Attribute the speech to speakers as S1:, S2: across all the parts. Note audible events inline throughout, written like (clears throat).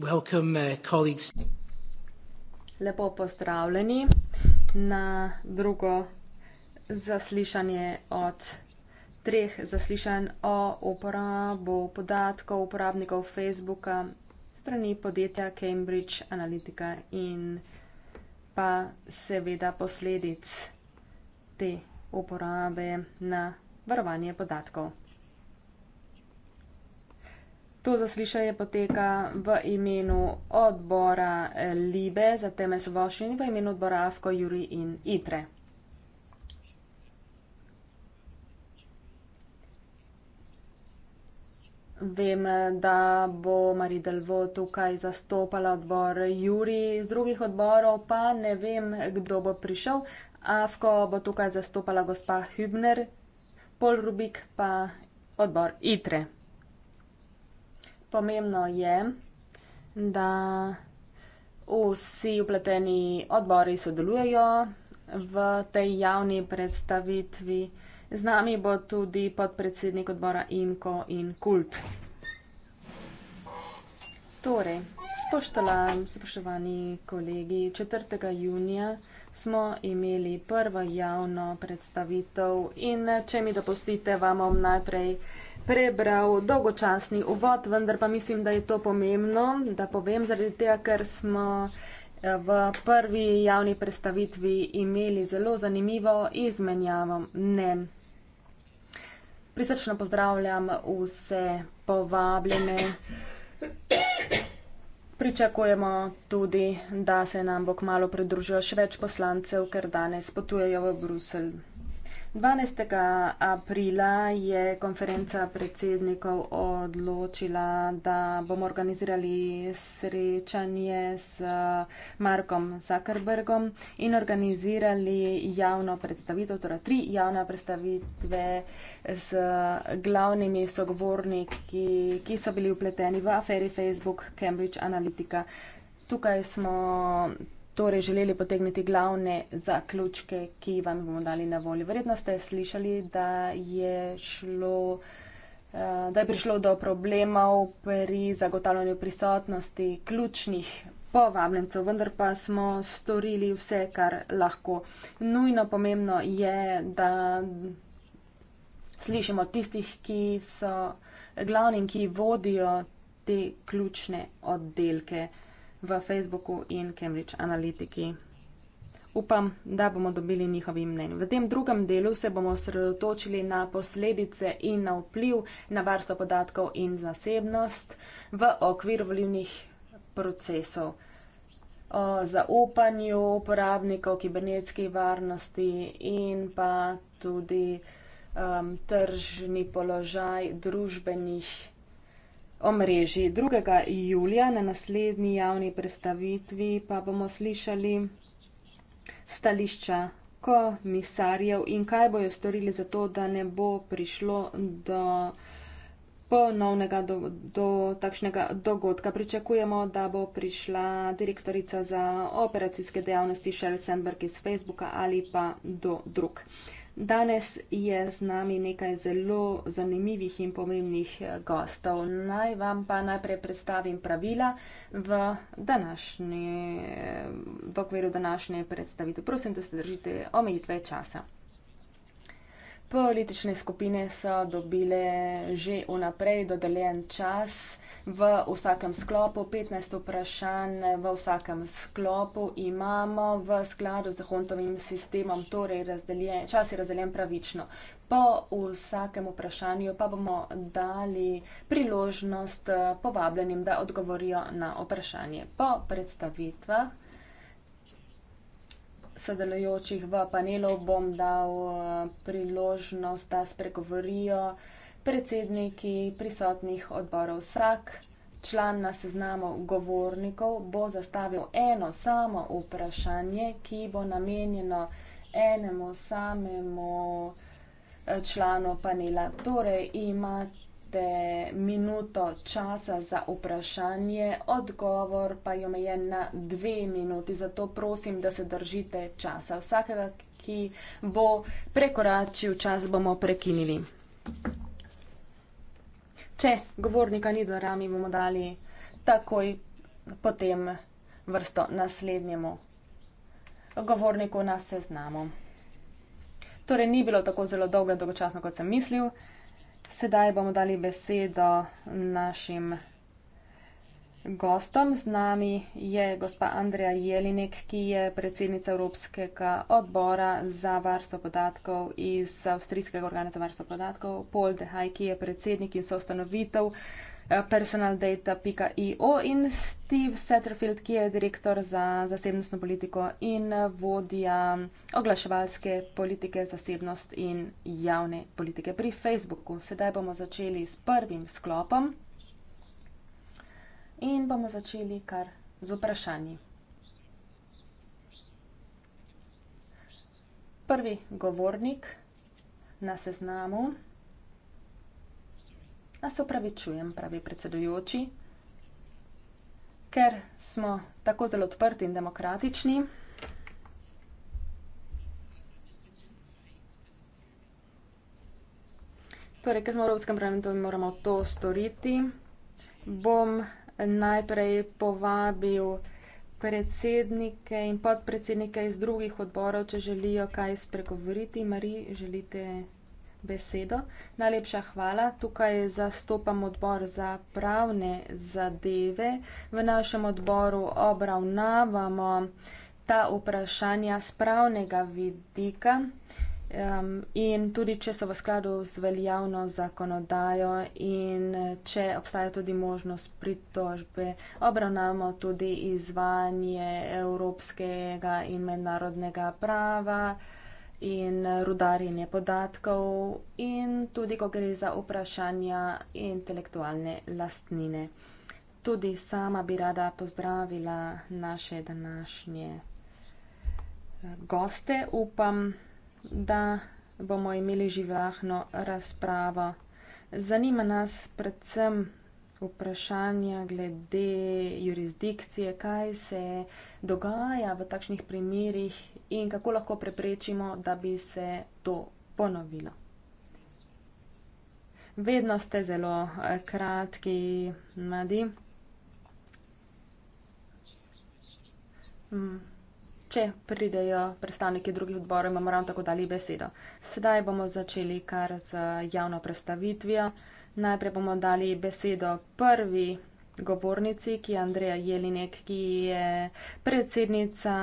S1: Welcome, uh, colleagues.
S2: Lepo pozdravljeni na drugo zaslišanje od treh zaslišanj o uporabo podatkov uporabnikov Facebooka strani podjetja Cambridge Analytica in pa seveda posledic te uporabe na varovanje podatkov. To zaslišanje poteka v imenu odbora eh, Libe za temelj svoboščin in v imenu odbora AFKO, Juri in ITRE. Vem, da bo Marie Delvo tukaj zastopala odbor Juri, z drugih odborov pa ne vem, kdo bo prišel. AFKO bo tukaj zastopala gospa Hübner, Pol Rubik pa odbor ITRE pomembno je, da vsi upleteni odbori sodelujejo v tej javni predstavitvi. Z nami bo tudi podpredsednik odbora IMKO in KULT. Torej, spoštovani kolegi, 4. junija smo imeli prvo javno predstavitev in če mi dopustite, vam bom najprej prebral dolgočasni uvod, vendar pa mislim, da je to pomembno, da povem, zaradi tega, ker smo eh, v prvi javni predstavitvi imeli zelo zanimivo izmenjavo mnen. Prisrčno pozdravljam vse povabljene. Pričakujemo tudi, da se nam bo kmalo pridružilo še več poslancev, ker danes potujejo v Bruselj. 12. aprila je konferenca predsednikov odločila, da bomo organizirali srečanje s Markom Zuckerbergom in organizirali javno predstavitev, torej tri javne predstavitve z glavnimi sogovorniki, ki so bili upleteni v aferi Facebook, Cambridge Analytica. Tukaj smo torej želeli potegniti glavne zaključke, ki vam bomo dali na voljo. Verjetno ste slišali, da je šlo. Eh, da je prišlo do problemov pri zagotavljanju prisotnosti ključnih povabljencev, vendar pa smo storili vse, kar lahko. Nujno pomembno je, da slišimo tistih, ki so glavni in ki vodijo te ključne oddelke v Facebooku in Cambridge Analytica. Upam, da bomo dobili njihovi mnenji. V tem drugem delu se bomo osredotočili na posledice in na vpliv na varstvo podatkov in zasebnost v okviru volivnih procesov. O zaupanju uporabnikov kibernetske varnosti in pa tudi um, tržni položaj družbenih omrežji. 2. julija na naslednji javni predstavitvi pa bomo slišali stališča komisarjev in kaj bojo storili za to, da ne bo prišlo do ponovnega do, do takšnega dogodka. Pričakujemo, da bo prišla direktorica za operacijske dejavnosti Sheryl Sandberg iz Facebooka ali pa do drug. Danes je z nami nekaj zelo zanimivih in pomembnih eh, gostov. Naj vam pa najprej predstavim pravila v, današnji, v okviru današnje predstavitve. Prosim, da se držite omejitve časa. Politične skupine so dobile že vnaprej dodeljen čas. V vsakem sklopu 15 vprašanj, v vsakem sklopu imamo v skladu z Hontovim sistemom, torej razdeljen, čas je razdeljen pravično. Po vsakem vprašanju pa bomo dali priložnost eh, povabljenim, da odgovorijo na vprašanje. Po predstavitvah sodelujočih v panelu bom dal eh, priložnost, da spregovorijo predsedniki prisotnih odborov vsak član na seznamu govornikov bo zastavil eno samo vprašanje, ki bo namenjeno enemu samemu eh, članu panela. Torej imate minuto časa za vprašanje, odgovor pa je omejen na dve minuti, zato prosim, da se držite časa. Vsakega, ki bo prekoračil čas, bomo prekinili. Thank you če govornika ni dvorani, bomo dali takoj potem vrsto naslednjemu govorniku na seznamu. Torej, ni bilo tako zelo dolgo in dolgočasno, kot sem mislil. Sedaj bomo dali besedo našim gostom. Z nami je gospa Andreja Jelinek, ki je predsednica Evropskega odbora za varstvo podatkov iz Avstrijskega organa za varstvo podatkov, Paul Dehaj, ki je predsednik in soustanovitev eh, personaldata.io in Steve Setterfield, ki je direktor za zasebnostno politiko in vodja oglaševalske politike zasebnost in javne politike pri Facebooku. Sedaj bomo začeli s prvim sklopom in bomo začeli kar z vprašanji. Prvi govornik na seznamu, a se upravičujem, pravi predsedujoči, ker smo tako zelo odprti in demokratični, torej, ker smo v Evropskem parlamentu in moramo to storiti, bom najprej povabil predsednike in podpredsednike iz drugih odborov, če želijo kaj spregovoriti. Mari, želite besedo? Najlepša hvala. Tukaj zastopam odbor za pravne zadeve. V našem odboru obravnavamo ta vprašanja z pravnega vidika. Um, in tudi, če so v skladu z veljavno zakonodajo in če obstaja tudi možnost pritožbe, obravnavamo tudi izvajanje evropskega in mednarodnega prava in rudarjenje podatkov in tudi, ko gre za vprašanja intelektualne lastnine. Tudi sama bi rada pozdravila naše današnje eh, goste, upam da bomo imeli živahno razpravo. Zanima nas predvsem vprašanja glede jurisdikcije, kaj se dogaja v takšnih primerih in kako lahko preprečimo, da bi se to ponovilo. Vedno ste zelo eh, kratki, Madi. 嗯。Mm če pridejo predstavniki drugih odborov, imamo ravno tako dali besedo. Sedaj bomo začeli kar z javno predstavitvijo. Najprej bomo dali besedo prvi govornici, ki je Andreja Jelinek, ki je predsednica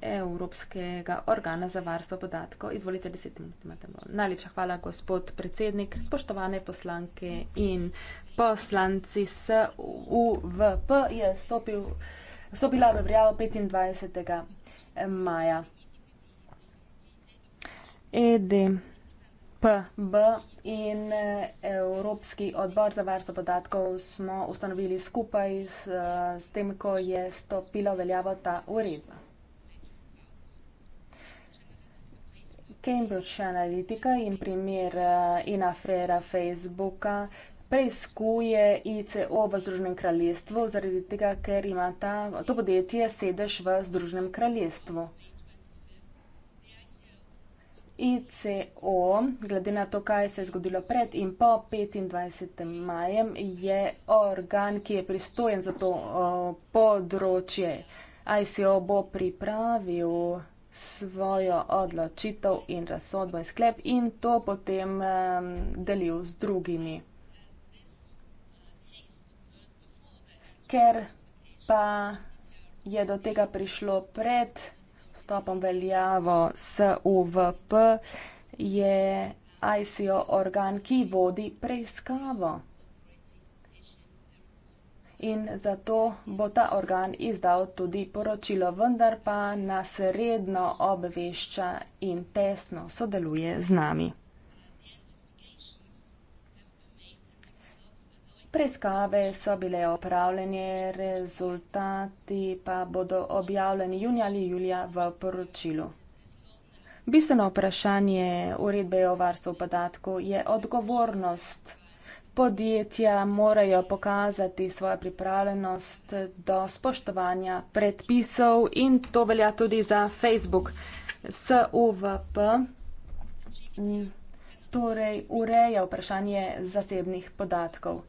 S2: Evropskega organa za varstvo podatkov. Izvolite, deset minut imate. Najlepša hvala, gospod predsednik, spoštovane poslanke in poslanci SUVP je stopil, stopila v vrjavo 25. Maja. ED. P. B. In e, Evropski odbor za varstvo podatkov smo ustanovili skupaj s, s tem, ko je stopila v veljavo ta uredba. Cambridge Analytica in primer e, in afera Facebooka preiskuje ICO v Združenem kraljestvu, zaradi tega, ker ima ta, to podjetje sedež v Združenem kraljestvu. ICO, glede na to, kaj se je zgodilo pred in po 25. majem, je organ, ki je pristojen za to o, področje. ICO bo pripravil svojo odločitev in razsodbo in sklep in to potem um, delil z drugimi. ker pa je do tega prišlo pred stopom veljavo SUVP, je ICO organ, ki vodi preiskavo. In zato bo ta organ izdal tudi poročilo, vendar pa nas redno obvešča in tesno sodeluje z nami. Preiskave so bile opravljene, rezultati pa bodo objavljeni junija ali julija v poročilu. Bistveno vprašanje uredbe o varstvu podatkov je odgovornost. Podjetja morajo pokazati svojo pripravljenost do spoštovanja predpisov in to velja tudi za Facebook. SUVP mm, torej ureja vprašanje zasebnih podatkov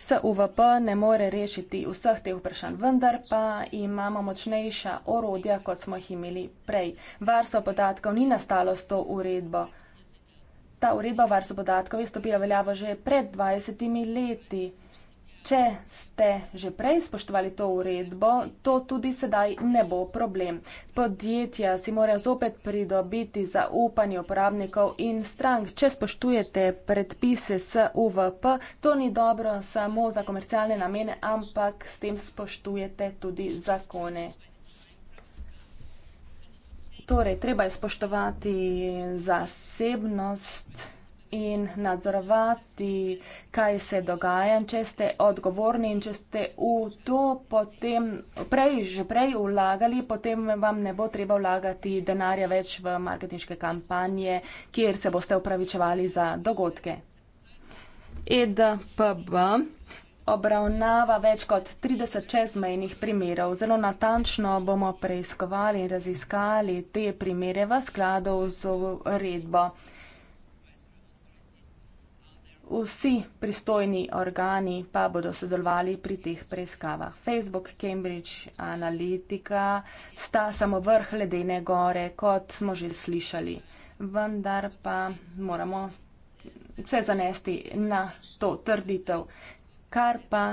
S2: se UVP ne more rešiti vseh teh vprašanj, vendar pa imamo močnejša orodja, kot smo jih imeli prej. Varstvo podatkov ni nastalo s to uredbo. Ta uredba varstvo podatkov je stopila veljavo že pred 20 leti. Če ste že prej spoštovali to uredbo, to tudi sedaj ne bo problem. Podjetja si morajo zopet pridobiti zaupanje uporabnikov in strank. Če spoštujete predpise s UVP, to ni dobro samo za komercialne namene, ampak s tem spoštujete tudi zakone. Torej, treba je spoštovati zasebnost in nadzorovati, kaj se dogaja. In če ste odgovorni in če ste v to potem prej, že prej vlagali, potem vam ne bo treba vlagati denarja več v marketinške kampanje, kjer se boste upravičevali za dogodke. EDPB obravnava več kot 30 čezmejnih primerov. Zelo natančno bomo preiskovali in raziskali te primere v skladu z uredbo. Vsi pristojni organi pa bodo sodelovali pri teh preiskavah. Facebook, Cambridge Analytica sta samo vrh ledene gore, kot smo že slišali. Vendar pa moramo se zanesti na to trditev. Kar pa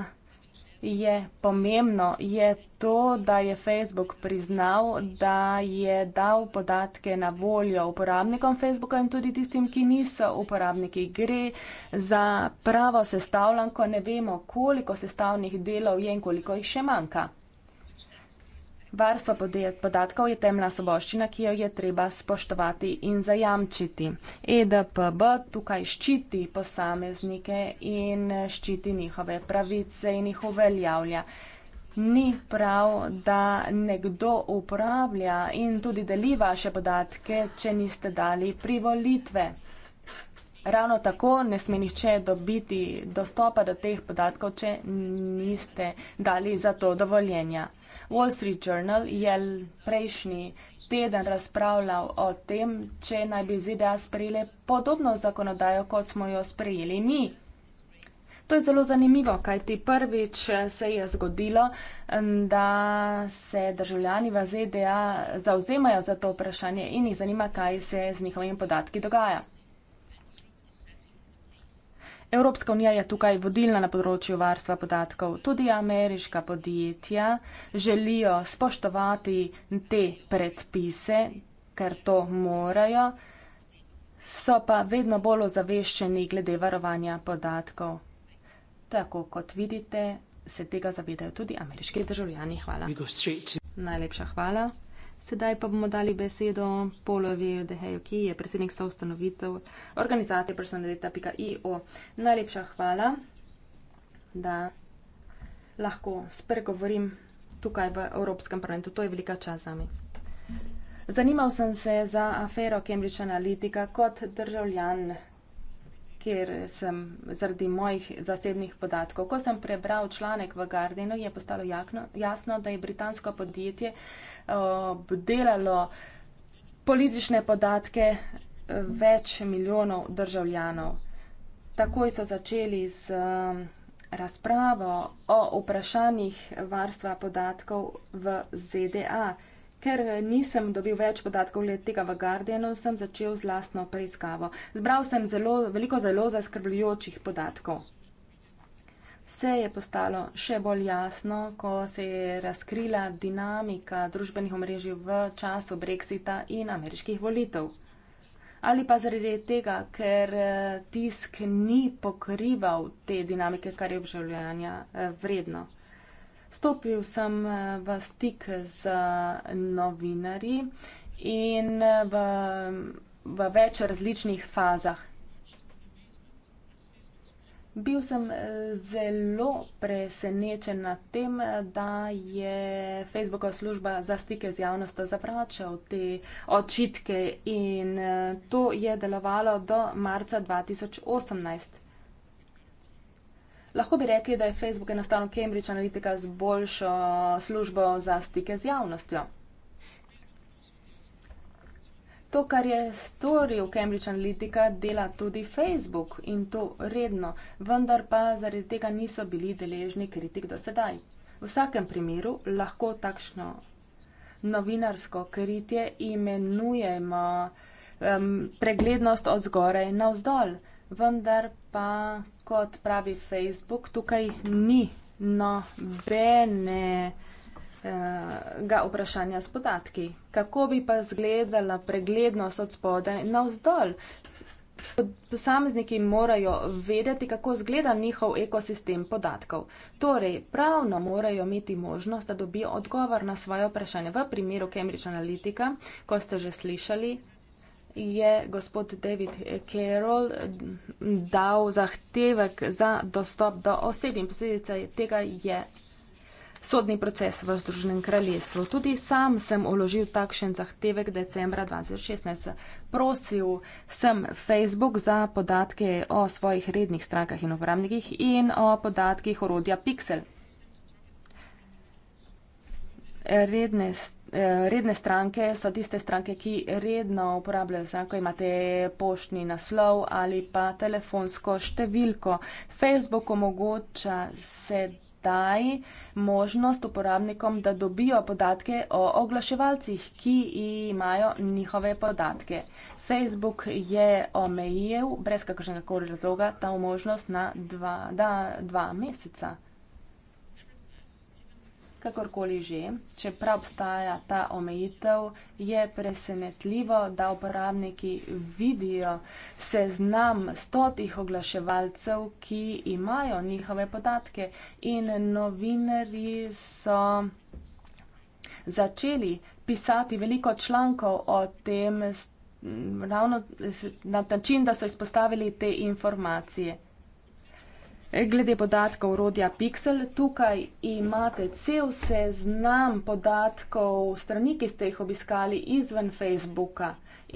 S2: je pomembno, je to, da je Facebook priznal, da je dal podatke na voljo uporabnikom Facebooka in tudi tistim, ki niso uporabniki. Gre za pravo sestavljanko, ne vemo, koliko sestavnih delov je in koliko jih še manjka. Varstvo podatkov je temna soboščina, ki jo je treba spoštovati in zajamčiti. EDPB tukaj ščiti posameznike in ščiti njihove pravice in jih uveljavlja. Ni prav, da nekdo uporablja in tudi deli vaše podatke, če niste dali privolitve. Ravno tako ne sme nihče dobiti dostopa do teh podatkov, če niste dali za to dovoljenja. Wall Street Journal je prejšnji teden razpravljal o tem, če naj bi ZDA sprejeli podobno zakonodajo, kot smo jo sprejeli mi. To je zelo zanimivo, kajti prvič se je zgodilo, da se državljani v ZDA zauzemajo za to vprašanje in jih zanima, kaj se z njihovimi podatki dogaja. Evropska unija je tukaj vodilna na področju varstva podatkov. Tudi ameriška podjetja želijo spoštovati te predpise, ker to morajo, so pa vedno bolj ozaveščeni glede varovanja podatkov. Tako kot vidite, se tega zavedajo tudi ameriški državljani. Hvala. Najlepša hvala. Sedaj pa bomo dali besedo Polovi Deheju, ki je predsednik soustanovitev organizacije personaliteta.io. Najlepša hvala, da lahko spregovorim tukaj v Evropskem parlamentu. To je velika čas zame. Zanimal sem se za afero Cambridge Analytica kot državljan kjer sem zaradi mojih zasebnih podatkov. Ko sem prebral članek v Gardenu, je postalo jakno, jasno, da je britansko podjetje eh, obdelalo politične podatke eh, več milijonov državljanov. Takoj so začeli z eh, razpravo o vprašanjih varstva podatkov v ZDA. Ker eh, nisem dobil več podatkov glede tega v Guardianu, sem začel z lastno preiskavo. Zbral sem zelo, veliko zelo zaskrbljujočih podatkov. Vse je postalo še bolj jasno, ko se je razkrila dinamika družbenih omrežij v času Brexita in ameriških volitev. Ali pa zaradi tega, ker eh, tisk ni pokrival te dinamike, kar je obžalovanja eh, vredno. Stopil sem eh, v stik z eh, novinarji in eh, v, v več različnih fazah. Bil sem zelo presenečen nad tem, da je Facebookova služba za stike z javnostjo zavračal te očitke in to je delovalo do marca 2018. Lahko bi rekli, da je Facebook enostavno Cambridge Analytica z boljšo službo za stike z javnostjo. To, kar je storil Cambridge Analytica, dela tudi Facebook in to redno, vendar pa zaradi tega niso bili deležni kritik do sedaj. V vsakem primeru lahko takšno novinarsko kritje imenujemo um, preglednost od zgoraj navzdol vendar pa, kot pravi Facebook, tukaj ni nobene eh, ga vprašanja s podatki. Kako bi pa zgledala preglednost od spodaj na vzdolj? Posamezniki morajo vedeti, kako zgleda njihov ekosistem podatkov. Torej, pravno morajo imeti možnost, da dobijo odgovor na svoje vprašanje. V primeru Cambridge Analytica, ko ste že slišali, je gospod David Carroll eh, dal zahtevek za dostop do oseb in posledica tega je sodni proces v Združenem kraljestvu. Tudi sam sem uložil takšen zahtevek decembra 2016. Prosil sem Facebook za podatke o svojih rednih strankah in uporabnikih in o podatkih orodja Pixel. Redne strankah Eh, redne stranke so tiste stranke, ki redno uporabljajo, ko imate poštni naslov ali pa telefonsko številko. Facebook omogoča sedaj možnost uporabnikom, da dobijo podatke o oglaševalcih, ki imajo njihove podatke. Facebook je omejil brez kakršnega koli razloga ta možnost na dva, da, dva meseca kakorkoli že, čeprav obstaja ta omejitev, je presenetljivo, da uporabniki vidijo seznam stotih oglaševalcev, ki imajo njihove podatke in novinari so začeli pisati veliko člankov o tem ravno na način, da so izpostavili te informacije. Eh, glede podatkov urodja Pixel, tukaj imate cel seznam podatkov strani, ki ste jih obiskali izven Facebooka,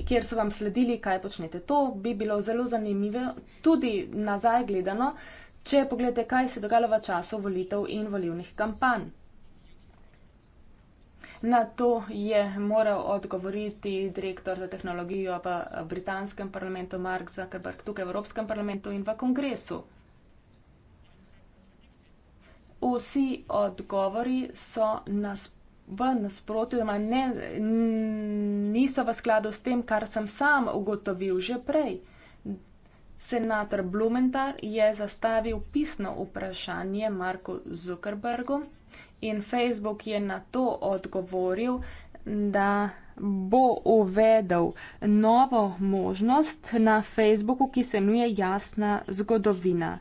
S2: kjer so vam sledili, kaj počnete. To bi bilo zelo zanimivo, tudi nazaj gledano, če pogledate, kaj se dogajalo v času volitev in volivnih kampanj. Na to je moral odgovoriti direktor za tehnologijo v britanskem parlamentu Mark Zuckerberg, tukaj v Evropskem parlamentu in v kongresu vsi odgovori so nas, v nasprotju, ne, n, niso v skladu s tem, kar sem sam ugotovil že prej. Senator Blumenthal je zastavil pisno vprašanje Marku Zuckerbergu in Facebook je na to odgovoril, da bo uvedel novo možnost na Facebooku, ki se imenuje jasna zgodovina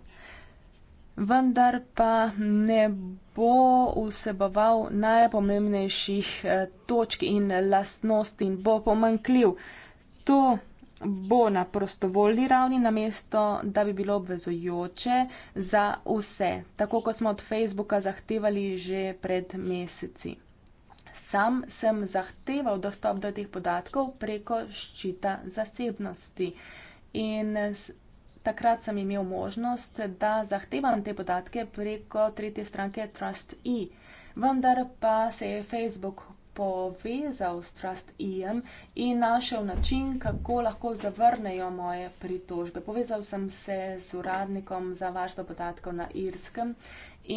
S2: vendar pa ne bo vseboval najpomembnejših eh, točk in lastnosti in bo pomankljiv. To bo na prostovoljni ravni, namesto da bi bilo obvezujoče za vse, tako kot smo od Facebooka zahtevali že pred meseci. Sam sem zahteval dostop do teh podatkov preko ščita zasebnosti in takrat sem imel možnost, da zahtevam te podatke preko tretje stranke TrustE, vendar pa se je Facebook povezal s TrustEjem in našel način, kako lahko zavrnejo moje pritožbe. Povezal sem se z uradnikom za varstvo podatkov na Irskem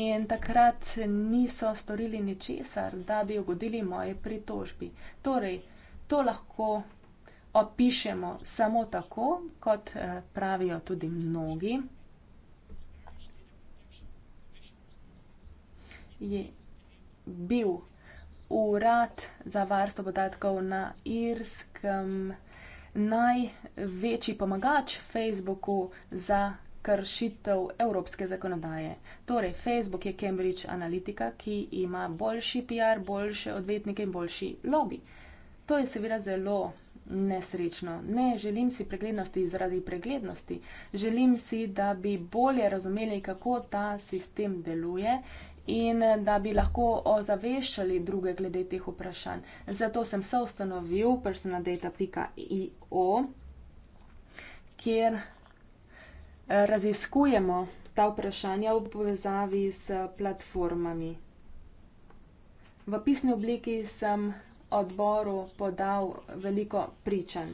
S2: in takrat niso storili ničesar, da bi ugodili moje pritožbi. Torej, to lahko opišemo samo tako, kot eh, pravijo tudi mnogi. Je bil urad za varstvo podatkov na Irskem največji pomagač Facebooku za kršitev evropske zakonodaje. Torej, Facebook je Cambridge Analytica, ki ima boljši PR, boljše odvetnike in boljši lobby. To je seveda zelo nesrečno. Ne želim si preglednosti zaradi preglednosti. Želim si, da bi bolje razumeli, kako ta sistem deluje in da bi lahko ozaveščali druge glede teh vprašanj. Zato sem se ustanovil personadata.io, kjer eh, raziskujemo ta vprašanja v povezavi s platformami. V pisni obliki sem odboru podal veliko pričanj.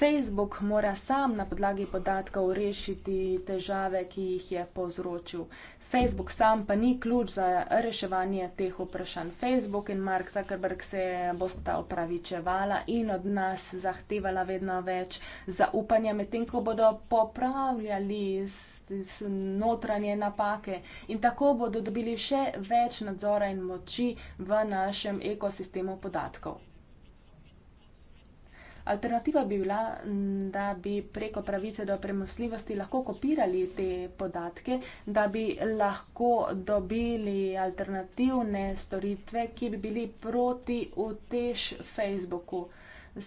S2: Facebook mora sam na podlagi podatkov rešiti težave, ki jih je povzročil. Facebook sam pa ni ključ za reševanje teh vprašanj. Facebook in Mark Zuckerberg se bosta opravičevala in od nas zahtevala vedno več zaupanja, medtem ko bodo popravljali notranje napake in tako bodo dobili še več nadzora in moči v našem ekosistemu podatkov. Alternativa bi bila, da bi preko pravice do premosljivosti lahko kopirali te podatke, da bi lahko dobili alternativne storitve, ki bi bili proti utež Facebooku.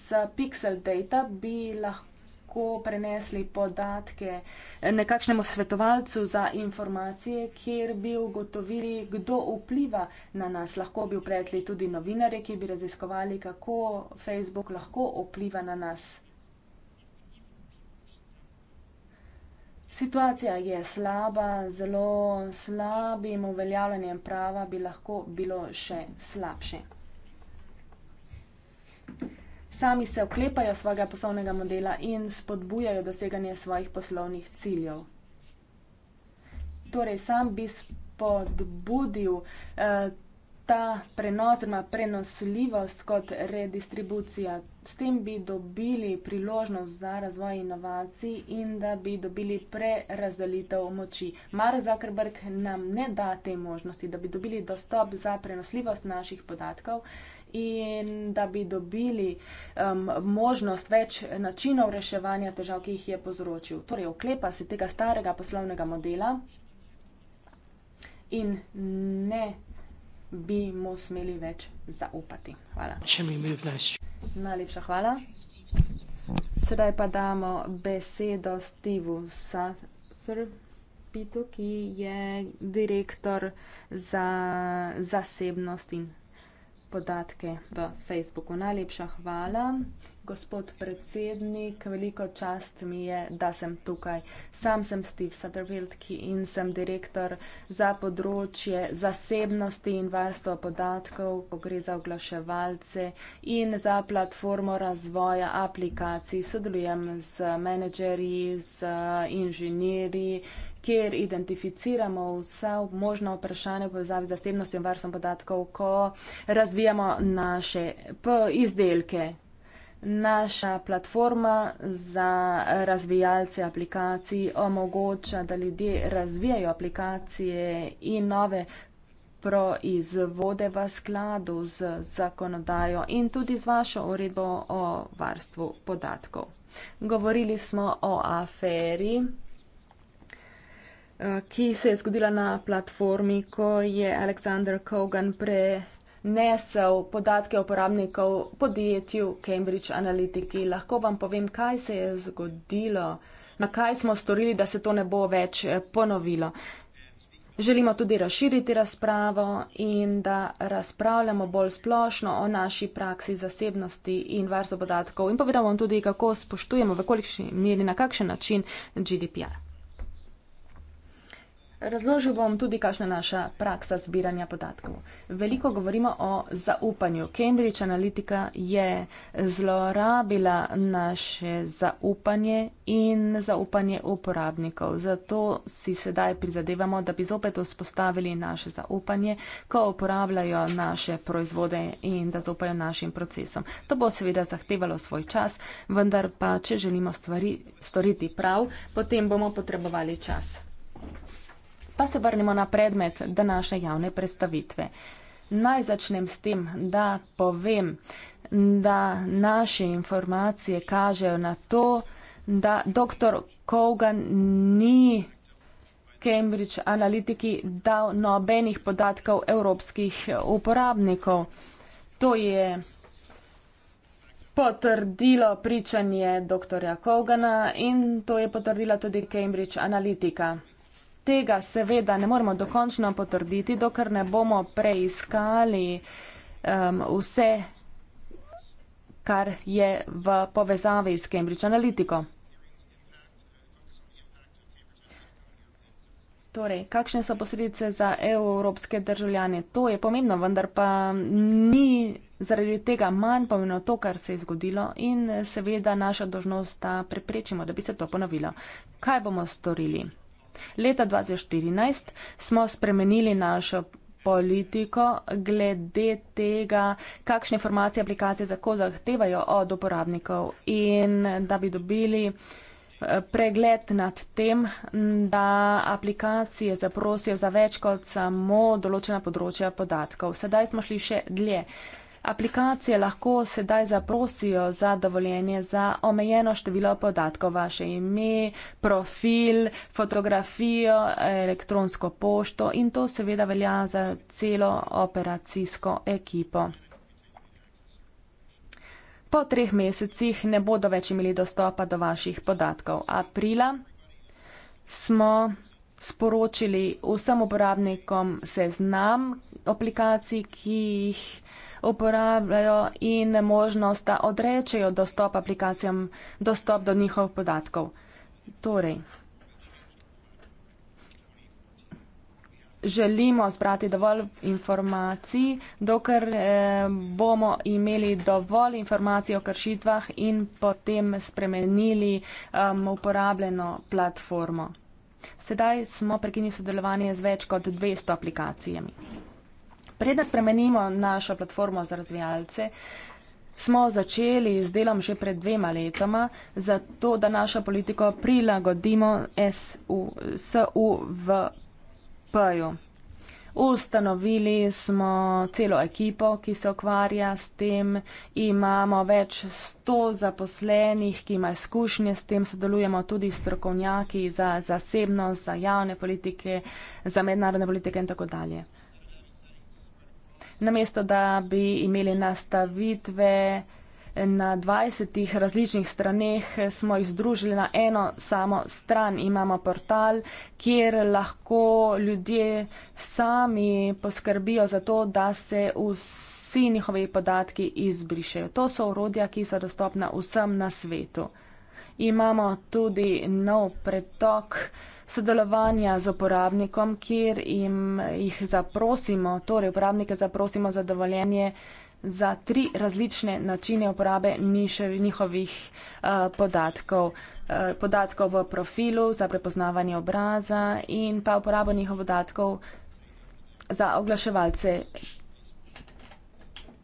S2: S Pixel Data bi lahko lahko prenesli podatke nekakšnemu svetovalcu za informacije, kjer bi ugotovili, kdo vpliva na nas. Lahko bi upretli tudi novinare, ki bi raziskovali, kako Facebook lahko vpliva na nas. Situacija je slaba, zelo slabim uveljavljanjem prava bi lahko bilo še slabše sami se oklepajo svojega poslovnega modela in spodbujajo doseganje svojih poslovnih ciljev. Torej, sam bi spodbudil eh, ta prenos, oziroma prenosljivost kot redistribucija. S tem bi dobili priložnost za razvoj inovacij in da bi dobili prerazdelitev moči. Mar Zuckerberg nam ne da te možnosti, da bi dobili dostop za prenosljivost naših podatkov. Eh, in da bi dobili um, možnost več načinov reševanja težav, ki jih je povzročil. Torej, oklepa se tega starega poslovnega modela in ne bi mu smeli več zaupati. Hvala. Če mi bi vnaš. Najlepša hvala. Sedaj pa damo besedo Stevu Sathrpitu, ki je direktor za zasebnost in podatke v Facebooku. Najlepša hvala gospod predsednik, veliko čast mi je, da sem tukaj. Sam sem Steve Sutherfield in sem direktor za področje zasebnosti in varstva podatkov, ko gre za oglaševalce in za platformo razvoja aplikacij. Sodelujem z menedžerji, z eh, inženirji kjer identificiramo vsa možna vprašanja v povezavi z zasebnostjo in varstvom podatkov, ko razvijamo naše izdelke. Naša platforma za razvijalce aplikacij omogoča, da ljudje razvijajo aplikacije in nove proizvode v skladu z zakonodajo in tudi z vašo uredbo o varstvu podatkov. Govorili smo o aferi, eh, ki se je zgodila na platformi, ko je Aleksandr Kogan pre nesel podatke uporabnikov podjetju Cambridge Analytica. Lahko vam povem, kaj se je zgodilo, na kaj smo storili, da se to ne bo več eh, ponovilo. Želimo tudi razširiti razpravo in da razpravljamo bolj splošno o naši praksi zasebnosti in varstvo podatkov in povedal vam tudi, kako spoštujemo, v kolikšni meri, na kakšen način GDPR. Razložil bom tudi, kakšna je naša praksa zbiranja podatkov. Veliko govorimo o zaupanju. Cambridge Analytica je zlorabila naše zaupanje in zaupanje uporabnikov. Zato si sedaj prizadevamo, da bi zopet vzpostavili naše zaupanje, ko uporabljajo naše proizvode in da zaupajo našim procesom. To bo seveda zahtevalo svoj čas, vendar pa, če želimo stvari storiti prav, potem bomo potrebovali čas. Pa se vrnimo na predmet današnje javne predstavitve. Naj začnem s tem, da povem, da naše informacije kažejo na to, da dr. Kogan ni Cambridge Analytica dal nobenih podatkov evropskih uporabnikov. To je potrdilo pričanje dr. Kogana in to je potrdila tudi Cambridge Analytica tega seveda ne moremo dokončno potrditi, dokler ne bomo preiskali um, vse, kar je v povezavi s Cambridge Analytico. Torej, kakšne so posledice za evropske državljane? To je pomembno, vendar pa ni zaradi tega manj pomembno to, kar se je zgodilo in seveda naša dožnost, da preprečimo, da bi se to ponovilo. Kaj bomo storili? Leta 2014 smo spremenili našo politiko glede tega, kakšne informacije aplikacije za ko zahtevajo od uporabnikov in da bi dobili eh, pregled nad tem, da aplikacije zaprosijo za več kot samo določena področja podatkov. Sedaj smo šli še dlje. Aplikacije lahko sedaj zaprosijo za dovoljenje za omejeno število podatkov, vaše ime, profil, fotografijo, elektronsko pošto in to seveda velja za celo operacijsko ekipo. Po treh mesecih ne bodo več imeli dostopa do vaših podatkov. Aprila smo sporočili vsem uporabnikom seznam aplikacij, ki jih uporabljajo in možnost, da odrečejo dostop aplikacijam, dostop do njihovih podatkov. Torej, želimo zbrati dovolj informacij, dokler eh, bomo imeli dovolj informacij o kršitvah in potem spremenili um, uporabljeno platformo. Sedaj smo prekinili sodelovanje z več kot 200 aplikacijami. Preden spremenimo našo platformo za razvijalce, smo začeli z delom že pred dvema letoma, zato da našo politiko prilagodimo SU v PJ-u. Ustanovili smo celo ekipo, ki se ukvarja s tem. Imamo več sto zaposlenih, ki ima izkušnje s tem, sodelujemo tudi s strokovnjaki za zasebnost, za javne politike, za mednarodne politike in tako dalje namesto da bi imeli nastavitve na 20 različnih straneh, smo jih združili na eno samo stran. Imamo portal, kjer lahko ljudje sami poskrbijo za to, da se vsi njihovi podatki izbrišejo. To so urodja, ki so dostopna vsem na svetu. Imamo tudi nov pretok sodelovanja z uporabnikom, kjer jim jih zaprosimo, torej uporabnike zaprosimo za dovoljenje za tri različne načine uporabe njihovih uh, podatkov. Uh, podatkov v profilu za prepoznavanje obraza in pa uporabo njihovih podatkov za oglaševalce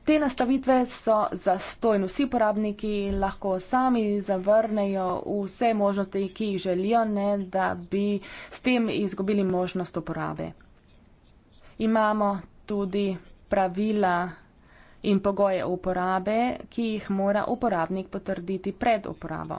S2: Te nastavitve so zastojni. Vsi uporabniki lahko sami zavrnejo vse možnosti, ki jih želijo, ne da bi s tem izgubili možnost uporabe. Imamo tudi pravila in pogoje uporabe, ki jih mora uporabnik potrditi pred uporabo.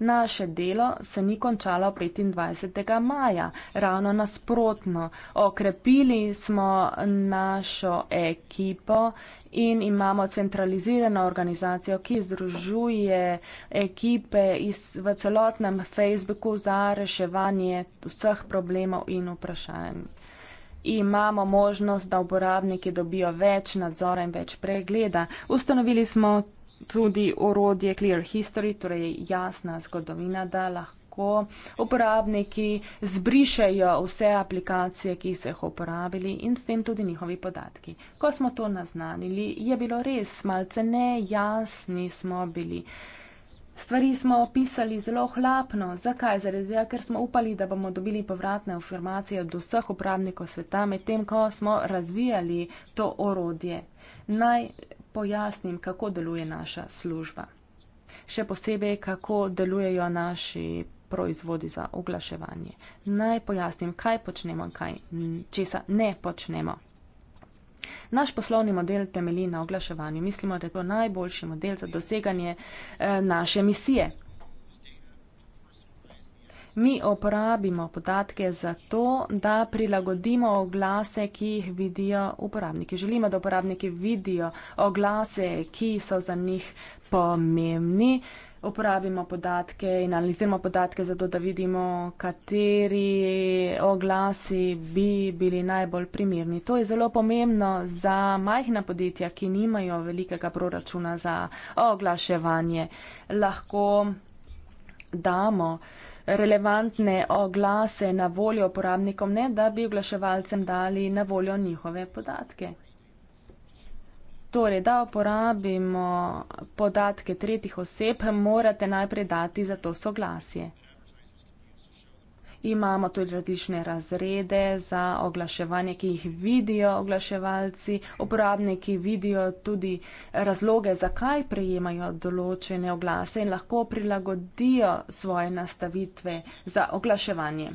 S2: Naše delo se ni končalo 25. maja, ravno nasprotno. Okrepili smo našo ekipo in imamo centralizirano organizacijo, ki združuje ekipe iz, v celotnem Facebooku za reševanje vseh problemov in vprašanj. Imamo možnost, da uporabniki dobijo več nadzora in več pregleda. Ustanovili smo tudi orodje Clear History, torej jasna zgodovina, da lahko uporabniki zbrišajo vse aplikacije, ki so jih uporabili in s tem tudi njihovi podatki. Ko smo to naznanili, je bilo res malce nejasni smo bili. Stvari smo opisali zelo hlapno. Zakaj? Zaradi tega, ker smo upali, da bomo dobili povratne informacije od vseh uporabnikov sveta, medtem ko smo razvijali to orodje. Naj pojasnim, kako deluje naša služba. Še posebej, kako delujejo naši proizvodi za oglaševanje. Naj pojasnim, kaj počnemo in kaj česa ne počnemo. Naš poslovni model temelji na oglaševanju. Mislimo, da je to najboljši model za doseganje eh, naše misije. Mi uporabimo podatke za to, da prilagodimo oglase, ki jih vidijo uporabniki. Želimo, da uporabniki vidijo oglase, ki so za njih pomembni. Uporabimo podatke in analiziramo podatke za to, da vidimo, kateri oglasi bi bili najbolj primerni. To je zelo pomembno za majhna podjetja, ki nimajo velikega proračuna za oglaševanje. Lahko damo relevantne oglase na voljo uporabnikom, ne da bi oglaševalcem dali na voljo njihove podatke. Torej, da uporabimo podatke tretjih oseb, morate najprej dati za to soglasje. Imamo tudi različne razrede za oglaševanje, ki jih vidijo oglaševalci, uporabniki vidijo tudi razloge, zakaj prejemajo določene oglase in lahko prilagodijo svoje nastavitve za oglaševanje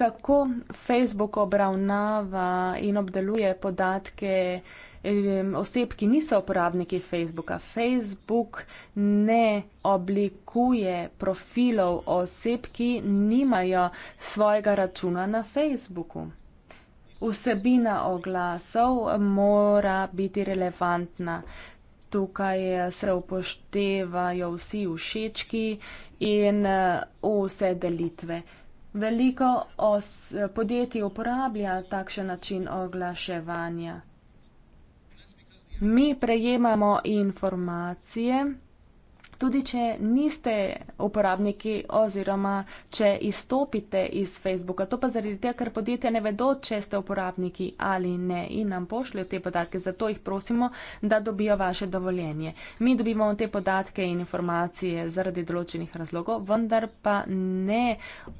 S2: kako Facebook obravnava in obdeluje podatke oseb, ki niso uporabniki Facebooka. Facebook ne oblikuje profilov oseb, ki nimajo svojega računa na Facebooku. Vsebina oglasov mora biti relevantna. Tukaj eh, se upoštevajo vsi všečki in eh, vse delitve. Veliko os, podjetij uporablja takšen način oglaševanja. Mi prejemamo informacije tudi če niste uporabniki oziroma če izstopite iz Facebooka. To pa zaradi tega, ker podjetja ne vedo, če ste uporabniki ali ne in nam pošljajo te podatke, zato jih prosimo, da dobijo vaše dovoljenje. Mi dobivamo te podatke in informacije zaradi določenih razlogov, vendar pa ne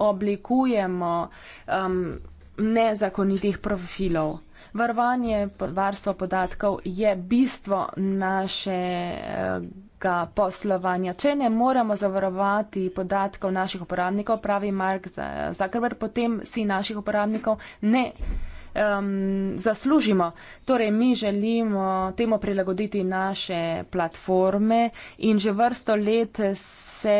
S2: oblikujemo um, nezakonitih profilov. Varovanje, varstvo podatkov je bistvo naše. Uh, zdravstvenega poslovanja. Če ne moremo zavarovati podatkov naših uporabnikov, pravi Mark Zuckerberg, potem si naših uporabnikov ne um, zaslužimo. Torej, mi želimo temu prilagoditi naše platforme in že vrsto let se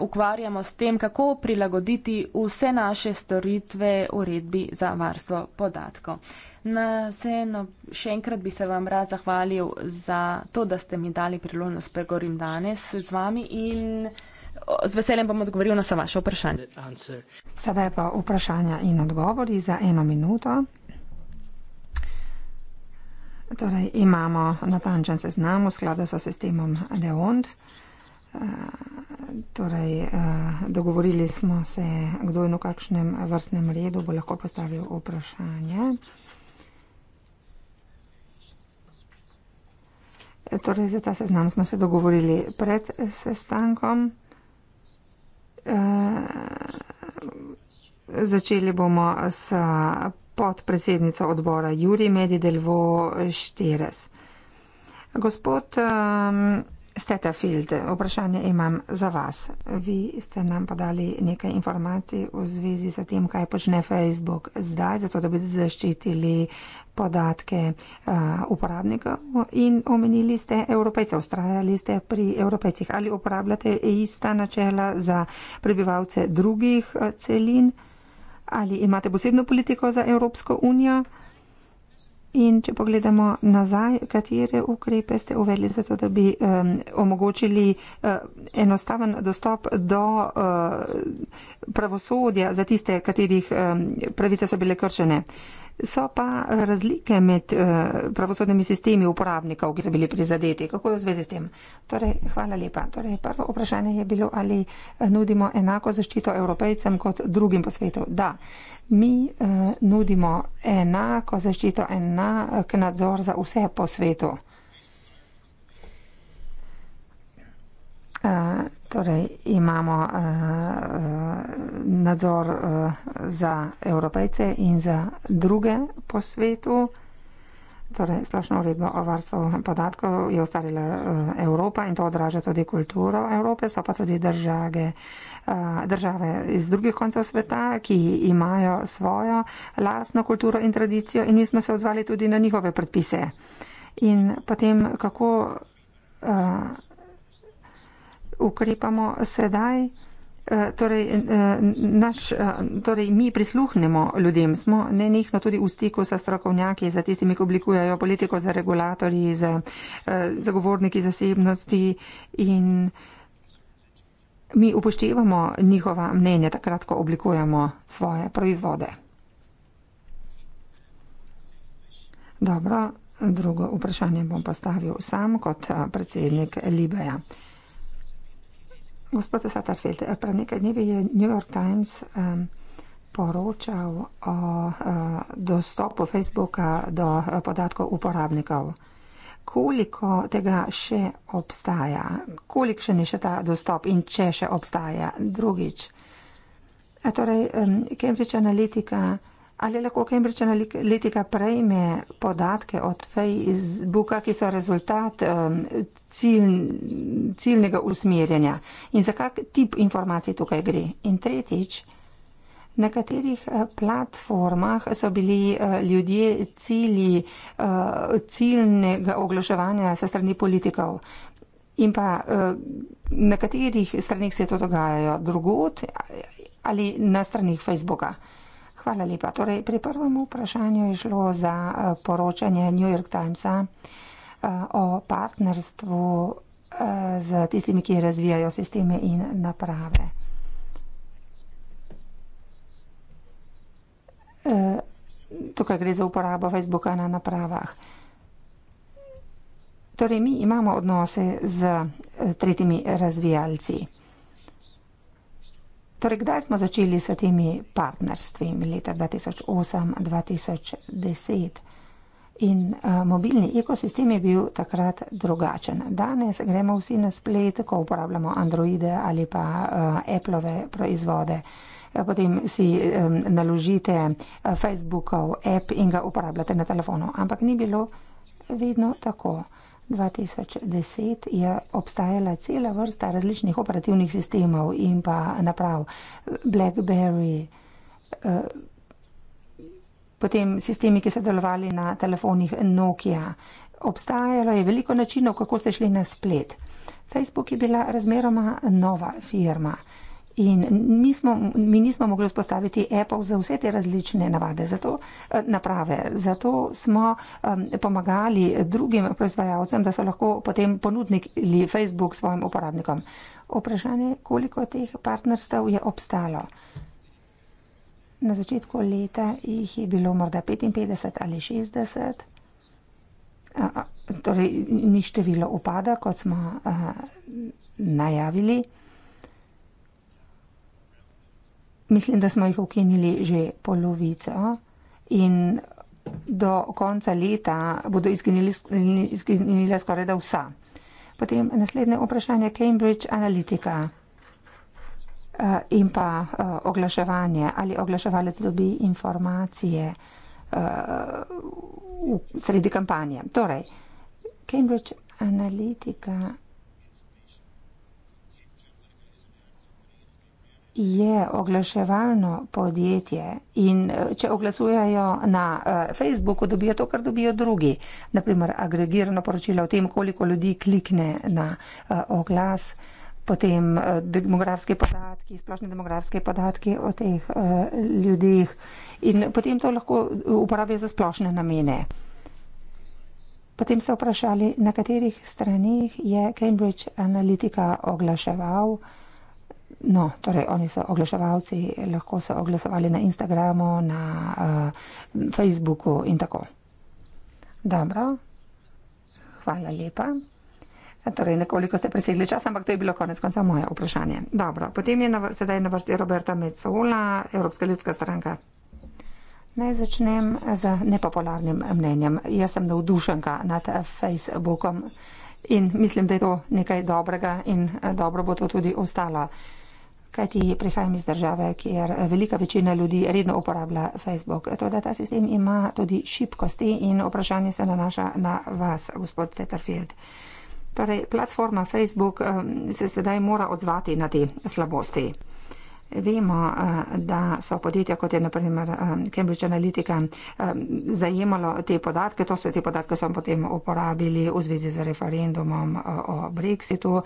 S2: ukvarjamo s tem, kako prilagoditi vse naše storitve uredbi za varstvo podatkov. Na vseeno, še enkrat bi se vam rad zahvalil za to, da ste mi dali priložnost, da govorim danes z vami in z veseljem bom odgovoril na vse vaše vprašanje.
S3: Sedaj pa vprašanja in odgovori za eno minuto. Torej, imamo natančen seznam v skladu s sistemom Deond. Eh, torej, eh, dogovorili smo se, kdo in v kakšnem vrstnem redu bo lahko postavil vprašanje. E, torej, za ta seznam smo se dogovorili pred sestankom. E, začeli bomo s podpredsednico odbora Juri Medidelvo Šteres. Gospod. E, Stetafield, vprašanje imam za vas. Vi ste nam podali nekaj informacij v zvezi s tem, kaj počne Facebook zdaj, zato da bi zaščitili podatke uh, uporabnikov in omenili ste evropejce, ustrajali ste pri evropejcih. Ali uporabljate ista načela za prebivalce drugih uh, celin? Ali imate posebno politiko za Evropsko unijo? In če pogledamo nazaj, katere ukrepe ste uvedli za to, da bi um, omogočili uh, enostaven dostop do uh, pravosodja za tiste, katerih um, pravice so bile kršene. Uh, So pa eh, razlike med eh, pravosodnimi sistemi uporabnikov, ki so bili prizadeti. Kako je v zvezi s tem? Torej, hvala lepa. Torej, prvo vprašanje je bilo, ali eh, nudimo enako zaščito evropejcem kot drugim po svetu. Da, mi uh, nudimo enako zaščito, enak nadzor za vse po svetu. Uh, Torej imamo uh, nadzor uh, za evropejce in za druge po svetu. Torej, splošno uredbo o varstvu podatkov je ustvarila Evropa in to odraža tudi kulturo Evrope, so pa tudi države, države iz drugih koncev sveta, ki imajo svojo lastno kulturo in tradicijo in mi smo se odzvali tudi na njihove predpise. In potem, kako ukrepamo sedaj. Eh, torej, eh, naš, eh, torej, mi prisluhnemo ljudem, smo ne njihno tudi v stiku sa strokovnjaki, za tistimi, ki oblikujajo politiko, za regulatorji, za zagovorniki zasebnosti in mi upoštevamo njihova mnenja, takrat, ko oblikujemo svoje proizvode. Dobro, drugo vprašanje bom postavil sam kot predsednik Libeja. Gospod Satterfeld, eh, pred nekaj dnevi je New York Times um, poročal o uh, dostopu Facebooka do uh, podatkov uporabnikov. Koliko tega še obstaja? Kolikšen je še ta dostop in če še obstaja? Drugič. A torej, um, Cambridge Analytica. Ali lahko Cambridge Analytica prejme podatke od Facebooka, ki so rezultat um, cilj, ciljnega usmerjanja in za kak tip informacij tukaj gre? In tretjič, na katerih eh, platformah so bili eh, ljudje cilji uh, ciljnega oglaševanja se strani politikov in pa uh, na katerih stranih se to dogajajo, drugot ali na stranih Facebooka? Hvala lepa. Torej, pri prvem vprašanju je šlo za eh, poročanje New York Timesa eh, o partnerstvu eh, z tistimi, ki razvijajo sisteme in naprave. Tukaj gre za uporabo Facebooka na napravah. Torej, mi imamo odnose z tretjimi razvijalci. Torej, kdaj smo začeli s temi partnerstvi, leta 2008-2010? In uh, mobilni ekosistem je bil takrat drugačen. Danes gremo vsi na splet, ko uporabljamo Androide ali pa uh, Appleove proizvode. Eh, potem si um, naložite Facebookov app in ga uporabljate na telefonu. Ampak ni bilo vedno tako. 2010 je obstajala cela vrsta različnih operativnih sistemov in pa naprav BlackBerry, eh, potem sistemi, ki so delovali na telefonih Nokia. Obstajalo je veliko načinov, kako ste šli na splet. Facebook je bila razmeroma nova firma. In mi, smo, mi nismo mogli vzpostaviti Apple za vse te različne navade, zato, eh, naprave. Zato smo um, pomagali drugim proizvajalcem, da so lahko potem ponudnikli Facebook svojim uporabnikom. Vprašanje, koliko teh partnerstv je obstalo? Na začetku leta jih je bilo morda 55 ali 60. A, torej, ni število upada, kot smo a, eh, najavili. mislim, da smo jih ukinili že polovico in do konca leta bodo izginila skoraj da vsa. Potem naslednje vprašanje Cambridge Analytica eh, in pa eh, oglaševanje. Ali oglaševalec dobi informacije eh, v sredi kampanje? Torej, Cambridge Analytica. je oglaševalno podjetje in eh, če oglasujajo na eh, Facebooku, dobijo to, kar dobijo drugi. Naprimer, agregirano poročilo o tem, koliko ljudi klikne na eh, oglas, potem demografske podatke, splošne demografske podatke o teh ljudih in potem to lahko uporabijo za splošne namene. Potem so vprašali, na katerih stranih je Cambridge Analytica oglaševal. No, torej oni so oglaševalci, lahko so oglasovali na Instagramu, na uh, Facebooku in tako. Dobro, hvala lepa. Torej, nekoliko ste presedli čas, ampak to je bilo konec konca moje vprašanje. Dobro, potem je na, sedaj na vrsti Roberta Mecola, Evropska ljudska stranka. Naj začnem z nepopularnim mnenjem. Jaz sem navdušenka nad Facebookom in mislim, da je to nekaj dobrega in eh, dobro bo to tudi ostalo kajti prihajam iz države, kjer velika večina ljudi redno uporablja Facebook. To, da ta sistem ima tudi šibkosti in vprašanje se nanaša na vas, gospod Setterfield. Torej, platforma Facebook se sedaj mora odzvati na te slabosti. Vemo, eh, da so podjetja, kot je naprimer Cambridge Analytica, zajemalo te podatke. To so te podatke, ki so potem uporabili v zvezi z referendumom eh, o Brexitu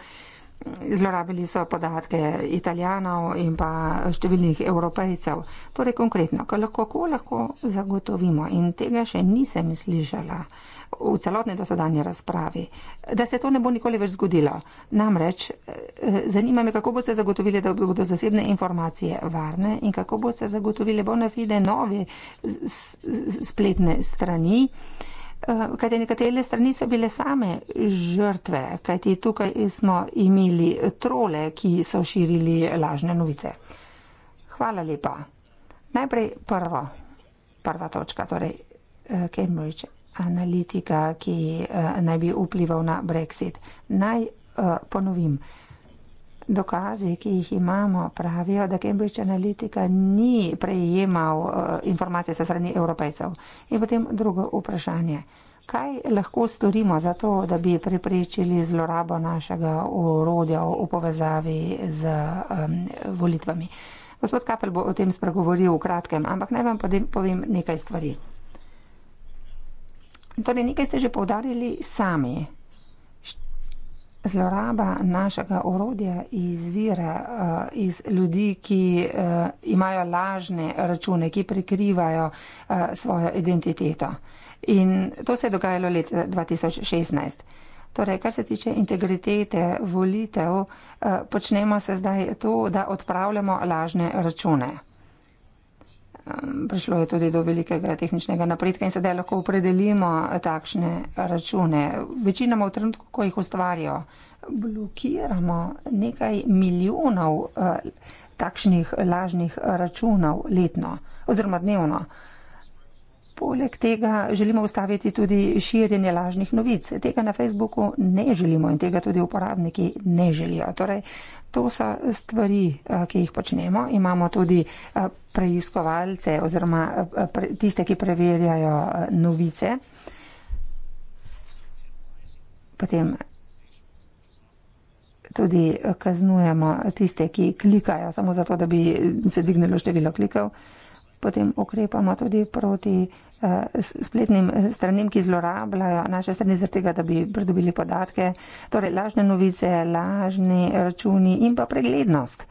S3: zlorabili so podatke italijanov in pa številnih evropejcev. Torej konkretno, kako lahko zagotovimo in tega še nisem slišala v celotni dosedanji razpravi, da se to ne bo nikoli več zgodilo. Namreč, eh, zanima me, kako boste zagotovili, da bodo zasebne informacije varne in kako boste zagotovili bona fide nove spletne strani, Eh, kajte nekatere strani so bile same žrtve, kajte tukaj smo imeli trole, ki so širili lažne novice. Hvala lepa. Najprej prvo, prva točka, torej eh, Cambridge analitika, ki eh, naj bi vplival na Brexit. Naj ponovim. Dokazi, ki jih imamo, pravijo, da Cambridge Analytica ni prejemal eh, informacije sa strani evropejcev. In potem drugo vprašanje. Kaj lahko storimo za to, da bi preprečili zlorabo našega urodja v povezavi z um, volitvami? Gospod Kapel bo o tem spregovoril v kratkem, ampak naj vam povem nekaj stvari. Torej, nekaj ste že povdarili sami zloraba našega orodja izvira uh, iz ljudi, ki uh, imajo lažne račune, ki prikrivajo uh, svojo identiteto. In to se je dogajalo leta 2016. Torej, kar se tiče integritete volitev, uh, počnemo se zdaj to, da odpravljamo lažne račune prišlo je tudi do velikega tehničnega napredka in sedaj lahko opredelimo takšne račune. Večinoma v trenutku, ko jih ustvarijo, blokiramo nekaj milijonov eh, takšnih lažnih računov letno oziroma dnevno. Poleg tega želimo ustaviti tudi širjenje lažnih novic. Tega na Facebooku ne želimo in tega tudi uporabniki ne želijo. Torej, to so stvari, eh, ki jih počnemo. Imamo tudi eh, preiskovalce oziroma eh, tiste, ki preverjajo novice. Potem tudi kaznujemo tiste, ki klikajo samo zato, da bi se dvignilo število klikov. Potem ukrepamo tudi proti. Eh, spletnim eh, stranim, ki zlorabljajo naše strani zaradi tega, da bi pridobili podatke. Torej, lažne novice, lažni računi in pa preglednost.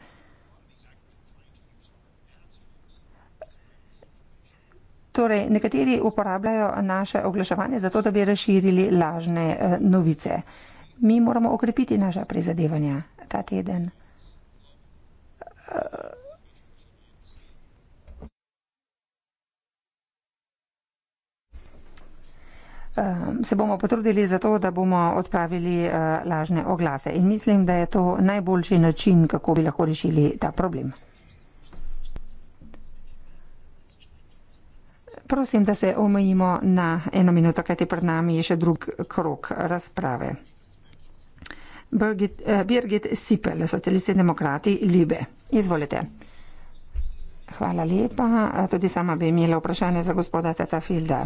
S3: Torej, nekateri uporabljajo naše oglaševanje zato, da bi razširili lažne eh, novice. Mi moramo okrepiti naša prizadevanja ta teden. Uh, se bomo potrudili za to, da bomo odpravili eh, lažne oglase. In mislim, da je to najboljši način, kako bi lahko rešili ta problem. Prosim, da se omejimo na eno minuto, kajti pred nami je še drug krok razprave. Birgit, eh, Birgit Sipel, socialisti demokrati, Libe. Izvolite. Hvala lepa. Tudi sama bi imela vprašanje za gospoda Setafilda.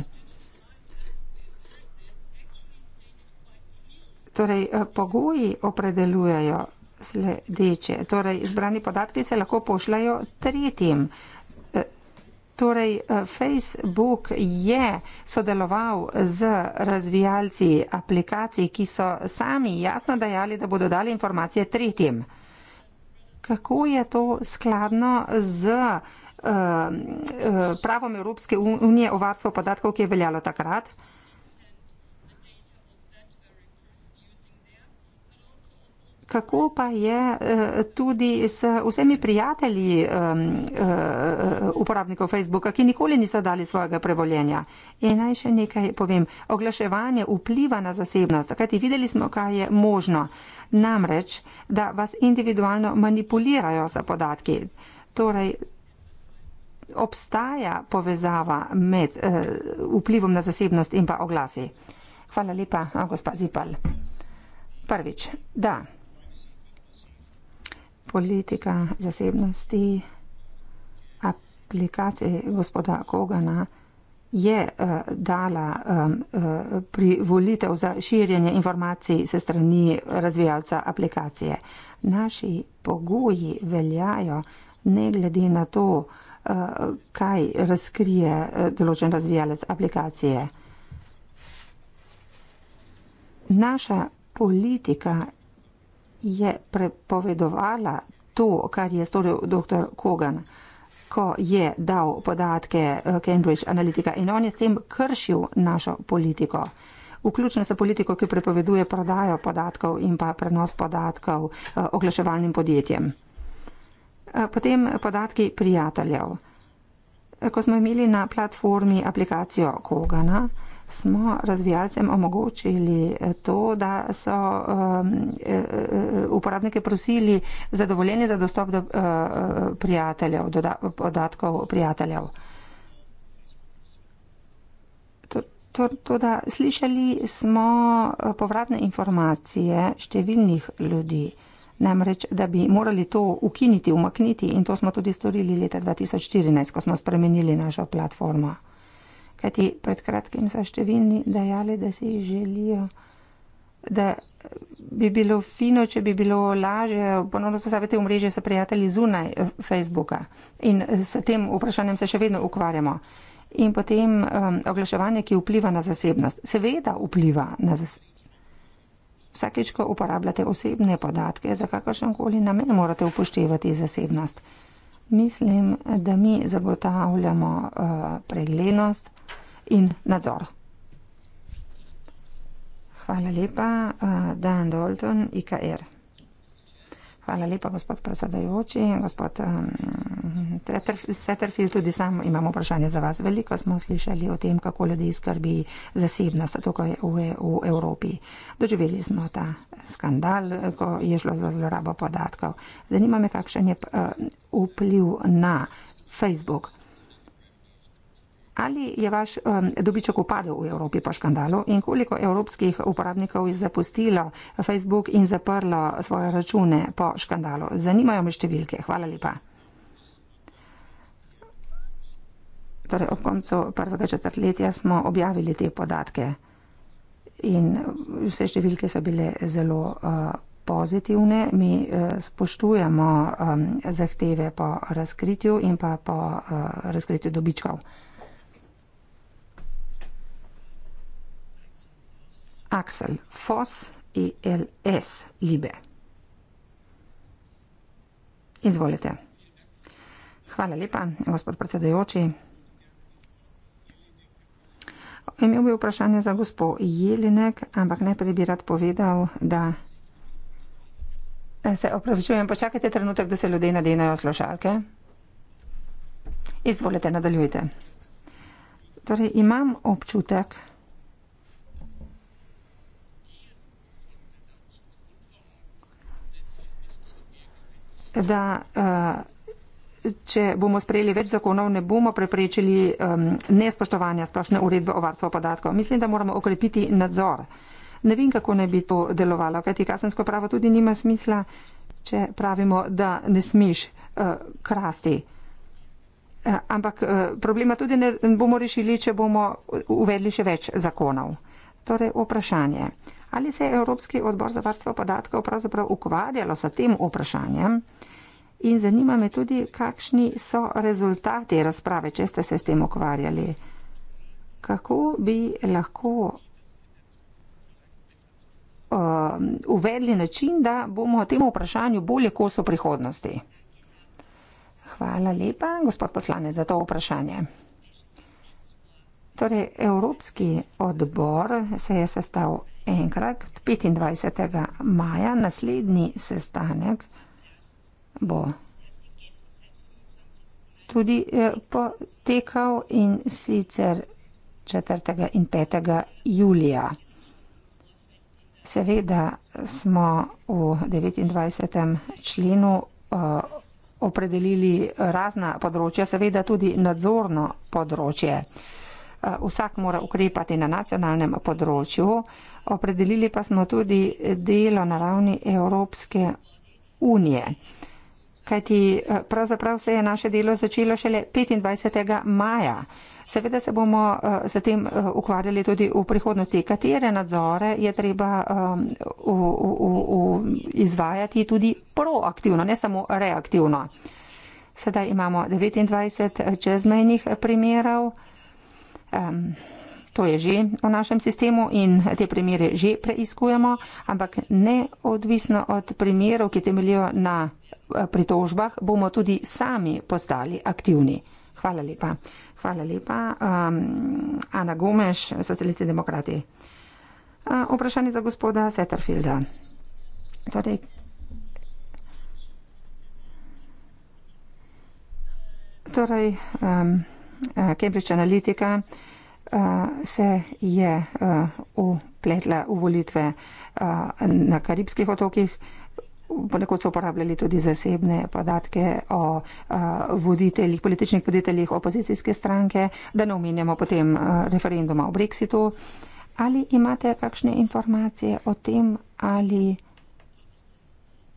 S3: Torej, eh, pogoji opredeljujejo sledeče. Torej, zbrani podatki se lahko pošljajo tretjim. Eh, torej, eh, Facebook je sodeloval z razvijalci aplikacij, ki so sami jasno dejali, da bodo dali informacije tretjim. Kako je to skladno z uh, uh, pravom Evropske unije o varstvu podatkov, ki je veljalo takrat? Uh, kako pa je eh, tudi s vsemi prijatelji eh, eh, uporabnikov Facebooka, ki nikoli niso dali svojega prevoljenja. In naj še nekaj povem. Oglaševanje vpliva na zasebnost, kajti videli smo, kaj je možno. Namreč, da vas individualno manipulirajo za podatki. Torej, obstaja povezava med vplivom na zasebnost in pa oglasi. Hvala lepa, gospa Zipal. Prvič, da politika zasebnosti, aplikacije gospoda Kogana je uh, dala um, uh, privolitev za širjenje informacij se strani razvijalca aplikacije. Naši pogoji veljajo ne glede na to, uh, kaj razkrije določen razvijalec aplikacije. Naša politika je prepovedovala to, kar je storil dr. Kogan, ko je dal podatke eh, Cambridge Analytica in on je s tem kršil našo politiko. Vključno se politiko, ki prepoveduje prodajo podatkov in pa prenos podatkov eh, oglaševalnim podjetjem. Eh, potem podatki prijateljev. Ko smo imeli na platformi aplikacijo Kogana, smo razvijalcem omogočili eh, to, da so um, eh, eh, uporabnike prosili za dovoljenje za dostop do prijateljev, do podatkov prijateljev. Toda slišali smo povratne informacije številnih ljudi, namreč, da bi morali to ukiniti, umakniti in to smo tudi storili leta 2014, ko smo spremenili našo platformo. Kajti pred kratkim so številni dejali, da si želijo, da bi bilo fino, če bi bilo lažje ponovno postaviti v mreže s prijatelji zunaj eh, Facebooka. In s tem vprašanjem se še vedno ukvarjamo. In potem um, oglaševanje, ki vpliva na zasebnost. Seveda vpliva na zasebnost. Vsakeč, ko uporabljate osebne podatke za kakršen koli namen, morate upoštevati zasebnost. Mislim, da mi zagotavljamo uh, preglednost in nadzor. Hvala lepa, eh, Dan Dalton, IKR. Hvala lepa, gospod predsedajoči, gospod eh, Setterfield, tudi sam imamo vprašanje za vas. Veliko smo slišali o tem, kako ljudi skrbi zasebnost tukaj v, v Evropi. Doživeli smo ta skandal, ko je šlo za zlorabo podatkov. Zanima me, kakšen je eh, vpliv na Facebook. Ali je vaš um, dobiček upadel v Evropi po škandalu in koliko evropskih uporabnikov je zapustilo Facebook in zaprlo svoje račune po škandalu? Zanimajo me številke. Hvala lepa. Torej, ob koncu prvega četrtletja smo objavili te podatke in vse številke so bile zelo uh, pozitivne. Mi uh, spoštujemo um, zahteve po razkritju in pa po uh, razkritju dobičkov. Axel Foss i e LS Libe. Izvolite. Hvala lepa, gospod predsedajoči. Imel bi vprašanje za gospo Jelinek, ampak najprej bi rad povedal, da eh, se opravičujem. Počakajte trenutek, da se ljudje nadenajo slušalke. Izvolite, nadaljujte. Torej, imam občutek, da eh, če bomo sprejeli več zakonov, ne bomo preprečili nespoštovanja splošne uredbe o varstvu podatkov. Mislim, da moramo okrepiti nadzor. Ne vem, kako naj bi to delovalo, kajti kazensko pravo tudi nima smisla, če pravimo, da ne smeš eh, krasti. Eh, ampak problema tudi ne bomo rešili, če bomo uvedli še več zakonov. Torej, vprašanje. Ali se je Evropski odbor za varstvo podatkov pravzaprav ukvarjalo s tem vprašanjem? In zanima me tudi, kakšni so rezultati razprave, če ste se s tem ukvarjali. Kako bi lahko uh, uvedli način, da bomo temu vprašanju bolje kos v prihodnosti? Hvala lepa, gospod poslanec, za to vprašanje. Torej, Evropski odbor se je sestal enkrat 25. maja, naslednji sestanek bo tudi eh, potekal in sicer 4. in 5. julija. Seveda smo v 29. členu eh, opredelili razna področja, seveda tudi nadzorno področje. Eh, vsak mora ukrepati na nacionalnem področju. Opredelili pa smo tudi delo na ravni Evropske unije. Kajti eh, pravzaprav se je naše delo začelo šele 25. maja. Seveda se bomo eh, s tem ukvarjali tudi v prihodnosti, katere nadzore je treba u, u, u, izvajati tudi proaktivno, ne samo reaktivno. Sedaj imamo 29 čezmejnih primerov. Um, To je že v našem sistemu in te primere že preizkujemo, ampak neodvisno od primerov, ki temeljijo na eh, pritožbah, bomo tudi sami postali aktivni. Hvala lepa. Hvala lepa. Um, Ana Gomeš, socialisti demokrati. Vprašanje uh, za gospoda Setterfielda. Torej, torej um, Eh, Cambridge Analytica eh, se je eh, upletla v volitve na Karibskih otokih. Ponekod so uporabljali tudi zasebne podatke o voditeljih, političnih voditeljih opozicijske stranke, da ne omenjamo potem referenduma o Brexitu. Ali imate kakšne informacije o tem, ali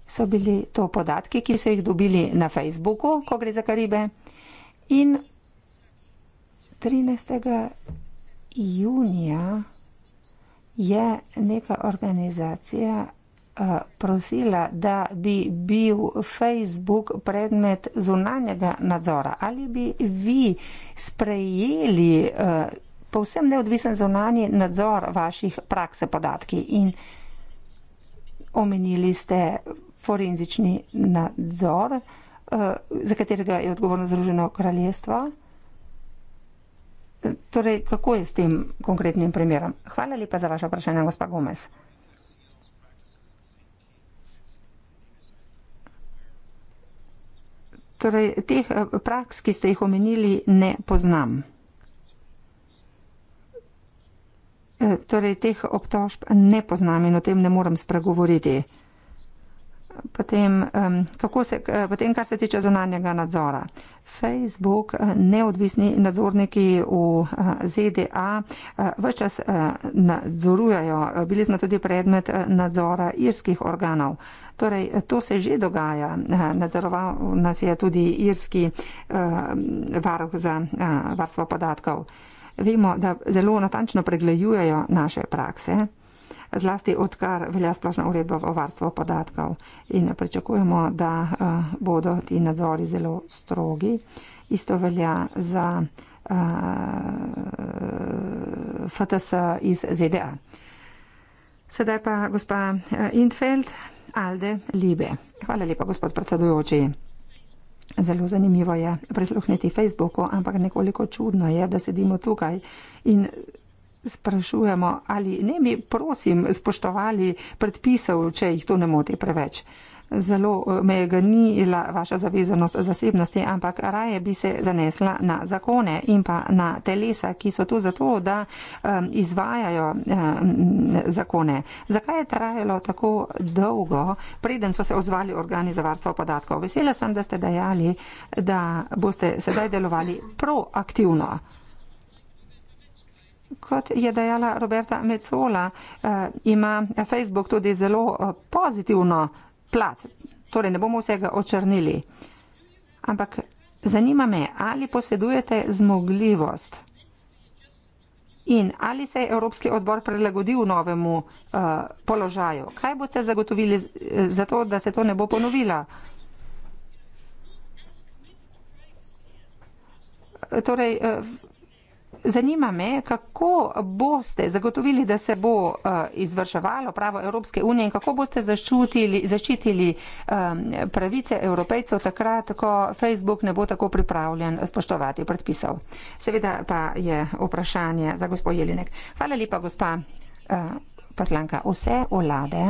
S3: so bili to podatki, ki so jih dobili na Facebooku, ko gre za Karibe? In 13. junija je neka organizacija eh, prosila, da bi bil Facebook predmet zunanjega nadzora. Ali bi vi sprejeli eh, povsem neodvisen zunanji nadzor vaših prakse podatki in omenili ste forenzični nadzor, eh, za katerega je odgovorno Združeno kraljestvo? Torej, kako je s tem konkretnim primerom? Hvala lepa za vaše vprašanje, gospa Gomez. Torej, teh eh, praks, ki ste jih omenili, ne poznam. Eh, torej, teh obtožb ne poznam in o tem ne morem spregovoriti. Potem, se, eh, potem, kar se tiče zonanjega nadzora. Facebook, eh, neodvisni nadzorniki v eh, ZDA, vse čas nadzorujajo. Bili smo tudi predmet nadzora irskih organov. Torej, to se že dogaja. Nadzoroval nas je tudi irski varuh za varstvo podatkov. Vemo, da zelo natančno pregledujejo naše prakse zlasti odkar velja splošna uredba o varstvu podatkov. In pričakujemo, da eh, bodo ti nadzori zelo strogi. Isto velja za uh, eh, FTS iz ZDA. Sedaj pa gospa eh, Intfeld, Alde Libe. Hvala lepa, gospod predsedujoči. Zelo zanimivo je prisluhniti Facebooku, ampak nekoliko čudno je, da sedimo tukaj in sprašujemo, ali ne bi, prosim, spoštovali predpisov, če jih to ne moti preveč. Zelo eh, me je ganila vaša zavezanost zasebnosti, ampak raje bi se zanesla na zakone in pa na telesa, ki so tu zato, da um, izvajajo um, zakone. Zakaj je trajalo tako dolgo, preden so se odzvali organi za varstvo podatkov? Vesela sem, da ste dejali, da boste sedaj delovali proaktivno kot je dejala Roberta Mecola, eh, ima Facebook tudi zelo eh, pozitivno plat, torej ne bomo vsega očrnili. Ampak zanima me, ali posedujete zmogljivost in ali se je Evropski odbor prilagodil novemu eh, položaju. Kaj boste zagotovili za to, da se to ne bo ponovila? Torej, Zanima me, kako boste zagotovili, da se bo eh, izvrševalo pravo Evropske unije in kako boste zaščutili, zaščitili ehm, pravice evropejcev takrat, ko Facebook ne bo tako pripravljen spoštovati predpisov. Seveda pa je vprašanje za gospod Jelinek. Hvala lepa, gospa eh, poslanka. Vse vlade.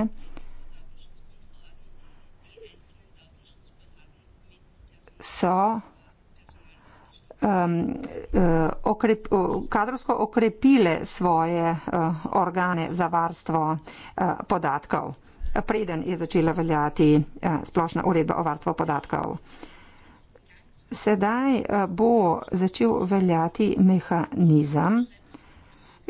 S3: So um, uh, okrep, uh, kadrovsko okrepile svoje uh, organe za varstvo uh, podatkov, preden je začela veljati uh, splošna uredba o varstvu podatkov. Sedaj uh, bo začel veljati mehanizem,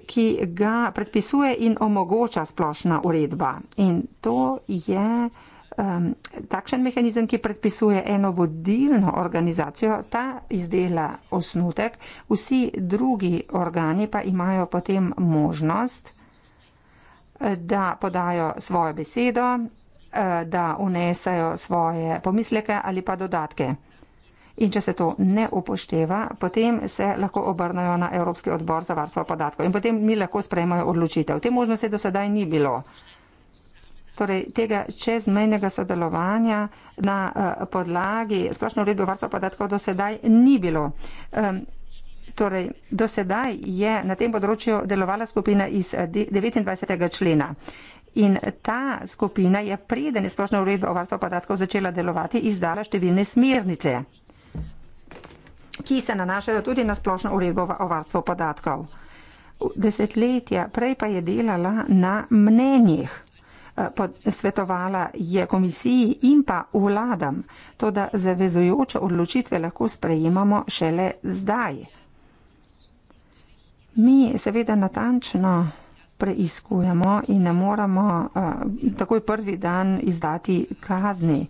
S3: ki ga predpisuje in omogoča splošna uredba. In to je uh, Um, takšen mehanizem, ki predpisuje eno vodilno organizacijo, ta izdela osnutek, vsi drugi organi pa imajo potem možnost, eh, da podajo svojo besedo, eh, da unesajo svoje pomisleke ali pa dodatke. In če se to ne upošteva, potem se lahko obrnajo na Evropski odbor za varstvo podatkov in potem mi lahko sprejmajo odločitev. Te možnosti do sedaj ni bilo torej tega čezmejnega sodelovanja na eh, podlagi splošne uredbe o varstvu podatkov do sedaj ni bilo. Torej, do sedaj je na tem področju delovala skupina iz 29. Eh, člena. In ta skupina je, preden je splošna uredba o varstvu podatkov začela delovati, izdala številne smernice, ki se nanašajo tudi na splošno uredbo o varstvu podatkov. Desetletja prej pa je delala na mnenjih. Eh, svetovala je komisiji in pa vladam, to da zavezojoče odločitve lahko sprejemamo šele zdaj. Mi seveda natančno preiskujemo in ne moramo uh, eh, takoj prvi dan izdati kazni,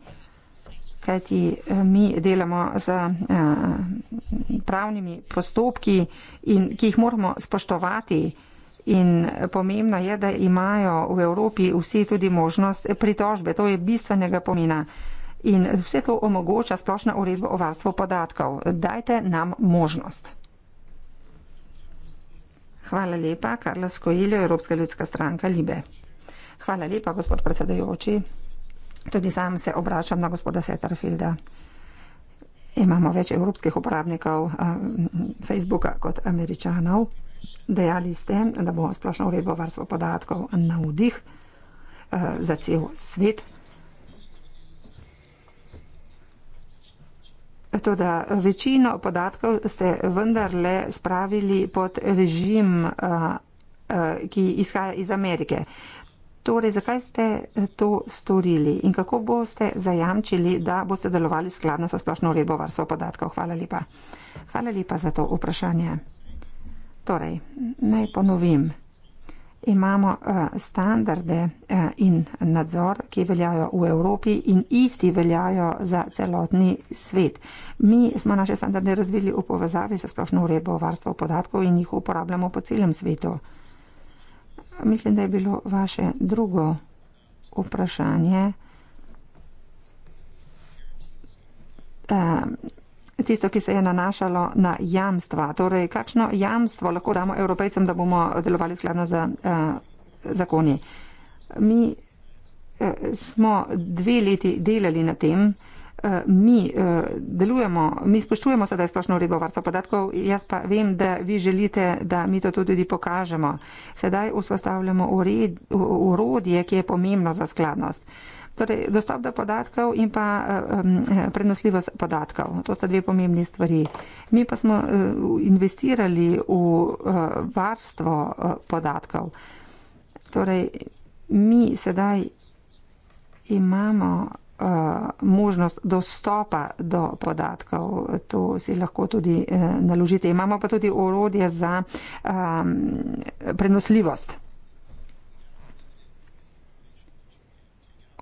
S3: kajti eh, mi delamo z uh, pravnimi postopki, in, ki jih moramo spoštovati in pomembno je, da imajo v Evropi vsi tudi možnost pritožbe. To je bistvenega pomena. In vse to omogoča splošna uredba o varstvu podatkov. Dajte nam možnost. Hvala lepa, Karla Skojiljo, Evropska ljudska stranka Libe. Hvala lepa, gospod predsedajoči. Tudi sam se obračam na gospoda Setterfielda. Imamo več evropskih uporabnikov eh, Facebooka kot američanov. Dejali ste, da bo splošno uredbo varstva podatkov na vdih eh, za cel svet. Toda večino podatkov ste vendarle spravili pod režim, eh, eh, ki izhaja iz Amerike. Torej, zakaj ste eh, to storili in kako boste zajamčili, da boste delovali skladno s splošno uredbo varstva podatkov? Hvala lepa. Hvala lepa za to vprašanje. Torej, naj ponovim. Imamo uh, standarde uh, in nadzor, ki veljajo v Evropi in isti veljajo za celotni svet. Mi smo naše standarde razvili v povezavi sa splošno uredbo o varstvu podatkov in jih uporabljamo po celem svetu. Mislim, da je bilo vaše drugo vprašanje. Uh, tisto, ki se je nanašalo na jamstva. Torej, kakšno jamstvo lahko damo evropejcem, da bomo delovali skladno z za, uh, eh, zakoni? Mi uh, smo dve leti delali na tem. Eh, mi delujemo, mi spoštujemo sedaj splošno uredbo varstva podatkov, jaz pa vem, da vi želite, da mi to tudi pokažemo. Sedaj vzpostavljamo ured, urodje, ki je pomembno za skladnost. Torej, dostop do podatkov in pa um, prenosljivost podatkov. To sta dve pomembni stvari. Mi pa smo uh, investirali v uh, varstvo uh, podatkov. Torej, mi sedaj imamo uh, možnost dostopa do podatkov. To si lahko tudi uh, naložite. Imamo pa tudi orodje za um, prenosljivost.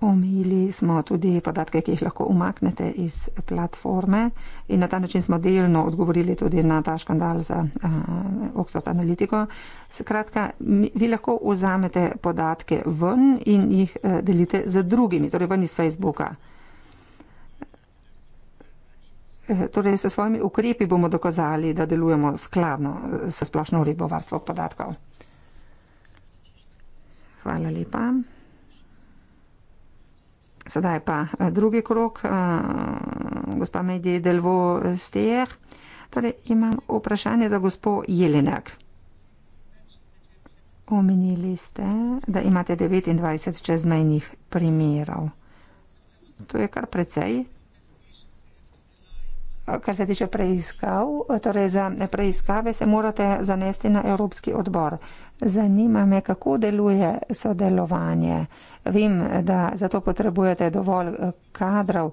S3: Omejili smo tudi podatke, ki jih lahko umaknete iz platforme in na ta način smo delno odgovorili tudi na ta škandal za uh, Oxford Analytico. Skratka, mi, vi lahko vzamete podatke ven in jih uh, delite z drugimi, torej ven iz Facebooka. E, torej, s svojimi ukrepi bomo dokazali, da delujemo skladno e, s splošno uredbo varstva podatkov. Hvala lepa. Sedaj pa eh, drugi krok, eh, gospa Medije Delvo Stejer. Torej imam vprašanje za gospo Jelenak. Omenili ste, da imate 29 čezmejnih primerov. To je kar precej. Eh, kar se tiče preiskav, eh, torej za preiskave se morate zanesti na Evropski odbor. Zanima me, kako deluje sodelovanje. Vem, da za to potrebujete dovolj eh, kadrov,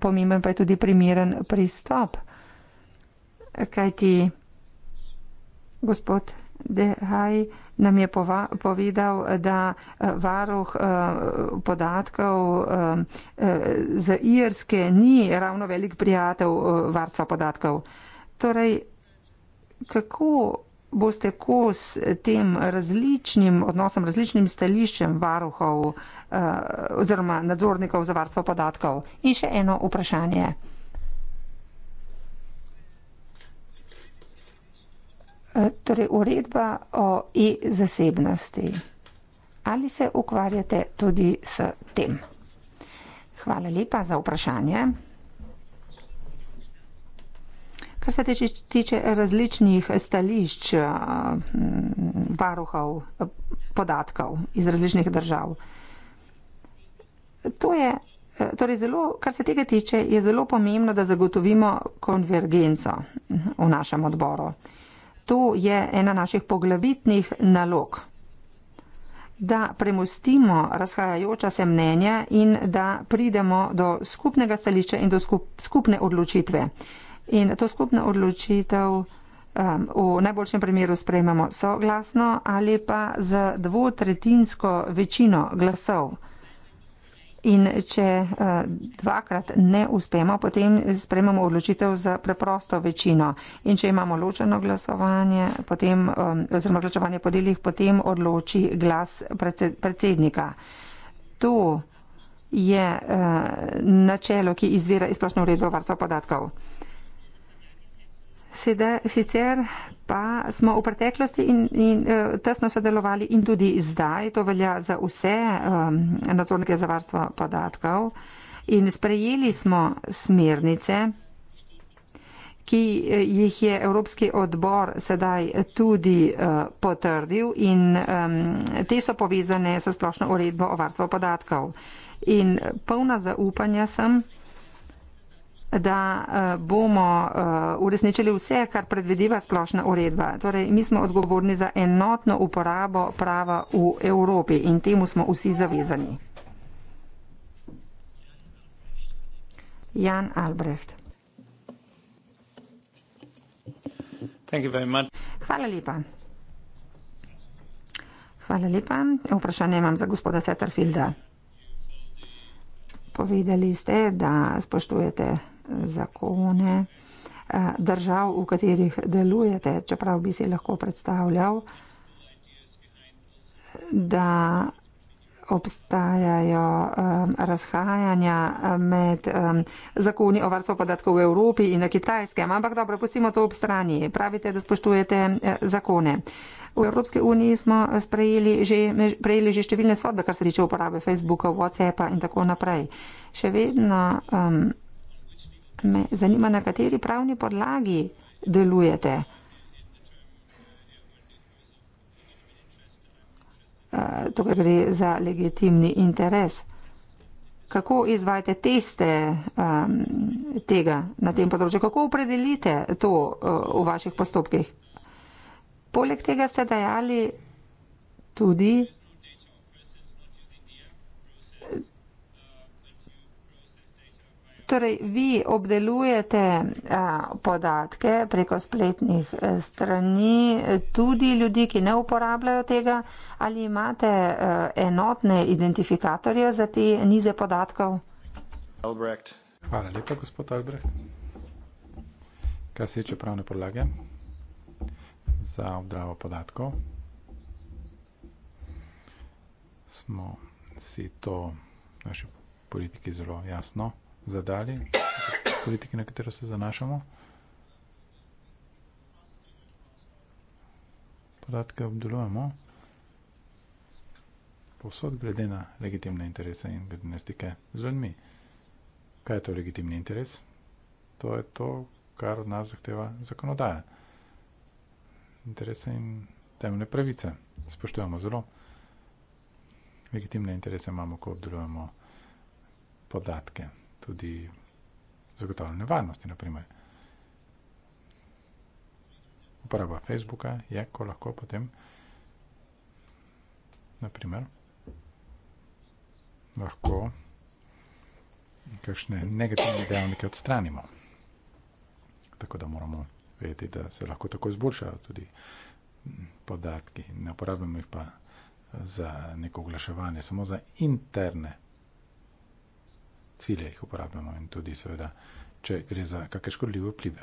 S3: pomemben pa je tudi primeren pristop. Kaj ti, gospod Dehaj? nam je pova, povedal, da eh, varuh eh, podatkov eh, z Irske ni ravno velik prijatelj varstva podatkov. Torej, kako boste kos tem različnim odnosom, različnim stališčem varuhov oziroma nadzornikov za varstvo podatkov? In še eno vprašanje. Eh, torej, uredba o e-zasebnosti. Ali se ukvarjate tudi s tem? Hvala lepa za vprašanje. Kar se tiče, tiče različnih stališč eh, varuhov eh, podatkov iz različnih držav, to je. Torej, zelo, kar se tega tiče, je zelo pomembno, da zagotovimo konvergenco v našem odboru to je ena naših poglavitnih nalog, da premustimo razhajajoča se mnenja in da pridemo do skupnega stališča in do skupne odločitve. In to skupno odločitev um, v najboljšem primeru sprejmemo soglasno ali pa z dvotretinsko večino glasov in če eh, dvakrat ne uspemo, potem sprememo odločitev z preprosto večino. In če imamo ločeno glasovanje, potem, oziroma glasovanje po delih, potem odloči glas predsednika. To je eh, načelo, ki izvira iz splošne uredbe o varstvu podatkov. Sede, sicer pa smo v preteklosti in, in eh, tesno sodelovali in tudi zdaj, to velja za vse um, nadzornike za varstvo podatkov. In sprejeli smo smernice, ki eh, jih je Evropski odbor sedaj tudi uh, potrdil in um, te so povezane s splošno uredbo o varstvu podatkov. In polna zaupanja sem da eh, bomo eh, uresničili vse, kar predvideva splošna uredba. Torej, mi smo odgovorni za enotno uporabo prava v Evropi in temu smo vsi zavezani. Jan Albrecht. Hvala lepa. Hvala lepa. Vprašanje imam za gospoda Setterfielda. Povedali ste, da spoštujete zakone eh, držav, v katerih delujete, čeprav bi si lahko predstavljal, da obstajajo eh, razhajanja eh, med zakoni o varstvu podatkov v Evropi in na kitajskem. Ampak dobro, pustimo to ob strani. Pravite, da spoštujete zakone. V Evropski uniji smo sprejeli že, prejeli že številne sodbe, kar se tiče uporabe Facebooka, WhatsAppa in tako naprej. Še vedno. Um, Me zanima, na kateri pravni podlagi delujete. Eh, to gre za legitimni interes. Kako izvajate teste um, tega na tem področju? Kako opredelite to uh, v vaših postopkih? Poleg tega ste dajali tudi Torej, vi obdelujete a, podatke preko spletnih e, strani e, tudi ljudi, ki ne uporabljajo tega, ali imate a, e, enotne identifikatorje za te nize podatkov?
S4: Albrecht. Hvala lepa, gospod Albrecht. Kaj se tiče pravne podlage za obdravo podatkov? Smo si to naši politiki zelo jasno zadali, politiki, na katero se zanašamo. Podatke obdelujemo posod glede na legitimne interese in glede na stike z ljudmi. Kaj je to legitimni interes? To je to, kar od nas zahteva zakonodaja. Interese in temeljne pravice spoštujemo zelo. Legitimne interese imamo, ko obdelujemo podatke tudi zagotavljanje varnosti, naprimer. Uporaba Facebooka je, ko lahko potem, naprimer, lahko kakšne negativne dejavnike odstranimo. Tako da moramo vedeti, da se lahko tako izboljšajo tudi podatki. Ne uporabljamo jih pa za neko oglaševanje, samo za interne cilje jih uporabljamo in tudi, seveda, če gre za kakšne škodljive vplive.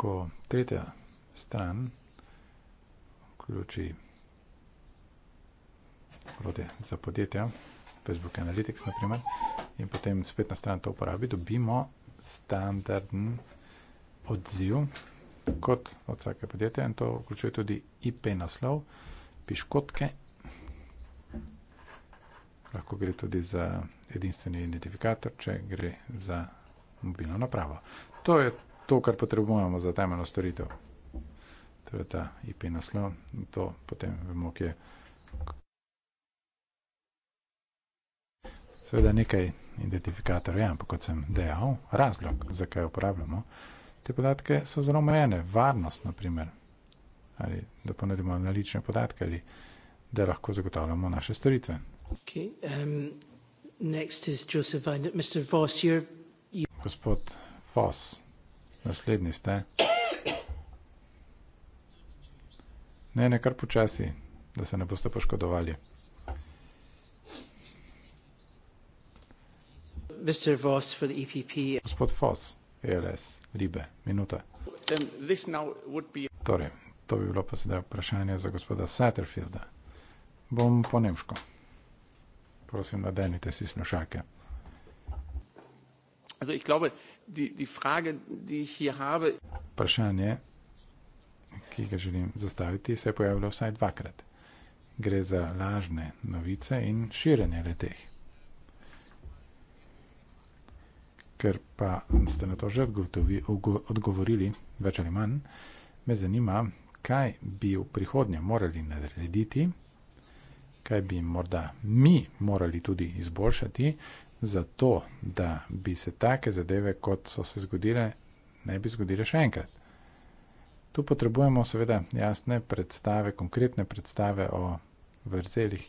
S4: Ko tretja stran vključi orodje za podjetja, Facebook Analytics naprimer, in potem spet na stran to uporabi, dobimo standarden odziv, kot od vsake podjetja in to vključuje tudi IP naslov, piškotke, lahko gre tudi za edinstveni identifikator, če gre za mobilno napravo. To je to, kar potrebujemo za temeljno storitev. Torej ta IP naslov in to potem vemo, kje je. Seveda nekaj identifikatorja, ampak kot sem dejal, razlog, zakaj uporabljamo, je, te podatke so zelo omejene, varnost naprimer, ali da ponudimo analitične podatke ali da lahko zagotavljamo naše storitve. Okay, um, next is Josephine. Mr. Voss, you're, you... Gospod Voss, naslednji ste. Ne, ne kar počasi, da se ne boste poškodovali. Mr. Voss for the EPP. Gospod Voss, ELS, ribe, minuta. Torej, to bi bilo pa sedaj vprašanje za gospoda Satterfielda. Bom po nemško. Prosim, nadenite si slušalke. Also ich glaube, die, die Frage, die ich hier habe. Vprašanje, ki ga želim zastaviti, se je pojavilo vsaj dvakrat. Gre za lažne novice in širjenje leteh. ker pa ste na to že odgovi, odgovorili, več ali manj, me zanima, kaj bi v prihodnje morali narediti, kaj bi morda mi morali tudi izboljšati, zato da bi se take zadeve, kot so se zgodile, ne bi zgodile še enkrat. Tu potrebujemo seveda jasne predstave, konkretne predstave o vrzelih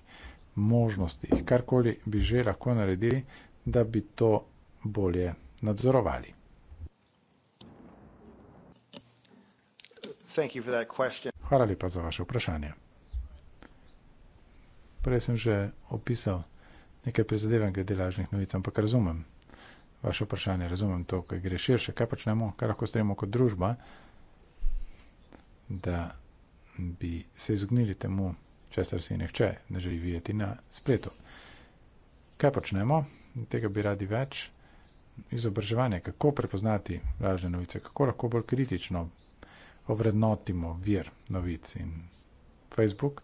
S4: možnostih, karkoli bi že lahko naredili, da bi to bolje nadzorovali. Hvala lepa za vaše vprašanje. Prej sem že opisal nekaj prizadevanj glede lažnih novic, ampak razumem vaše vprašanje, razumem to, kaj gre širše, kaj počnemo, kaj lahko stremo kot družba, da bi se izognili temu, česar si nihče ne želi videti na spletu. Kaj počnemo? Tega bi radi več izobraževanje, kako prepoznati lažne novice, kako lahko bolj kritično ovrednotimo vir novic. In Facebook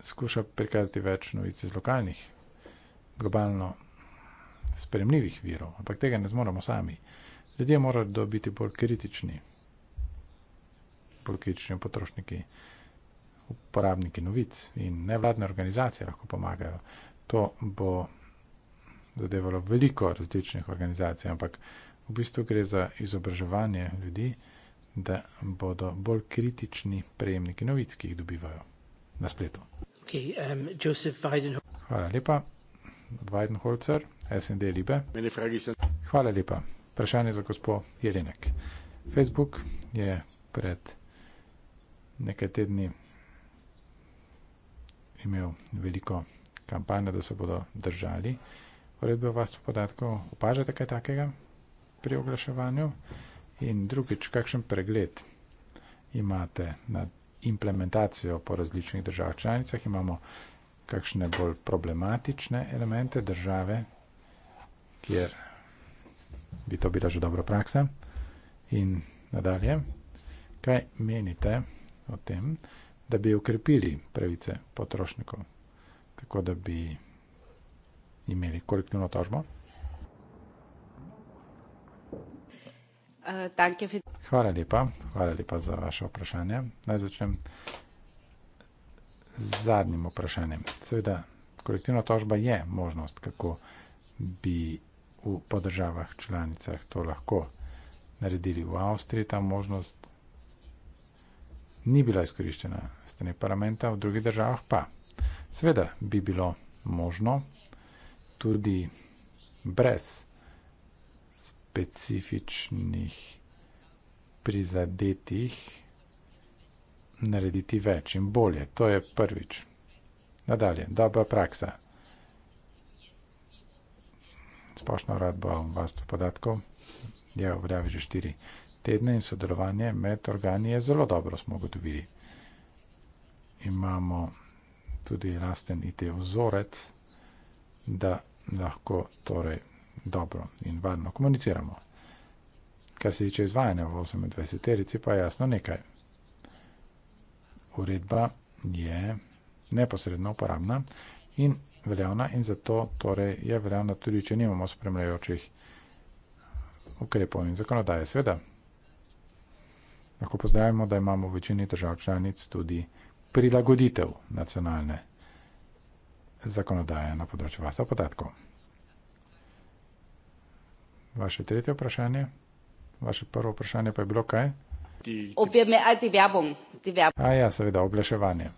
S4: skuša prikazati več novic iz lokalnih, globalno spremljivih virov, ampak tega ne zmoremo sami. Ljudje morajo biti bolj kritični, bolj kritični potrošniki, uporabniki novic in nevladne organizacije lahko pomagajo. To bo zadevalo veliko različnih organizacij, ampak v bistvu gre za izobraževanje ljudi, da bodo bolj kritični prejemniki novic, ki jih dobivajo na spletu.
S1: Okay, um,
S4: Hvala lepa, Weidenholzer, SND Libe. Hvala lepa. Vprašanje za gospod Jelenek. Facebook je pred nekaj tedni imel veliko kampanjo, da se bodo držali uporabijo vaših podatkov, opažate kaj takega pri oglaševanju? In drugič, kakšen pregled imate nad implementacijo po različnih državah članicah? Imamo kakšne bolj problematične elemente države, kjer bi to bila že dobra praksa? In nadalje, kaj menite o tem, da bi ukrepili pravice potrošnikov, tako da bi imeli kolektivno tožbo.
S3: Eh,
S4: hvala lepa, hvala lepa za vaše vprašanje. Naj začnem z zadnjim vprašanjem. Seveda, kolektivna tožba je možnost, kako bi v podržavah članicah to lahko naredili. V Avstriji ta možnost ni bila izkoriščena strani parlamenta, v drugih državah pa. Seveda bi bilo možno, tudi brez specifičnih prizadetih narediti več in bolje. To je prvič. Nadalje, dobra praksa. Splošno radbo o varstvu podatkov je v veljavi že štiri tedne in sodelovanje med organi je zelo dobro, smo ugotovili. Imamo tudi rasten IT vzorec, da lahko torej dobro in varno komuniciramo. Kar se tiče izvajanja v 28-terici, pa je jasno nekaj. Uredba je neposredno uporabna in veljavna in zato torej je veljavna tudi, če nimamo spremljajočih ukrepov in zakonodaje. Sveda, lahko pozdravimo, da imamo v večini držav članic tudi prilagoditev nacionalne zakonodaje na področju vasa podatkov. Vaše tretje vprašanje, vaše prvo vprašanje pa je bilo kaj? A ja, seveda, oglaševanje.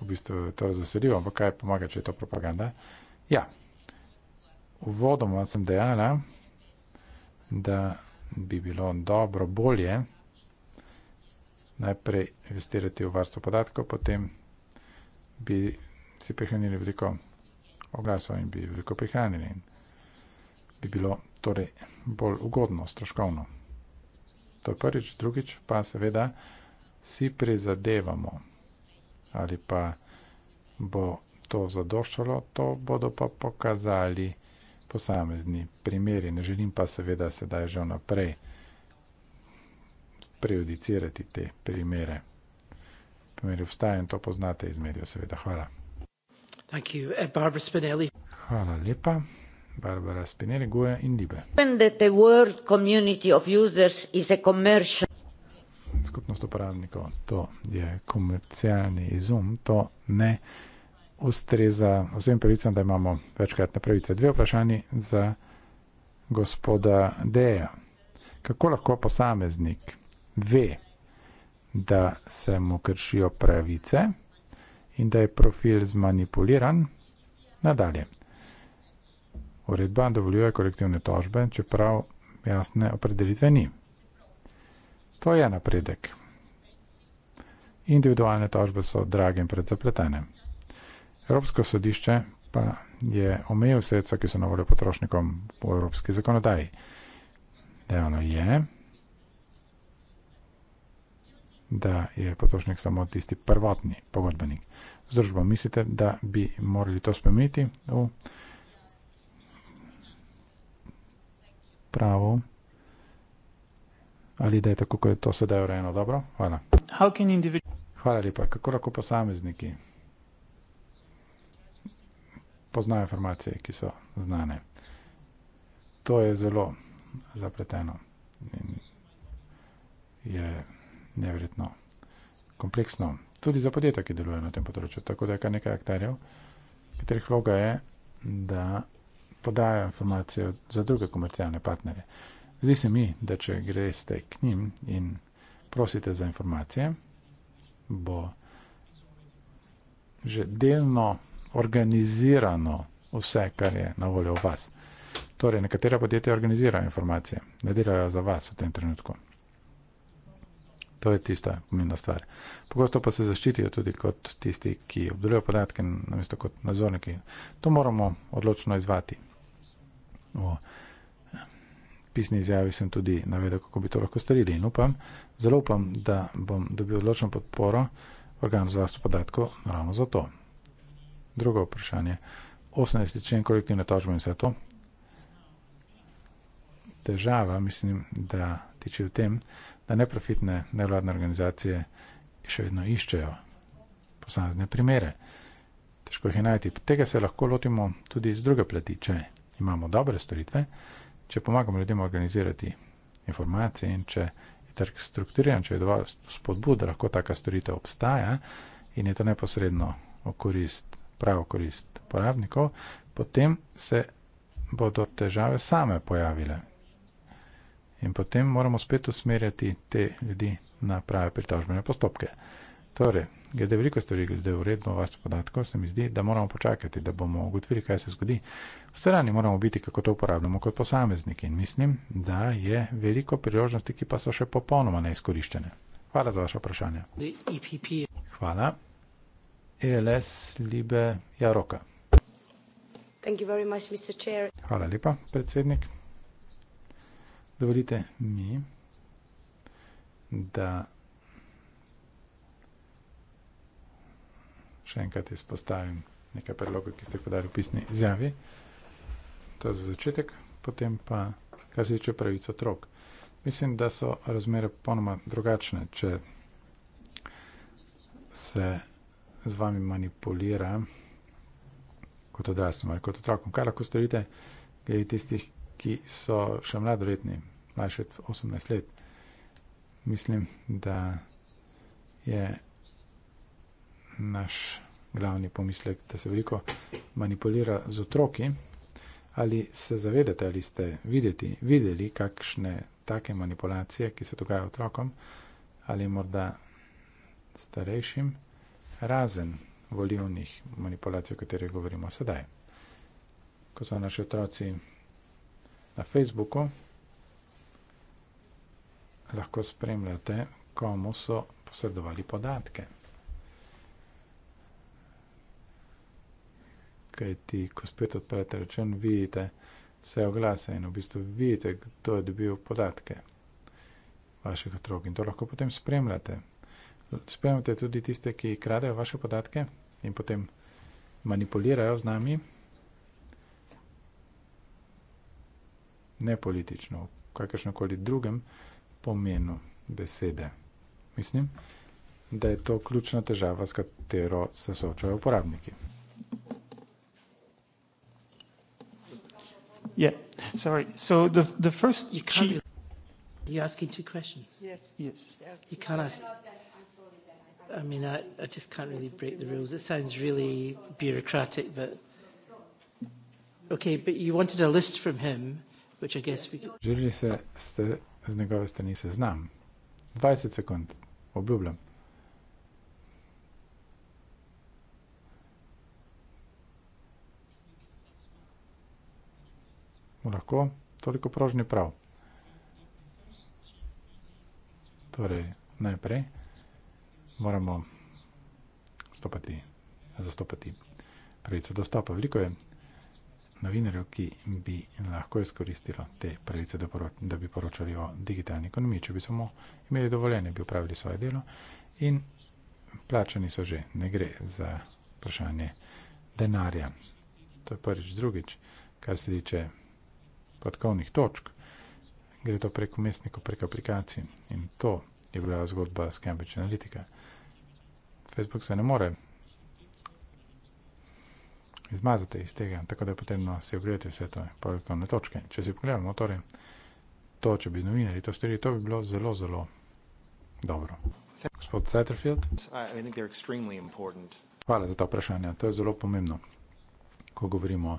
S4: V bistvu je to razveseljivo, ampak kaj pomaga, če je to propaganda? Ja, uvodoma sem dejala, da bi bilo dobro bolje, najprej investirati v varstvo podatkov, potem bi si prihranili veliko oglasov in bi veliko prihranili in bi bilo torej bolj ugodno, stroškovno. To je prvič, drugič pa seveda si prizadevamo ali pa bo to zadoščalo, to bodo pa pokazali posamezni primeri. Ne želim pa seveda sedaj že naprej vsega, prejudicirati te primere. Primeri obstajajo in to poznate iz medijev, seveda. Hvala.
S1: Thank you, eh, Barbara Spinelli.
S4: Hvala lepa, Barbara Spinelli, Goja in Libe. Skupnost uporabnikov, to je komercialni izum, to ne ustreza vsem pravicam, da imamo večkratne pravice. Dve vprašanje za gospoda Deja. Kako lahko posameznik ve, da se mu kršijo pravice in da je profil zmanipuliran, nadalje. Uredba dovoljuje kolektivne tožbe, čeprav jasne opredelitve ni. To je napredek. Individualne tožbe so drage in predzapletene. Evropsko sodišče pa je omejil sredstva, ki so na voljo potrošnikom v evropski zakonodaji. Dejano je, da je potrošnik samo tisti prvotni pogodbenik. Združba, mislite, da bi morali to spremeniti v pravo? Ali da je tako, kot je to sedaj urejeno? Dobro, hvala. Hvala lepa. Kako lahko posamezniki poznajo informacije, ki so znane? To je zelo zapleteno. In je nevrjetno kompleksno, tudi za podjetja, ki delujejo na tem področju. Tako da je kar nekaj akterjev, katerih vloga je, da podajo informacijo za druge komercialne partnerje. Zdi se mi, da če greste k njim in prosite za informacije, bo že delno organizirano vse, kar je na voljo v vas. Torej, nekatera podjetja organizirajo informacije, ne delajo za vas v tem trenutku. To je tista pomembna stvar. Pogosto pa se zaščitijo tudi kot tisti, ki obdelujejo podatke, namesto kot nadzorniki. To moramo odločno izvati. V eh, pisni izjavi sem tudi navedel, kako bi to lahko storili in upam, zelo upam, da bom dobil odločno podporo organov za vlast podatkov ravno za to. Drugo vprašanje. 18. člen kolektivne tožbe in vse to. Težava, mislim, da tiče v tem, da neprofitne nevladne organizacije še vedno iščejo posamezne primere. Težko jih je najti. Tega se lahko lotimo tudi z druge plati, če imamo dobre storitve, če pomagamo ljudem organizirati informacije in če je trg strukturiran, če je dovolj spodbud, da lahko taka storitev obstaja in je to neposredno v korist, pravo korist porabnikov, potem se bodo težave same pojavile in potem moramo spet usmerjati te ljudi na prave pritožbene postopke. Torej, glede veliko stvari, glede uredbo vas podatkov, se mi zdi, da moramo počakati, da bomo ugotovili, kaj se zgodi. V strani moramo biti, kako to uporabljamo kot posamezniki in mislim, da je veliko priložnosti, ki pa so še popolnoma neizkoriščene. Hvala za vaše vprašanje. E Hvala. ELS Libe Jaroka. Much, Hvala lepa, predsednik dovolite mi, da še enkrat izpostavim nekaj predlogov, ki ste podali v pisni izjavi. To je za začetek, potem pa, kar se tiče pravic otrok. Mislim, da so razmere ponoma drugačne, če se z vami manipulira kot odraslim ali kot otrokom. Kaj lahko storite, glede tistih, ki so še mladoletni, mlajši od 18 let, mislim, da je naš glavni pomislek, da se veliko manipulira z otroki. Ali se zavedate, ali ste videti, videli kakšne take manipulacije, ki se dogajajo otrokom ali morda starejšim, razen volivnih manipulacij, o katerih govorimo sedaj, ko so naši otroci na Facebooku lahko spremljate, komu so posredovali podatke. Kaj ti, ko spet odprete račun, vidite vse oglase in v bistvu vidite, kdo je dobil podatke vaših otrok. In to lahko potem spremljate. Spremljate tudi tiste, ki kradejo vaše podatke in potem manipulirajo z nami. ne politično, v kakršnokoli drugem pomenu besede. Mislim, da je to ključna težava, s katero se soočajo uporabniki.
S5: Yeah, sorry. So the the first you can't she, be, you're asking two questions. Yes. Yes. You can't ask.
S1: I mean, I I just can't really break the rules. It sounds really bureaucratic, but okay. But you wanted a list from him.
S4: Želi se, ste z njegove strani seznam. 20 sekund, obljubljam. Lahko, toliko prožni prav. Torej, najprej moramo stopati, zastopati pravico dostopa. Veliko je novinarjev, ki bi lahko izkoristilo te pravice, da, poroč, da bi poročali o digitalni ekonomiji. Če bi samo imeli dovoljenje, bi upravili svoje delo in plačani so že, ne gre za vprašanje denarja. To je prvič. Drugič, kar se tiče podkovnih točk, gre to preko mestnikov, preko aplikacij in to je bila zgodba s Cambridge Analytica. Facebook se ne more izmazate iz tega, tako da je potrebno se ogledati vse to, poleg na točke. Če si pogledamo, torej, to, če bi novinari to storili, to bi bilo zelo, zelo dobro. Gospod Sutterfield. Hvala za ta vprašanja. To je zelo pomembno, ko govorimo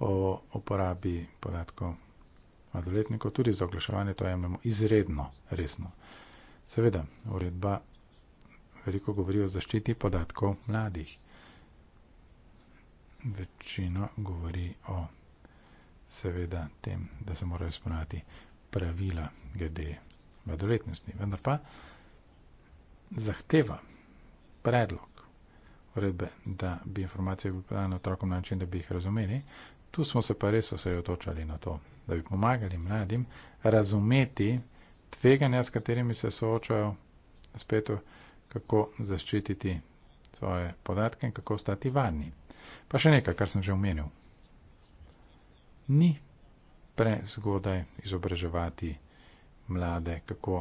S4: o uporabi podatkov mladoletnikov, tudi za oglaševanje to jemljemo izredno resno. Seveda, uredba veliko govori o zaščiti podatkov mladih večina govori o seveda tem, da se morajo izpolnjevati pravila glede mladoletnosti. Vendar pa zahteva predlog uredbe, da bi informacije bi podali otrokom na način, da bi jih razumeli. Tu smo se pa res osredotočali na to, da bi pomagali mladim razumeti tveganja, s katerimi se soočajo na spletu, kako zaščititi svoje podatke in kako ostati varni. Pa še nekaj, kar sem že omenil. Ni prezgodaj izobraževati mlade, kako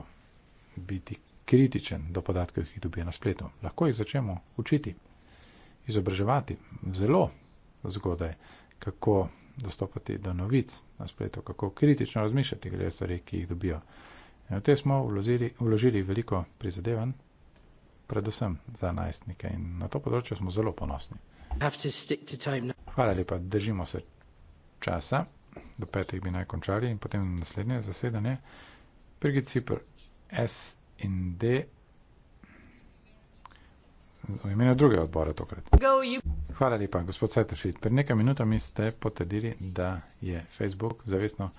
S4: biti kritičen do podatkov, ki jih dobijo na spletu. Lahko jih začnemo učiti, izobraževati zelo zgodaj, kako dostopati do novic na spletu, kako kritično razmišljati glede stvari, ki jih dobijo. In v te smo vložili, vložili veliko prizadevanj, predvsem za najstnike in na to področje smo zelo ponosni. Hvala lepa, držimo se časa. Do petih bi naj končali in potem naslednje zasedanje. Prvi cipr S in D. V imenu druge odbore tokrat. Hvala lepa, gospod Sajtršit. Pred nekaj minutami ste potrdili, da je Facebook zavestno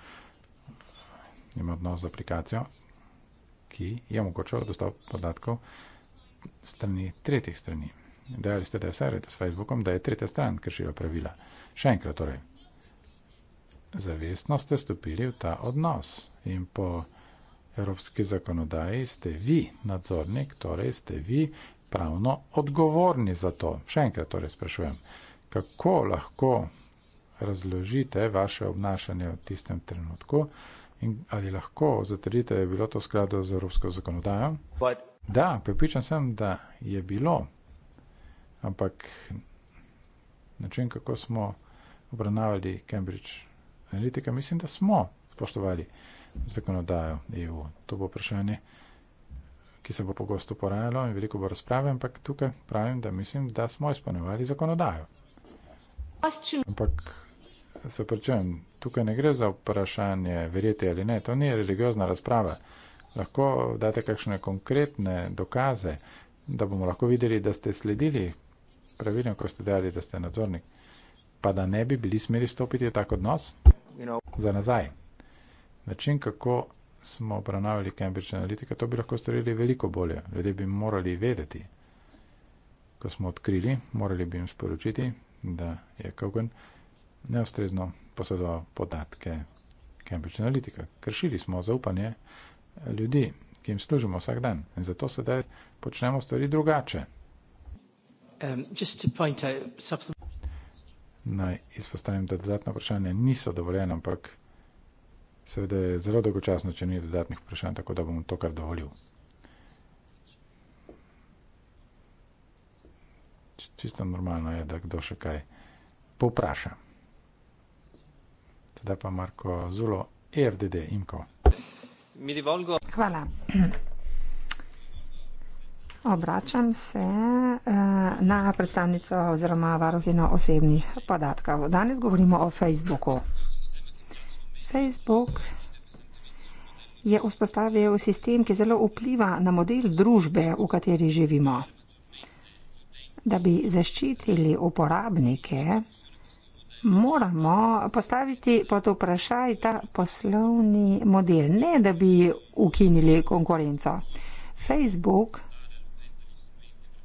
S4: ima odnos z aplikacijo, ki je omogočal dostop podatkov strani tretjih strani. Dejali ste, da je vse redo s Facebookom, da je tretja stran kršila pravila. Še enkrat torej. Zavestno ste stopili v ta odnos in po evropski zakonodaji ste vi nadzornik, torej ste vi pravno odgovorni za to. Še enkrat torej sprašujem, kako lahko razložite vaše obnašanje v tistem trenutku in ali lahko zatrdite, da je bilo to v skladu z evropsko zakonodajo? But... Da, pripričan sem, da je bilo ampak način, kako smo obravnavali Cambridge Analytica, mislim, da smo spoštovali zakonodajo EU. To bo vprašanje, ki se bo pogosto porajalo in veliko bo razprave, ampak tukaj pravim, da mislim, da smo izpolnjevali zakonodajo. Ampak se prečujem, tukaj ne gre za vprašanje verjeti ali ne, to ni religiozna razprava. Lahko date kakšne konkretne dokaze, da bomo lahko videli, da ste sledili pravilno, ko ste dejali, da ste nadzornik, pa da ne bi bili smeli stopiti v tak odnos za nazaj. Način, kako smo obravnavali Cambridge Analytica, to bi lahko storili veliko bolje. Ljudje bi morali vedeti, ko smo odkrili, morali bi jim sporočiti, da je Kogan neustrezno posedoval podatke Cambridge Analytica. Kršili smo zaupanje ljudi, ki jim služimo vsak dan. In zato sedaj počnemo stvari drugače.
S1: Um, just to point out supplement.
S4: Naj izpostavim, da dodatna vprašanja niso dovoljena, ampak seveda je zelo dolgočasno, če ni dodatnih vprašanj, tako da bom to kar dovolil. Čisto normalno je, da kdo še kaj povpraša. Sedaj pa Marko Zulo, EFDD, Imko. Hvala.
S3: Obračam se eh, na predstavnico oziroma varuhino osebnih podatkov. Danes govorimo o Facebooku. Facebook je vzpostavil sistem, ki zelo vpliva na model družbe, v kateri živimo. Da bi zaščitili uporabnike, moramo postaviti pod vprašaj ta poslovni model, ne da bi ukinili konkurenco. Facebook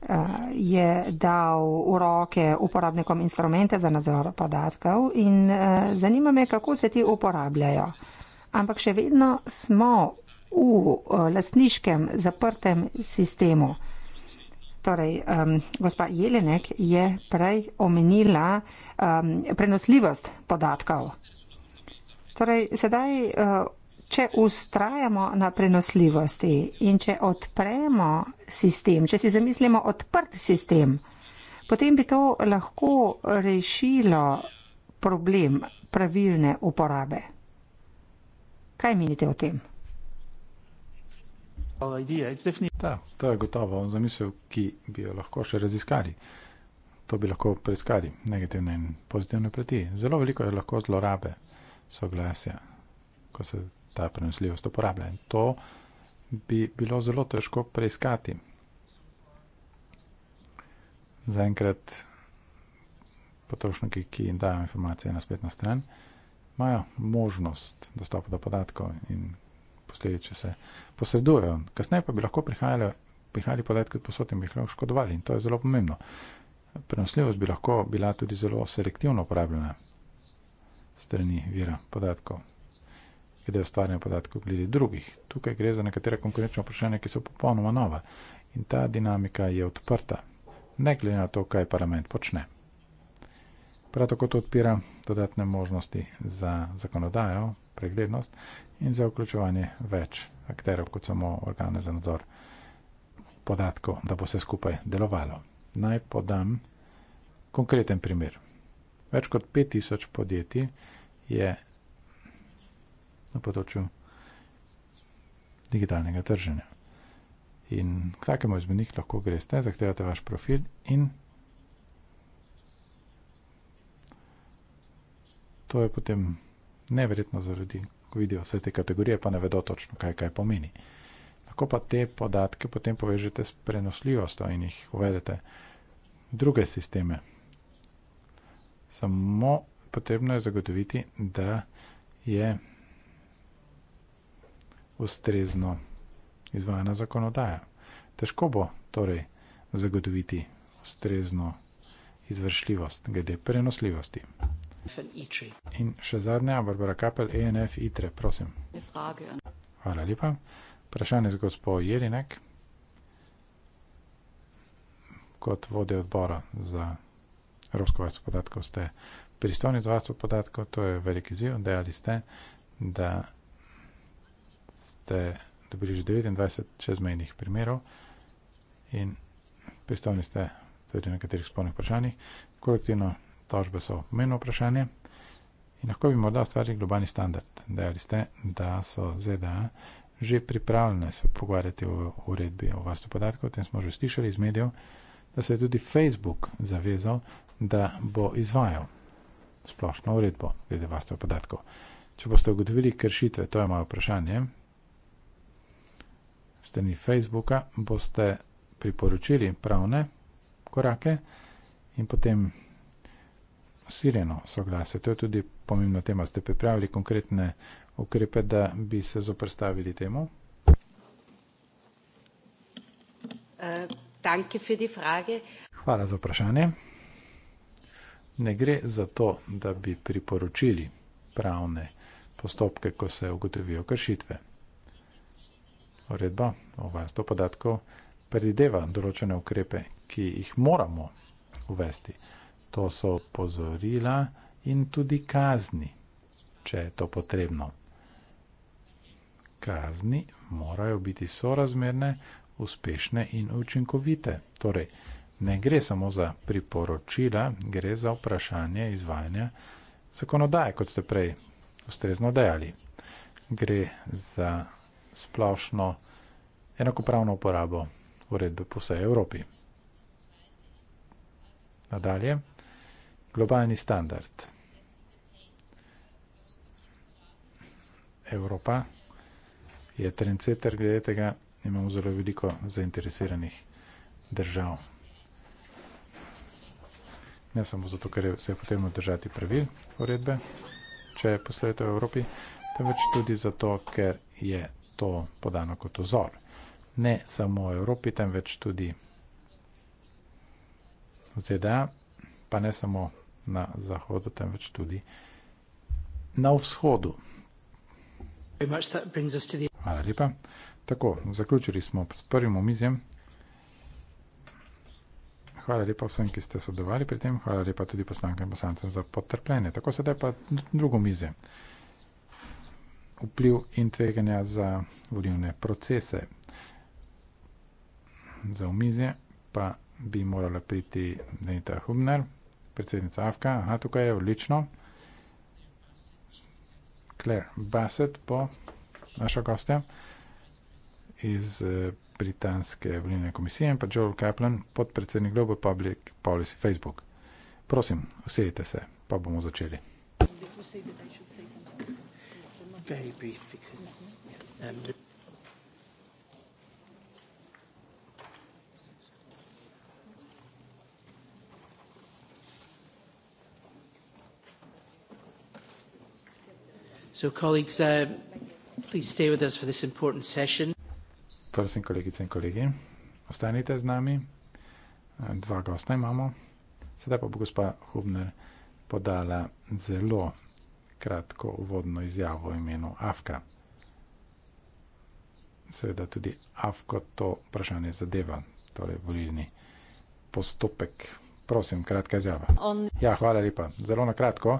S3: Eh, je dal v roke uporabnikom instrumente za nadzor podatkov in eh, zanima me, kako se ti uporabljajo. Ampak še vedno smo v eh, lasniškem zaprtem sistemu. Torej, um, gospa Jelenek je prej omenila um, prenosljivost podatkov. Torej, sedaj uh, če ustrajamo na prenosljivosti in če odpremo sistem, če si zamislimo odprt sistem, potem bi to lahko rešilo problem pravilne uporabe. Kaj menite o tem?
S4: Da, to je gotovo zamisel, ki bi jo lahko še raziskali. To bi lahko preiskali, negativne in pozitivne plati. Zelo veliko je lahko zlorabe soglasja, ko se ta prenosljivost uporablja. In to bi bilo zelo težko preiskati. Zaenkrat potrošniki, ki jim dajo informacije na spletno stran, imajo možnost dostopa do podatkov in posledice se posredujejo. Kasneje pa bi lahko prihajali, prihajali podatki posod in bi jih lahko škodovali in to je zelo pomembno. Prenosljivost bi lahko bila tudi zelo selektivno uporabljena strani vira podatkov glede ustvarjanja podatkov, glede drugih. Tukaj gre za nekatera konkurenčna vprašanja, ki so popolnoma nova in ta dinamika je odprta, ne glede na to, kaj parlament počne. Prav tako to odpira dodatne možnosti za zakonodajo, preglednost in za vključevanje več akterov, kot samo organe za nadzor podatkov, da bo vse skupaj delovalo. Naj podam konkreten primer. Več kot 5000 podjetij je na področju digitalnega trženja. In k takemu izmed njih lahko greste, zahtevate vaš profil in to je potem neverjetno za ljudi, ko vidijo vse te kategorije, pa ne vedo točno, kaj kaj pomeni. Lahko pa te podatke potem povežete s prenosljivostjo in jih uvedete v druge sisteme. Samo potrebno je zagotoviti, da je ustrezno izvajana zakonodaja. Težko bo torej zagotoviti ustrezno izvršljivost glede prenosljivosti. In še zadnja, Barbara Kapel, ENF ITRE, prosim. Hvala lepa. Vprašanje z gospo Jelinek kot vodja odbora za Evropsko varstvo podatkov ste pristojni za varstvo podatkov, to je veliki ziv, dejali ste, da boste dobili že 29 čezmejnih primerov in pristovni ste tudi nekaterih spolnih vprašanjih. Kolektivno tožbe so pomembno vprašanje in lahko bi morda ustvarili globalni standard. Dejali ste, da so ZDA že pripravljene se pogovarjati o uredbi o varstvu podatkov, o tem smo že slišali iz medijev, da se je tudi Facebook zavezal, da bo izvajal splošno uredbo glede varstva podatkov. Če boste ugotovili kršitve, to je moje vprašanje, strani Facebooka, boste priporočili pravne korake in potem usiljeno soglasje. To je tudi pomembna tema. Ste pripravili konkretne ukrepe, da bi se zoprstavili temu? Eh, Hvala za vprašanje. Ne gre za to, da bi priporočili pravne postopke, ko se ugotovijo kršitve. Uredba o varstvu podatkov predideva določene ukrepe, ki jih moramo uvesti. To so pozorila in tudi kazni, če je to potrebno. Kazni morajo biti sorazmerne, uspešne in učinkovite. Torej, ne gre samo za priporočila, gre za vprašanje izvajanja zakonodaje, kot ste prej ustrezno dejali. Gre za splošno enakopravno uporabo uredbe po vsej Evropi. Nadalje, globalni standard. Evropa je trendsetter glede tega, imamo zelo veliko zainteresiranih držav. Ne samo zato, ker se je potrebno držati pravil uredbe, če poslujete v Evropi, temveč tudi zato, ker je to podano kot ozor. Ne samo v Evropi, temveč tudi v ZDA, pa ne samo na zahodu, temveč tudi na vzhodu. Hvala lepa. Tako, zaključili smo s prvim omizjem. Hvala lepa vsem, ki ste sodelovali pri tem. Hvala lepa tudi poslankam in poslancem za potrpljenje. Tako sedaj pa drugo omizje vpliv in tveganja za volivne procese. Za omizje pa bi morala priti Denita Hubner, predsednica AFKA. Aha, tukaj je odlično. Claire Bassett bo naša gostja iz eh, Britanske volilne komisije in pa Joel Kaplan, podpredsednik Global Public Policy Facebook. Prosim, usedite se, pa bomo začeli.
S5: Thank you
S6: very brief because mm-hmm. um, the
S1: So, colleagues, uh, please stay with us for this important session.
S4: Prosim, kolegice in kolegi, ostanite z nami. Uh, dva gosta imamo. Sedaj pa bo gospa Hubner podala zelo kratko uvodno izjavo v imenu Afka. Seveda tudi Afko to vprašanje zadeva, torej volilni postopek. Prosim, kratka izjava. Ja, hvala lepa. Zelo na kratko,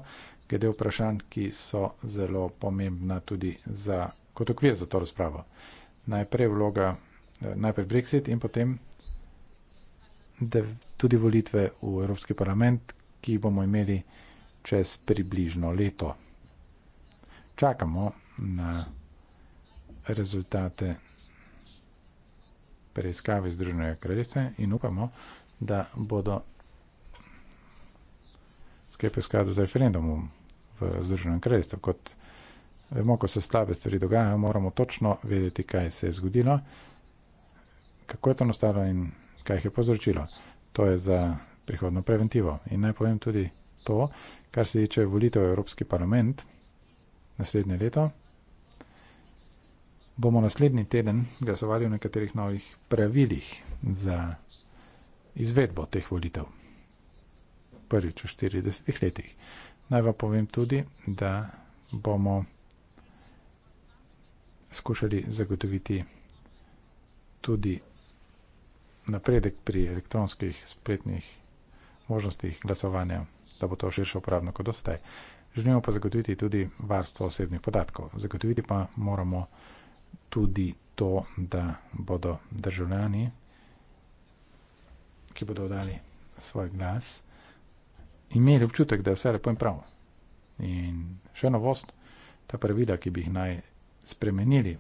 S4: glede vprašanj, ki so zelo pomembna tudi za, kot okvir za to razpravo. Najprej vloga, eh, najprej Brexit in potem de, tudi volitve v Evropski parlament, ki bomo imeli čez približno leto čakamo na rezultate preiskave Združenega kraljestva in upamo, da bodo sklepe skladu z referendumom v Združenem kraljestvu. Kot vemo, ko se slabe stvari dogajajo, moramo točno vedeti, kaj se je zgodilo, kako je to nastalo in kaj jih je povzročilo. To je za prihodno preventivo. In naj povem tudi to, kar se tiče volitev v Evropski parlament naslednje leto. Bomo naslednji teden glasovali o nekaterih novih pravilih za izvedbo teh volitev. Prvič v 40 letih. Naj vam povem tudi, da bomo skušali zagotoviti tudi napredek pri elektronskih spletnih možnostih glasovanja, da bo to širše uporabno kot dostaj. Želimo pa zagotoviti tudi varstvo osebnih podatkov. Zagotoviti pa moramo tudi to, da bodo državljani, ki bodo dali svoj glas, imeli občutek, da je vse lepo in prav. In še novost, ta pravila, ki bi jih naj spremenili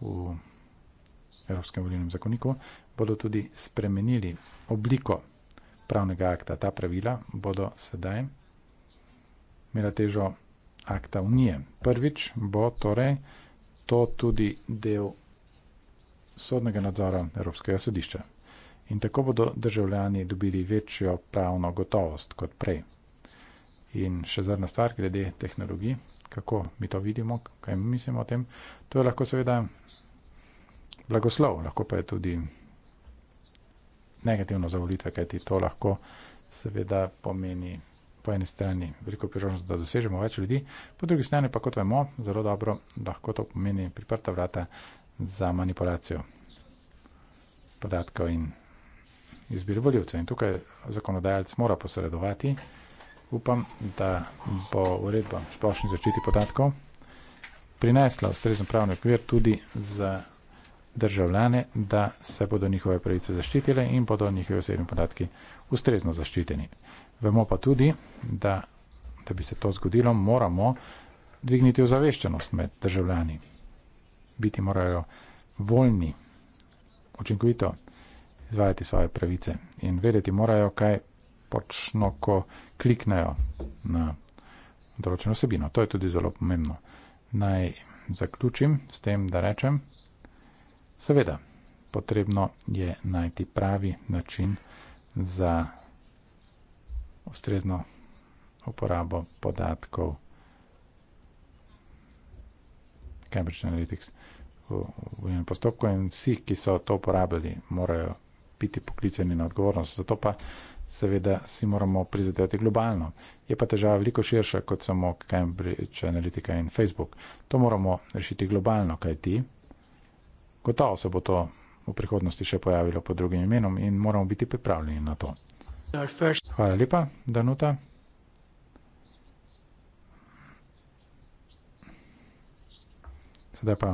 S4: v Evropskem volilnem zakoniku, bodo tudi spremenili obliko pravnega akta. Ta pravila bodo sedaj imela težo akta unije. Prvič bo torej to tudi del sodnega nadzora Evropskega sodišča. In tako bodo državljani dobili večjo pravno gotovost kot prej. In še zadnja stvar glede tehnologij, kako mi to vidimo, kaj mislimo o tem, to je lahko seveda blagoslov, lahko pa je tudi negativno za volitve, kajti to lahko seveda pomeni po eni strani veliko priložnost, da dosežemo več ljudi, po drugi strani pa, kot vemo, zelo dobro lahko to pomeni priprta vrata za manipulacijo podatkov in izbir voljivcev. In tukaj zakonodajalec mora posredovati. Upam, da bo uredba splošni zaščiti podatkov prinesla ustrezen pravni okvir tudi za državljane, da se bodo njihove pravice zaščitile in bodo njihovi osebni podatki ustrezno zaščiteni. Vemo pa tudi, da, da bi se to zgodilo, moramo dvigniti ozaveščenost med državljani. Biti morajo voljni, učinkovito izvajati svoje pravice in vedeti morajo, kaj počno, ko kliknejo na določeno vsebino. To je tudi zelo pomembno. Naj zaključim s tem, da rečem, seveda, potrebno je najti pravi način za ustrezno uporabo podatkov Cambridge Analytics v enem postopku in vsi, ki so to uporabljali, morajo biti poklicani na odgovornost. Zato pa seveda si moramo prizadeti globalno. Je pa težava veliko širša kot samo Cambridge Analytica in Facebook. To moramo rešiti globalno, kaj ti. Gotovo se bo to v prihodnosti še pojavilo pod drugim imenom in moramo biti pripravljeni na to. Hvala lepa, Danuta. Sedaj pa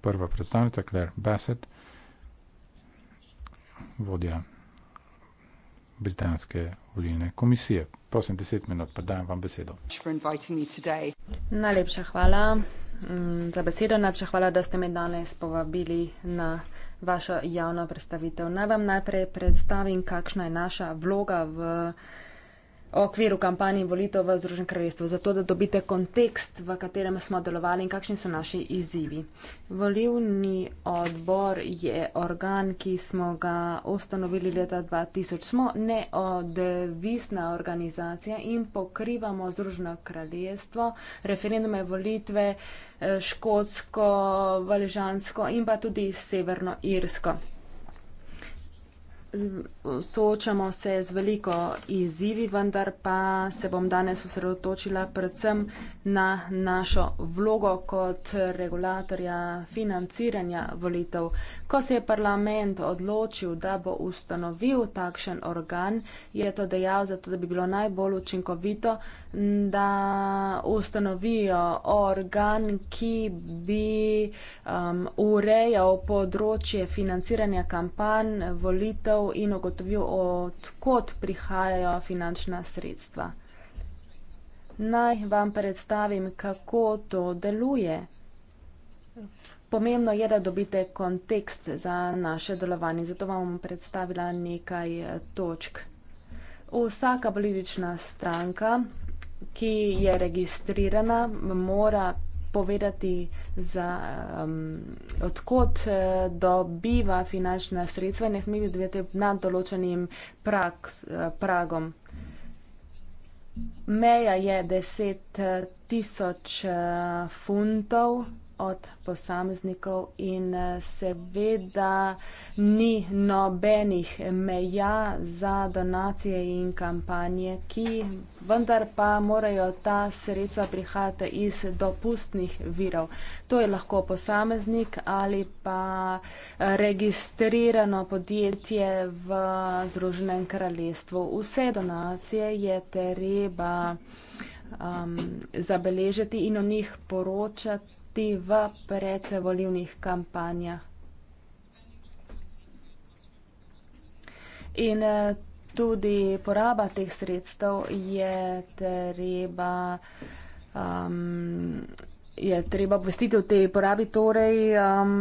S4: prva predstavnica, Claire Bassett, vodja britanske volilne komisije. Prosim, deset minut, pa dajem vam besedo.
S2: Najlepša hvala mm, za besedo, najlepša hvala, da ste me danes povabili na vašo javno predstavitev. Naj vam najprej predstavim, kakšna je naša vloga v o okviru kampanje volitev v Združenem kraljestvu, zato da dobite kontekst, v katerem smo delovali in kakšni so naši izzivi. Volivni odbor je organ, ki smo ga ustanovili leta 2000. Smo neodvisna organizacija in pokrivamo Združeno kraljestvo, referendume volitve, eh, Škotsko, Valežansko in pa tudi Severno Irsko soočamo se z veliko izzivi, vendar pa se bom danes osredotočila predvsem na našo vlogo kot regulatorja financiranja volitev. Ko se je parlament odločil, da bo ustanovil takšen organ, je to dejal zato, da bi bilo najbolj učinkovito, da ustanovijo organ, ki bi um, urejal področje financiranja kampanj volitev izvidov in ugotovil, odkot prihajajo finančna sredstva. Naj vam predstavim, kako to deluje. Pomembno je, da dobite kontekst za naše delovanje, zato vam bom predstavila nekaj eh, točk. Vsaka politična stranka, ki je registrirana, mora povedati, za, um, odkot uh, eh, dobiva finančna sredstva in ne sme biti dvete nad določenim prag, eh, pragom. Meja je 10 eh, tisoč uh, funtov od posameznikov in eh, seveda ni nobenih meja za donacije in kampanje, ki vendar pa morajo ta sredstva prihajati iz dopustnih virov. To je lahko posameznik ali pa eh, registrirano podjetje v Združenem kraljestvu. Vse donacije je treba um, zabeležiti in o njih poročati ti v predvolilnih kampanjah. In eh, tudi poraba teh sredstev je treba, um, je treba obvestiti o tej porabi. Torej, um,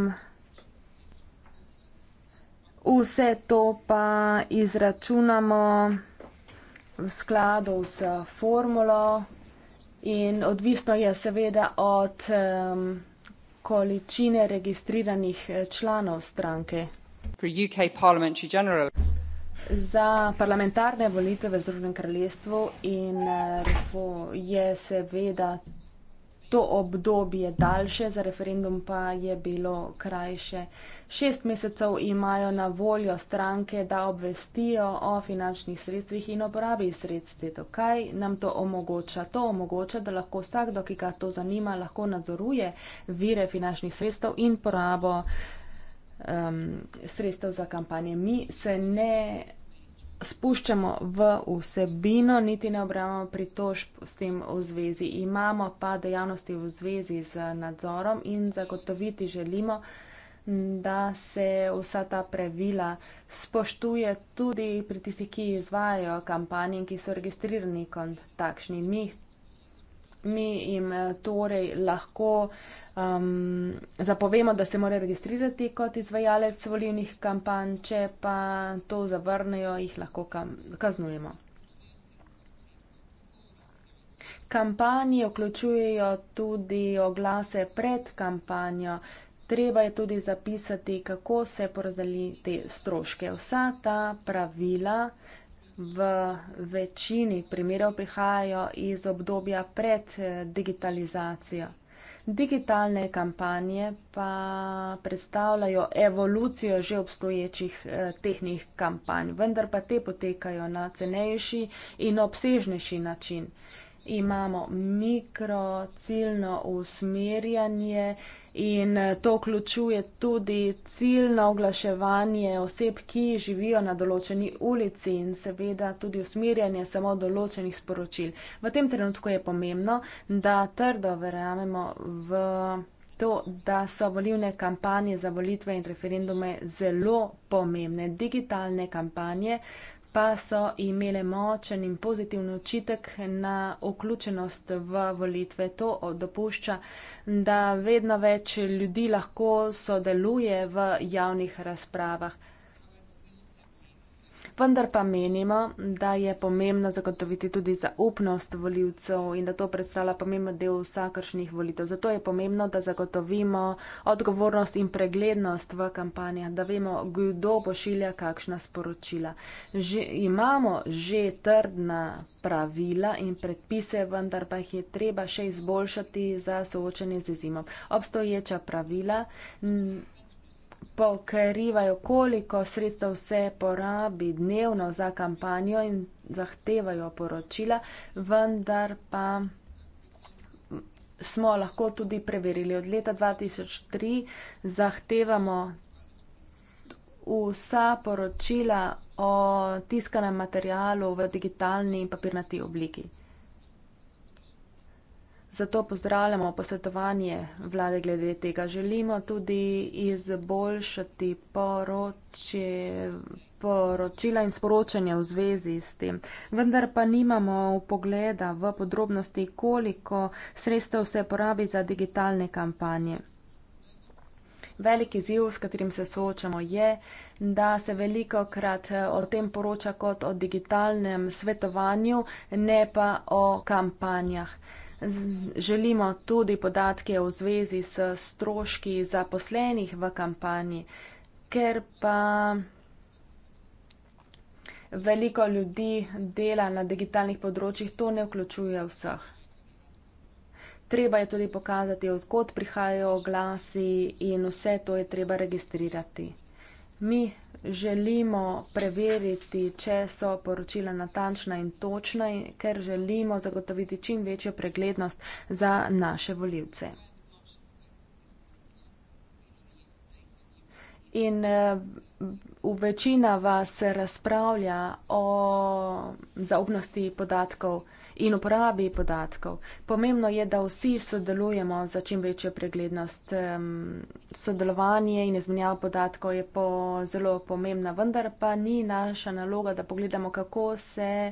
S2: vse to pa izračunamo v skladu s formulo, In odvisno je seveda od um, količine registriranih eh, članov stranke. UK Za parlamentarne volitve v Združenem kraljestvu in, uh, je seveda to obdobje daljše, za referendum pa je bilo krajše. Šest mesecev imajo na voljo stranke, da obvestijo o finančnih sredstvih in uporabi sredstev. Kaj nam to omogoča? To omogoča, da lahko vsakdo, ki ga to zanima, lahko nadzoruje vire finančnih sredstev in porabo um, sredstev za kampanje. Mi se ne spuščamo v vsebino, niti ne obravnavamo pritožb s tem v zvezi. Imamo pa dejavnosti v zvezi z nadzorom in zagotoviti želimo, da se vsa ta pravila spoštuje tudi pri tistih, ki izvajajo kampanje in ki so registrirani kot takšni. Mi, mi jim eh, torej lahko uh, um, zapovemo, da se mora registrirati kot izvajalec volilnih kampanj, če pa to zavrnejo, jih lahko kam, kaznujemo. Kampanje vključujejo tudi oglase pred kampanjo. Treba je tudi zapisati, kako se porazdeli te stroške. Vsa ta pravila v večini primerov prihajajo iz obdobja pred digitalizacijo. Digitalne kampanje pa predstavljajo evolucijo že obstoječih eh, tehničnih kampanj, vendar pa te potekajo na cenejši in obsežnejši način imamo mikro ciljno usmerjanje in to vključuje tudi ciljno oglaševanje oseb, ki živijo na določeni ulici in seveda tudi usmerjanje samo določenih sporočil. V tem trenutku je pomembno, da trdo verjamemo v to, da so volivne kampanje za volitve in referendume zelo pomembne. Digitalne kampanje pa so imele močen in pozitiven očitek na vključenost v volitve. To dopušča, da vedno več ljudi lahko sodeluje v javnih razpravah vendar pa menimo, da je pomembno zagotoviti tudi zaupnost voljivcev in da to predstavlja pomemben del vsakršnih volitev. Zato je pomembno, da zagotovimo odgovornost in preglednost v kampanjah, da vemo, kdo pošilja kakšna sporočila. Že, imamo že trdna pravila in predpise, vendar pa jih je treba še izboljšati za soočanje z izimom. Obstoječa pravila pokrivajo, koliko sredstev se porabi dnevno za kampanjo in zahtevajo poročila, vendar pa smo lahko tudi preverili. Od leta 2003 zahtevamo vsa poročila o tiskanem materialu v digitalni in papirnati obliki. Zato pozdravljamo posvetovanje vlade glede tega. Želimo tudi izboljšati poroče, poročila in sporočanje v zvezi s tem. Vendar pa nimamo upogleda v podrobnosti, koliko sredstev se porabi za digitalne kampanje. Veliki ziv, s katerim se soočamo, je, da se veliko krat eh, o tem poroča kot o digitalnem svetovanju, ne pa o kampanjah. Želimo tudi podatke v zvezi s stroški zaposlenih v kampanji, ker pa veliko ljudi dela na digitalnih področjih, to ne vključuje vseh. Treba je tudi pokazati, odkot prihajajo oglasi in vse to je treba registrirati. Mi želimo preveriti, če so poročila natančna in točna, ker želimo zagotoviti čim večjo preglednost za naše voljivce. In eh, v večina vas razpravlja o zaupnosti podatkov in uporabi podatkov. Pomembno je, da vsi sodelujemo za čim večjo preglednost. Sodelovanje in izmenjava podatkov je po zelo pomembna, vendar pa ni naša naloga, da pogledamo, kako se e,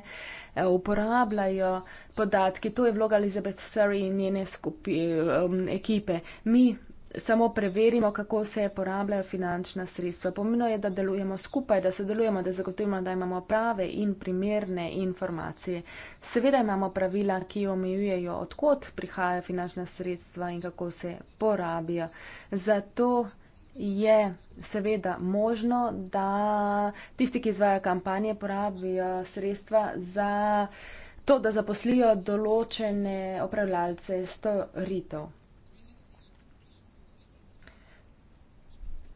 S2: uporabljajo podatki. To je vloga Elizabeth Surrey in njene skupi, um, ekipe. Mi samo preverimo, kako se porabljajo finančna sredstva. Pomembno je, da delujemo skupaj, da sodelujemo, da zagotovimo, da imamo prave in primerne informacije. Seveda imamo pravila, ki omejujejo, odkot prihajajo finančna sredstva in kako se porabijo. Zato je seveda možno, da tisti, ki izvajo kampanje, porabijo sredstva za to, da zaposlijo določene opravljalce storitev.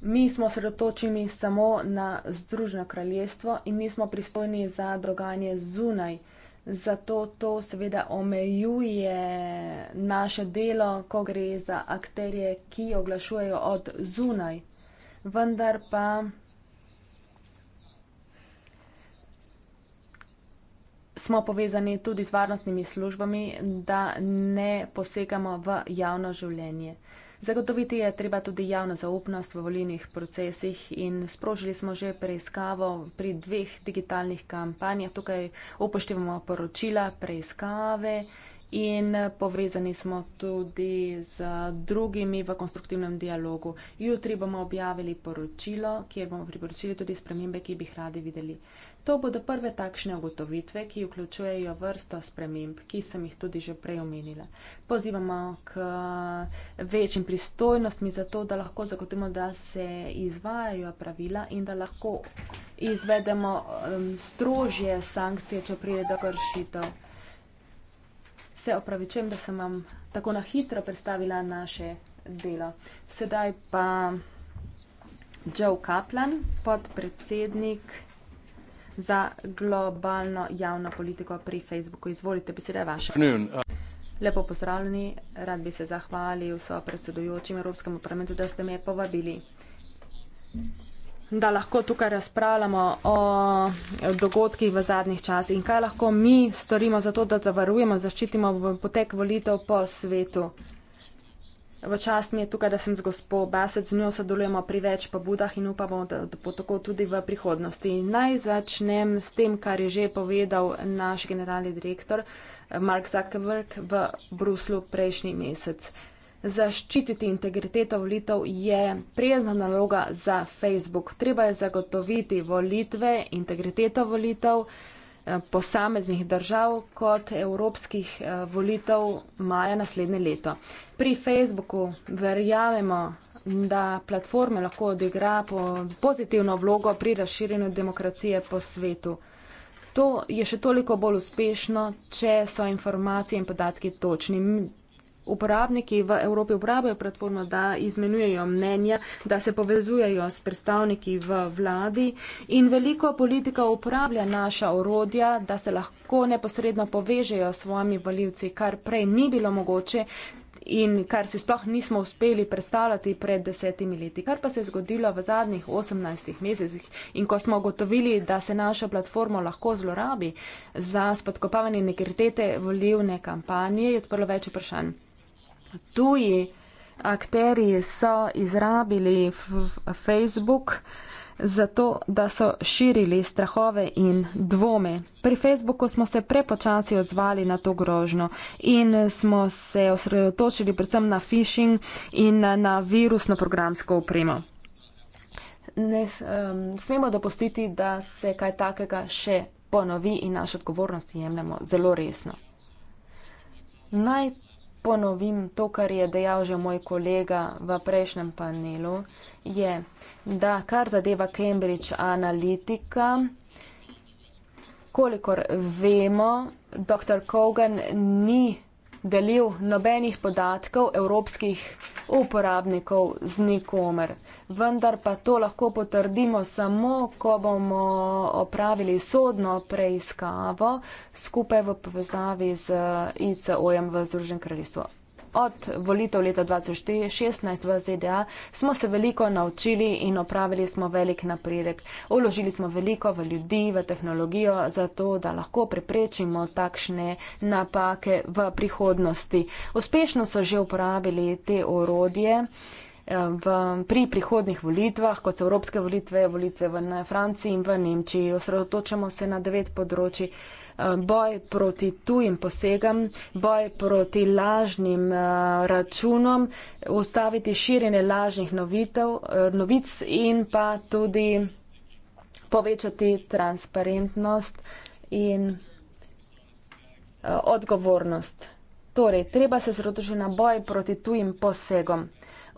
S2: Mi smo sredotočeni samo na Združeno kraljestvo in nismo pristojni za dogajanje zunaj. Zato to seveda omejuje naše delo, ko gre za akterje, ki oglašujejo od zunaj. Vendar pa smo povezani tudi z varnostnimi službami, da ne posegamo v javno življenje. Zagotoviti je treba tudi javno zaupnost v volilnih procesih in sprožili smo že preiskavo pri dveh digitalnih kampanjah. Tukaj upoštevamo poročila preiskave. In povezani smo tudi z drugimi v konstruktivnem dialogu. Jutri bomo objavili poročilo, kjer bomo priporočili tudi spremembe, ki bi jih radi videli. To bodo prve takšne ugotovitve, ki vključujejo vrsto sprememb, ki sem jih tudi že prej omenila. Pozivamo k eh, večjim pristojnostmi za to, da lahko zagotovimo, da se izvajajo pravila in da lahko izvedemo um, strožje sankcije, če pride do kršitev. Se opravičujem, da sem vam tako na hitro predstavila naše delo. Sedaj pa Joe Kaplan, podpredsednik za globalno javno politiko pri Facebooku. Izvolite, beseda je vaša. Lepo pozdravljeni, rad bi se zahvalil so predsedujočim Evropskemu parlamentu, da ste me povabili da lahko tukaj razpravljamo o dogodkih v zadnjih časih in kaj lahko mi storimo za to, da zavarujemo, zaščitimo potek volitev po svetu. V čast mi je tukaj, da sem z gospo Besec, z njo sodelujemo pri več pobudah in upamo, da, da bo tako tudi v prihodnosti. Naj začnem s tem, kar je že povedal naš generalni direktor eh, Mark Zuckerberg v Bruslu prejšnji mesec. Zaščititi integriteto volitev je prijazna naloga za Facebook. Treba je zagotoviti volitve, integriteto volitev. Eh, posameznih držav kot evropskih eh, volitev maja naslednje leto. Pri Facebooku verjamemo, da platforme lahko odigra pozitivno vlogo pri razširjenju demokracije po svetu. To je še toliko bolj uspešno, če so informacije in podatki točni uporabniki v Evropi uporabljajo platformo, da izmenjujejo mnenja, da se povezujejo s predstavniki v vladi in veliko politika uporablja naša orodja, da se lahko neposredno povežejo s svojimi voljivci, kar prej ni bilo mogoče in kar si sploh nismo uspeli predstavljati pred desetimi leti. Kar pa se je zgodilo v zadnjih 18 mesecih in ko smo ugotovili, da se našo platformo lahko zlorabi za spodkopavanje integritete volivne kampanje, je odprlo več vprašanj tuji akteri so izrabili Facebook zato, da so širili strahove in dvome. Pri Facebooku smo se prepočasi odzvali na to grožno in smo se osredotočili predvsem na phishing in na virusno programsko upremo. Ne um, smemo dopustiti, da se kaj takega še ponovi in naš odgovornost jemljamo zelo resno. Naj ponovim to, kar je dejal že moj kolega v prejšnjem panelu, je, da kar zadeva Cambridge Analytica, kolikor vemo, dr. Kogan ni delil nobenih podatkov evropskih uporabnikov z nikomer. Vendar pa to lahko potrdimo samo, ko bomo opravili sodno preiskavo skupaj v povezavi z ICO-jem v Združen kraljestvo od volitev leta 2016 v ZDA smo se veliko naučili in opravili smo velik napredek. Uložili smo veliko v ljudi, v tehnologijo, zato da lahko preprečimo takšne napake v prihodnosti. Uspešno so že uporabili te orodje. Eh, v, pri prihodnih volitvah, kot so evropske volitve, volitve v Franciji in v Nemčiji, osredotočamo se na devet področji. Eh, boj proti tujim posegam, boj proti lažnim eh, računom, ustaviti širjenje lažnih novitev, eh, novic in pa tudi povečati transparentnost in odgovornost. Torej, treba se zrotožiti na boj proti tujim posegom.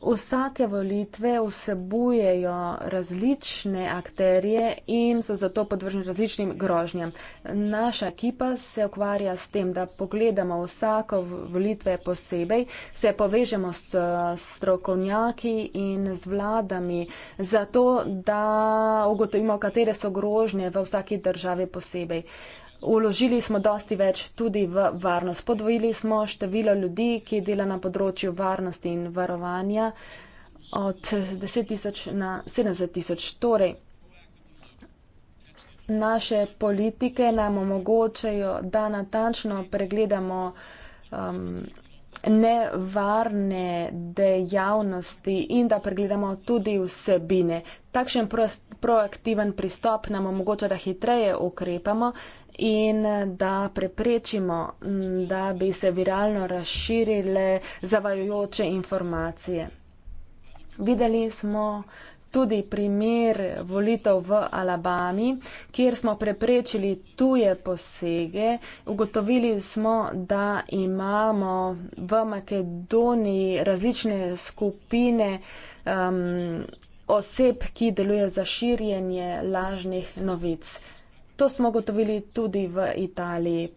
S2: Vsake volitve vsebujejo različne akterje in so zato podvržene različnim grožnjam. Naša ekipa se ukvarja s tem, da pogledamo vsako volitve posebej, se povežemo s strokovnjaki in z vladami, zato da ugotovimo, katere so grožnje v vsaki državi posebej. Uložili smo dosti več tudi v varnost. Podvojili smo število ljudi, ki dela na področju varnosti in varovanja od 10 tisoč na 70 tisoč. Torej, naše politike nam omogočajo, da natančno pregledamo. Um, nevarne dejavnosti in da pregledamo tudi vsebine. Takšen pro, proaktiven pristop nam omogoča, da hitreje ukrepamo in da preprečimo, da bi se viralno razširile zavajojoče informacije. Videli smo, tudi primer volitev v Alabami, kjer smo preprečili tuje posege. Ugotovili smo, da imamo v Makedoniji različne skupine um, oseb, ki delujejo za širjenje lažnih novic. To smo ugotovili tudi v Italiji.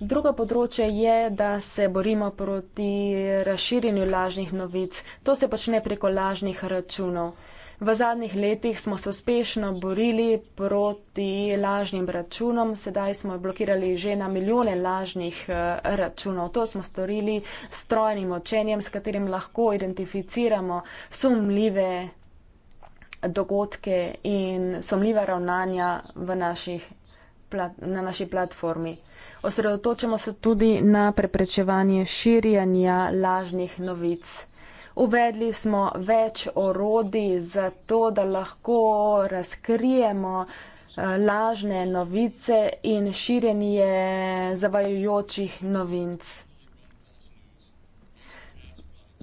S2: Drugo področje je, da se borimo proti razširjenju lažnih novic. To se počne preko lažnih računov. V zadnjih letih smo se uspešno borili proti lažnim računom. Sedaj smo blokirali že na milijone lažnih eh, računov. To smo storili s strojnim očenjem, s katerim lahko identificiramo sumljive dogodke in sumljiva ravnanja v naših. Na naši platformi. Osredotočamo se tudi na preprečevanje širjanja lažnih novic. Uvedli smo več orodij za to, da lahko razkrijemo eh, lažne novice in širjenje zavajojočih novinc.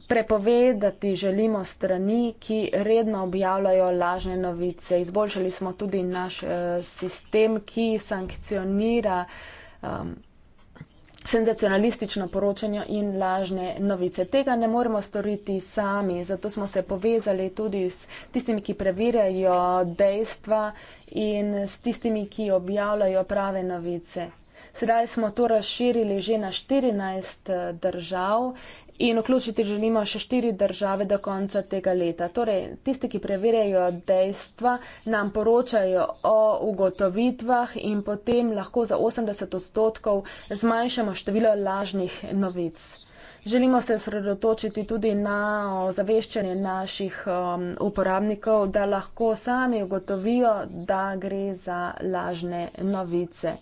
S2: Prepovedati želimo strani, ki redno objavljajo lažne novice. Izboljšali smo tudi naš eh, sistem, ki sankcionira um, senzacionalistično poročanje in lažne novice. Tega ne moremo storiti sami, zato smo se povezali tudi s tistimi, ki preverjajo dejstva in s tistimi, ki objavljajo prave novice. Sedaj smo to razširili že na 14 eh, držav in vključiti želimo še 4 države do konca tega leta. Torej, tisti, ki preverjajo dejstva, nam poročajo o ugotovitvah in potem lahko za 80 odstotkov zmanjšamo število lažnih novic. Želimo se osredotočiti tudi na ozaveščanje naših um, uporabnikov, da lahko sami ugotovijo, da gre za lažne novice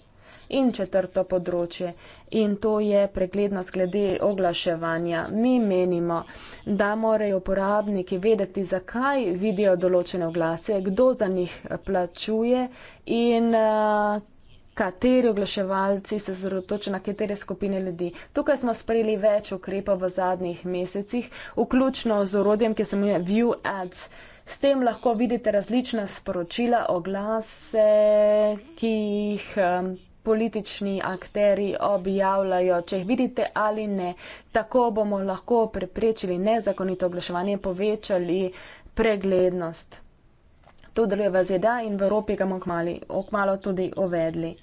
S2: in četrto področje in to je preglednost glede oglaševanja. Mi menimo, da morajo uporabniki vedeti, zakaj vidijo določene oglase, kdo za njih plačuje in eh, kateri oglaševalci se zrotoče na katere skupine ljudi. Tukaj smo sprejeli več ukrepov v zadnjih mesecih, vključno z orodjem, ki se imenuje View Ads. S tem lahko vidite različna sporočila, oglase, ki jih. Um, politični akteri objavljajo, če jih vidite ali ne. Tako bomo lahko preprečili nezakonito oglaševanje, povečali preglednost. To deluje v ZDA in v Evropi ga bomo kmali, okmalo tudi uvedli.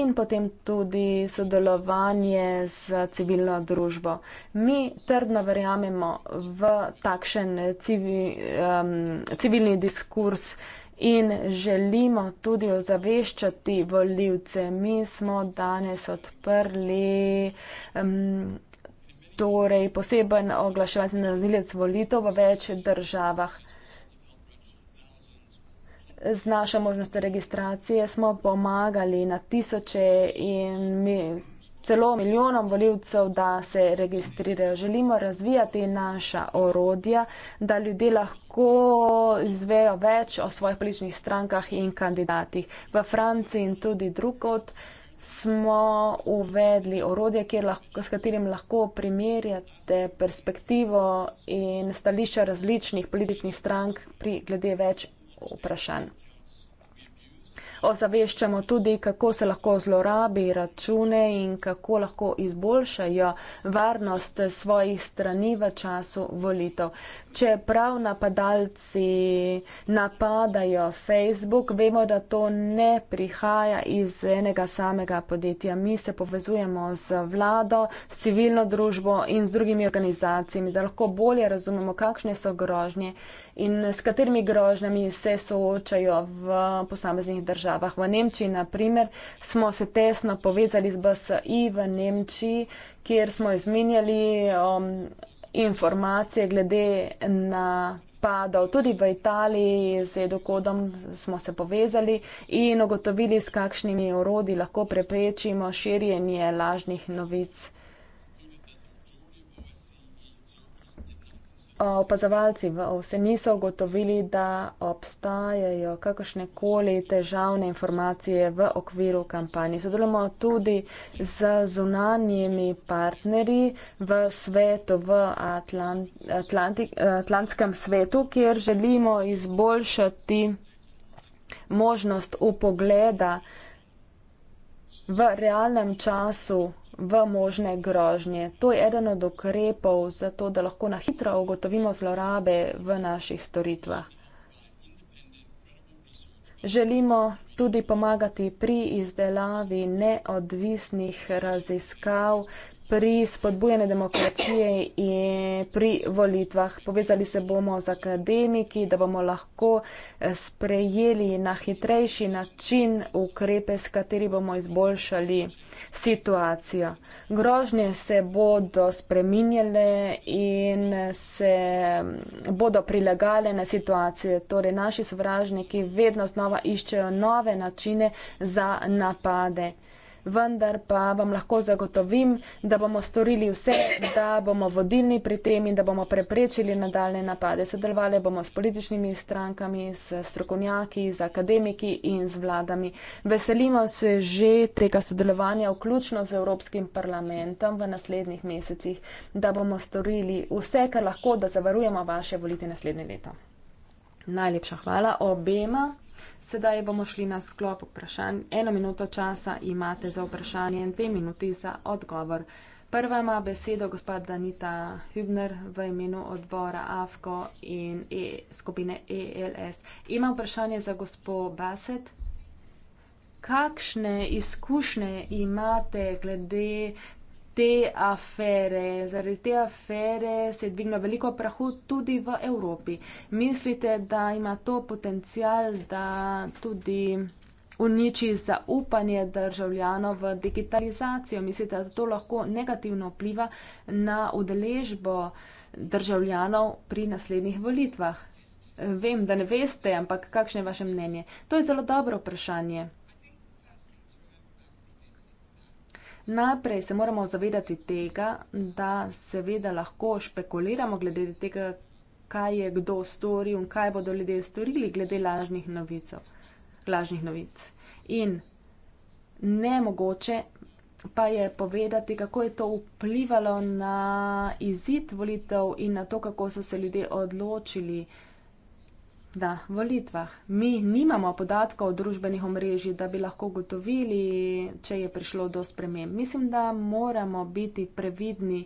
S2: In potem tudi sodelovanje z civilno družbo. Mi trdno verjamemo v takšen civi, um, civilni diskurs, in želimo tudi ozaveščati voljivce. Mi smo danes odprli um, torej poseben oglaševalni nazivec volitev v več državah. Z našo možnostjo registracije smo pomagali na tisoče in mi, celo milijonom voljivcev, da se registrirajo. Želimo razvijati naša orodja, da ljudje lahko lahko izvejo več o svojih političnih strankah in kandidatih. V Franciji in tudi drugot smo uvedli orodje, lahko, s katerim lahko primerjate perspektivo in stališča različnih političnih strank pri glede več vprašanj ozaveščamo tudi, kako se lahko zlorabi račune in kako lahko izboljšajo varnost svojih strani v času volitev. Če prav napadalci napadajo Facebook, vemo, da to ne prihaja iz enega samega podjetja. Mi se povezujemo z vlado, s civilno družbo in z drugimi organizacijami, da lahko bolje razumemo, kakšne so grožnje in s katerimi grožnjami se soočajo v posameznih državah. V Nemčiji, na primer, smo se tesno povezali z BSI v Nemčiji, kjer smo izmenjali um, informacije glede na. Tudi v Italiji z Edokodom smo se povezali in ugotovili, s kakšnimi orodi lahko preprečimo širjenje lažnih novic. opazovalci v OVSE niso ugotovili, da obstajajo kakršne koli težavne informacije v okviru kampanje. Sodelujemo tudi z zunanjimi partnerji v svetu, v Atlant Atlantskem svetu, kjer želimo izboljšati možnost upogleda v realnem času v možne grožnje. To je eden od ukrepov za to, da lahko na hitro ugotovimo zlorabe v naših storitvah. Želimo tudi pomagati pri izdelavi neodvisnih raziskav, pri spodbujanju demokracije in pri volitvah. Povezali se bomo z akademiki, da bomo lahko eh, sprejeli na hitrejši način ukrepe, s kateri bomo izboljšali situacijo. Grožnje se bodo spreminjale in se mm, bodo prilagale na situacije. Torej, naši sovražniki vedno znova iščejo nove načine za napade vendar pa vam lahko zagotovim, da bomo storili vse, da bomo vodilni pri tem in da bomo preprečili nadaljne napade. Sodelovali bomo s političnimi strankami, s strokovnjaki, z akademiki in z vladami. Veselimo se že tega sodelovanja, vključno z Evropskim parlamentom v naslednjih mesecih, da bomo storili vse, kar lahko, da zavarujemo vaše volite naslednje leto. Najlepša hvala obema. Sedaj bomo šli na sklop vprašanj. Eno minuto časa imate za vprašanje in dve minuti za odgovor. Prva ima besedo gospod Danita Hübner v imenu odbora AFKO in e, skupine ELS. Ima vprašanje za gospod Baset. Kakšne izkušnje imate glede te afere. Zaradi te afere se je dvignilo veliko prahu tudi v Evropi. Mislite, da ima to potencial, da tudi uniči zaupanje državljanov v digitalizacijo? Mislite, da to lahko negativno vpliva na udeležbo državljanov pri naslednjih volitvah? Vem, da ne veste, ampak kakšno je vaše mnenje? To je zelo dobro vprašanje. Najprej se moramo zavedati tega, da seveda lahko špekuliramo glede tega, kaj je kdo storil in kaj bodo ljudje storili glede lažnih, novicov, lažnih novic. In nemogoče pa je povedati, kako je to vplivalo na izid volitev in na to, kako so se ljudje odločili na volitvah. Mi nimamo podatkov o družbenih omrežij, da bi lahko gotovili, če je prišlo do sprememb. Mislim, da moramo biti previdni,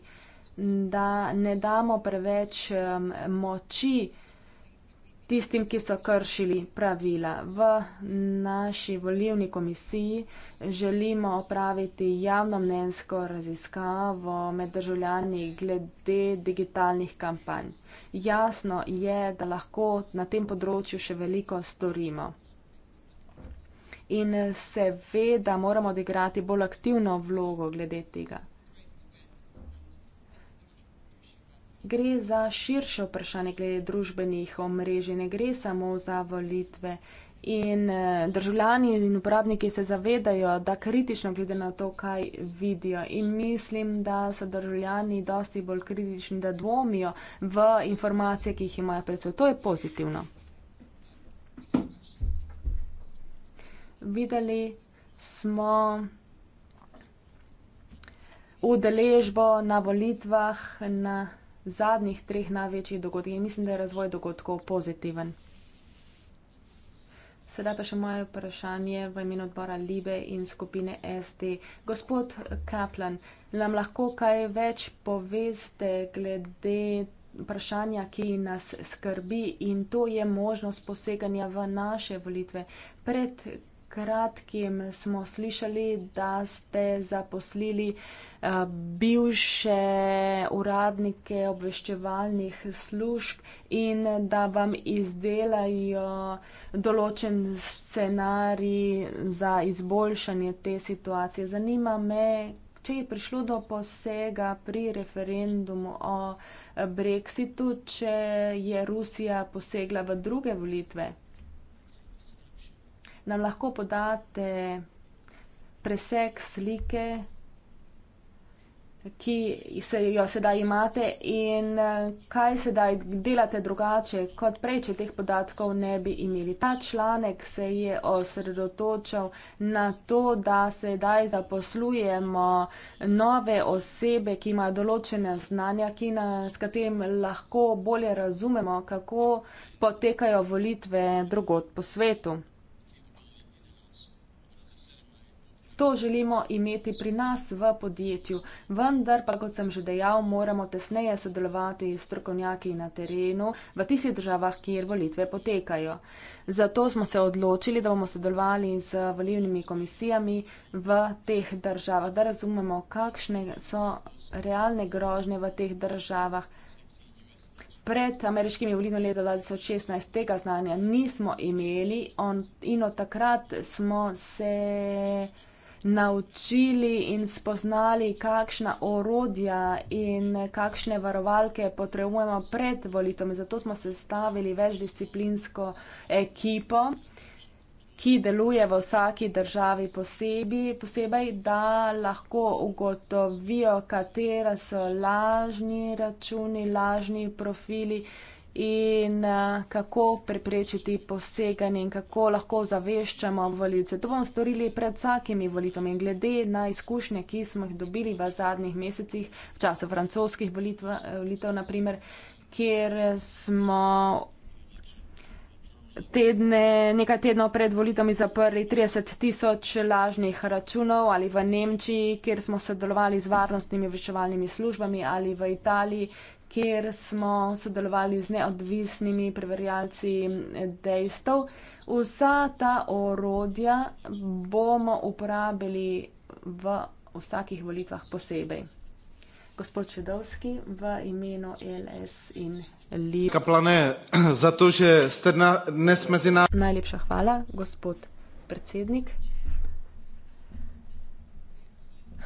S2: da ne damo preveč um, moči tistim, ki so kršili pravila. V naši volivni komisiji želimo opraviti javno mnenjsko raziskavo med državljani glede digitalnih kampanj. Jasno je, da lahko na tem področju še veliko storimo. In seveda moramo odigrati bolj aktivno vlogo glede tega. gre za širše vprašanje glede družbenih omrežij, ne gre samo za volitve. In eh, državljani in uporabniki se zavedajo, da kritično glede na to, kaj vidijo. In mislim, da so državljani dosti bolj kritični, da dvomijo v informacije, ki jih imajo pred seboj. To je pozitivno. Videli smo udeležbo na volitvah, na zadnjih treh največjih dogodkih in mislim, da je razvoj dogodkov pozitiven. Sedaj pa še moje vprašanje v imenu odbora Libe in skupine SD. Gospod Kaplan, nam lahko kaj več poveste glede vprašanja, ki nas skrbi in to je možnost poseganja v naše volitve. Pred kratkim smo slišali, da ste zaposlili eh, bivše uradnike obveščevalnih služb in da vam izdelajo določen scenarij za izboljšanje te situacije. Zanima me, če je prišlo do posega pri referendumu o eh, Brexitu, če je Rusija posegla v druge volitve nam lahko podate preseg slike, ki se jo sedaj imate in eh, kaj sedaj delate drugače, kot prej, če teh podatkov ne bi imeli. Ta članek se je osredotočal na to, da sedaj zaposlujemo nove osebe, ki imajo določene znanja, ki nas, s katerim lahko bolje razumemo, kako potekajo volitve drugot po svetu. To želimo imeti pri nas v podjetju, vendar pa, kot sem že dejal, moramo tesneje sodelovati s strokovnjaki na terenu v tistih državah, kjer volitve potekajo. Zato smo se odločili, da bomo sodelovali z volivnimi komisijami v teh državah, da razumemo, kakšne so realne grožnje v teh državah. Pred ameriškimi volitvami leta 2016 tega znanja nismo imeli on, in od takrat smo se naučili in spoznali, kakšna orodja in kakšne varovalke potrebujemo pred volitvami. Zato smo sestavili večdisciplinsko ekipo, ki deluje v vsaki državi posebej, posebej da lahko ugotovijo, katera so lažni računi, lažni profili in uh, kako preprečiti poseganje in kako lahko zaveščamo volilce. To bomo storili pred vsakimi volitvami in glede na izkušnje, ki smo jih dobili v zadnjih mesecih, v času francoskih volitv, eh, volitev naprimer, kjer smo. Tedne, nekaj tednov pred volitvami zaprli 30 tisoč lažnih računov ali v Nemčiji, kjer smo sodelovali z varnostnimi vrševalnimi službami ali v Italiji, kjer smo sodelovali z neodvisnimi preverjalci dejstev. Vsa ta orodja bomo uporabili v vsakih volitvah posebej. Gospod Čedovski v imenu LS in
S4: Liv. Kaplane, (clears throat) zato že ste na, danes mezi nami.
S2: Najlepša hvala, gospod predsednik.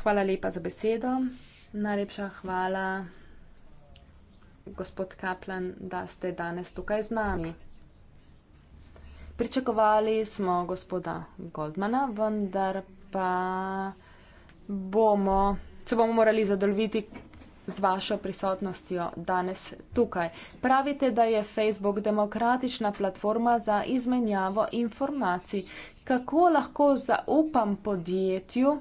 S2: Hvala lepa za besedo. Najlepša hvala gospod Kaplan, da ste danes tukaj z nami. Pričakovali smo gospoda Goldmana, vendar pa bomo, se bomo morali zadovoljiti z vašo prisotnostjo danes tukaj. Pravite, da je Facebook demokratična platforma za izmenjavo informacij. Kako lahko zaupam podjetju,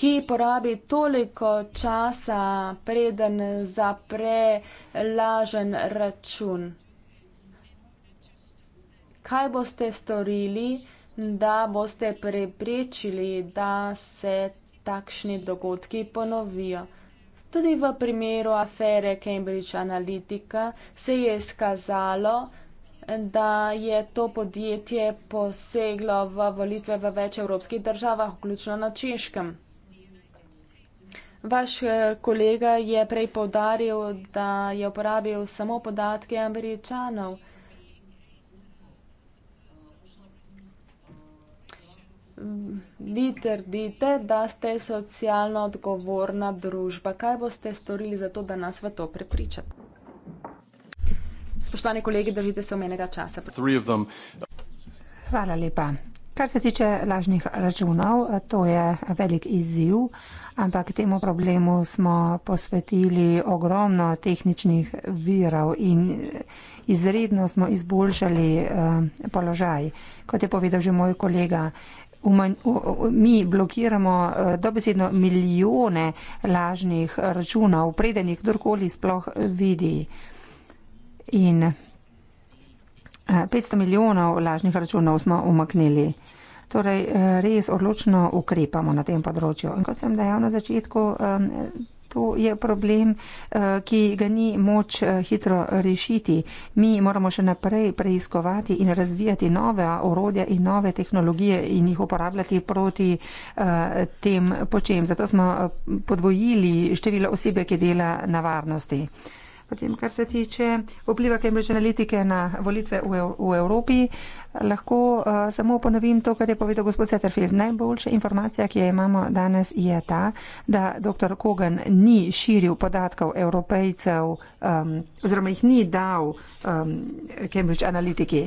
S2: ki porabi toliko časa, preden zapre lažen račun. Kaj boste storili, da boste preprečili, da se takšni dogodki ponovijo? Tudi v primeru afere Cambridge Analytica se je skazalo, da je to podjetje poseglo v volitve v več evropskih državah, vključno na češkem. Vaš eh, kolega je prej povdaril, da je uporabil samo podatke američanov. Vi trdite, da ste socialno odgovorna družba. Kaj boste storili za to, da nas v to prepričate? Spoštovani kolegi, držite se omenega časa. Hvala lepa.
S3: Kar se tiče lažnih računov, to je velik izziv ampak temu problemu smo posvetili ogromno tehničnih virov in izredno smo izboljšali eh, položaj. Kot je povedal že moj kolega, mi blokiramo eh, dobesedno milijone lažnih računov, predenih kdorkoli sploh vidi. In 500 eh, milijonov lažnih računov smo umaknili torej eh, res odločno ukrepamo na tem področju. In kot sem dejal na začetku, to je problem, eh, ki ga ni moč eh, hitro rešiti. Mi moramo še naprej preiskovati in razvijati nove orodja in nove tehnologije in jih uporabljati proti tem počem. Zato smo podvojili število osebe, ki dela na varnosti. Potem, kar se tiče vpliva Cambridge Analytica na volitve v, v Evropi, lahko uh, samo ponovim to, kar je povedal gospod Setterfield. Najboljša informacija, ki jo imamo danes, je ta, da dr. Kogan ni širil podatkov evropejcev um, oziroma jih ni dal um, Cambridge Analytica.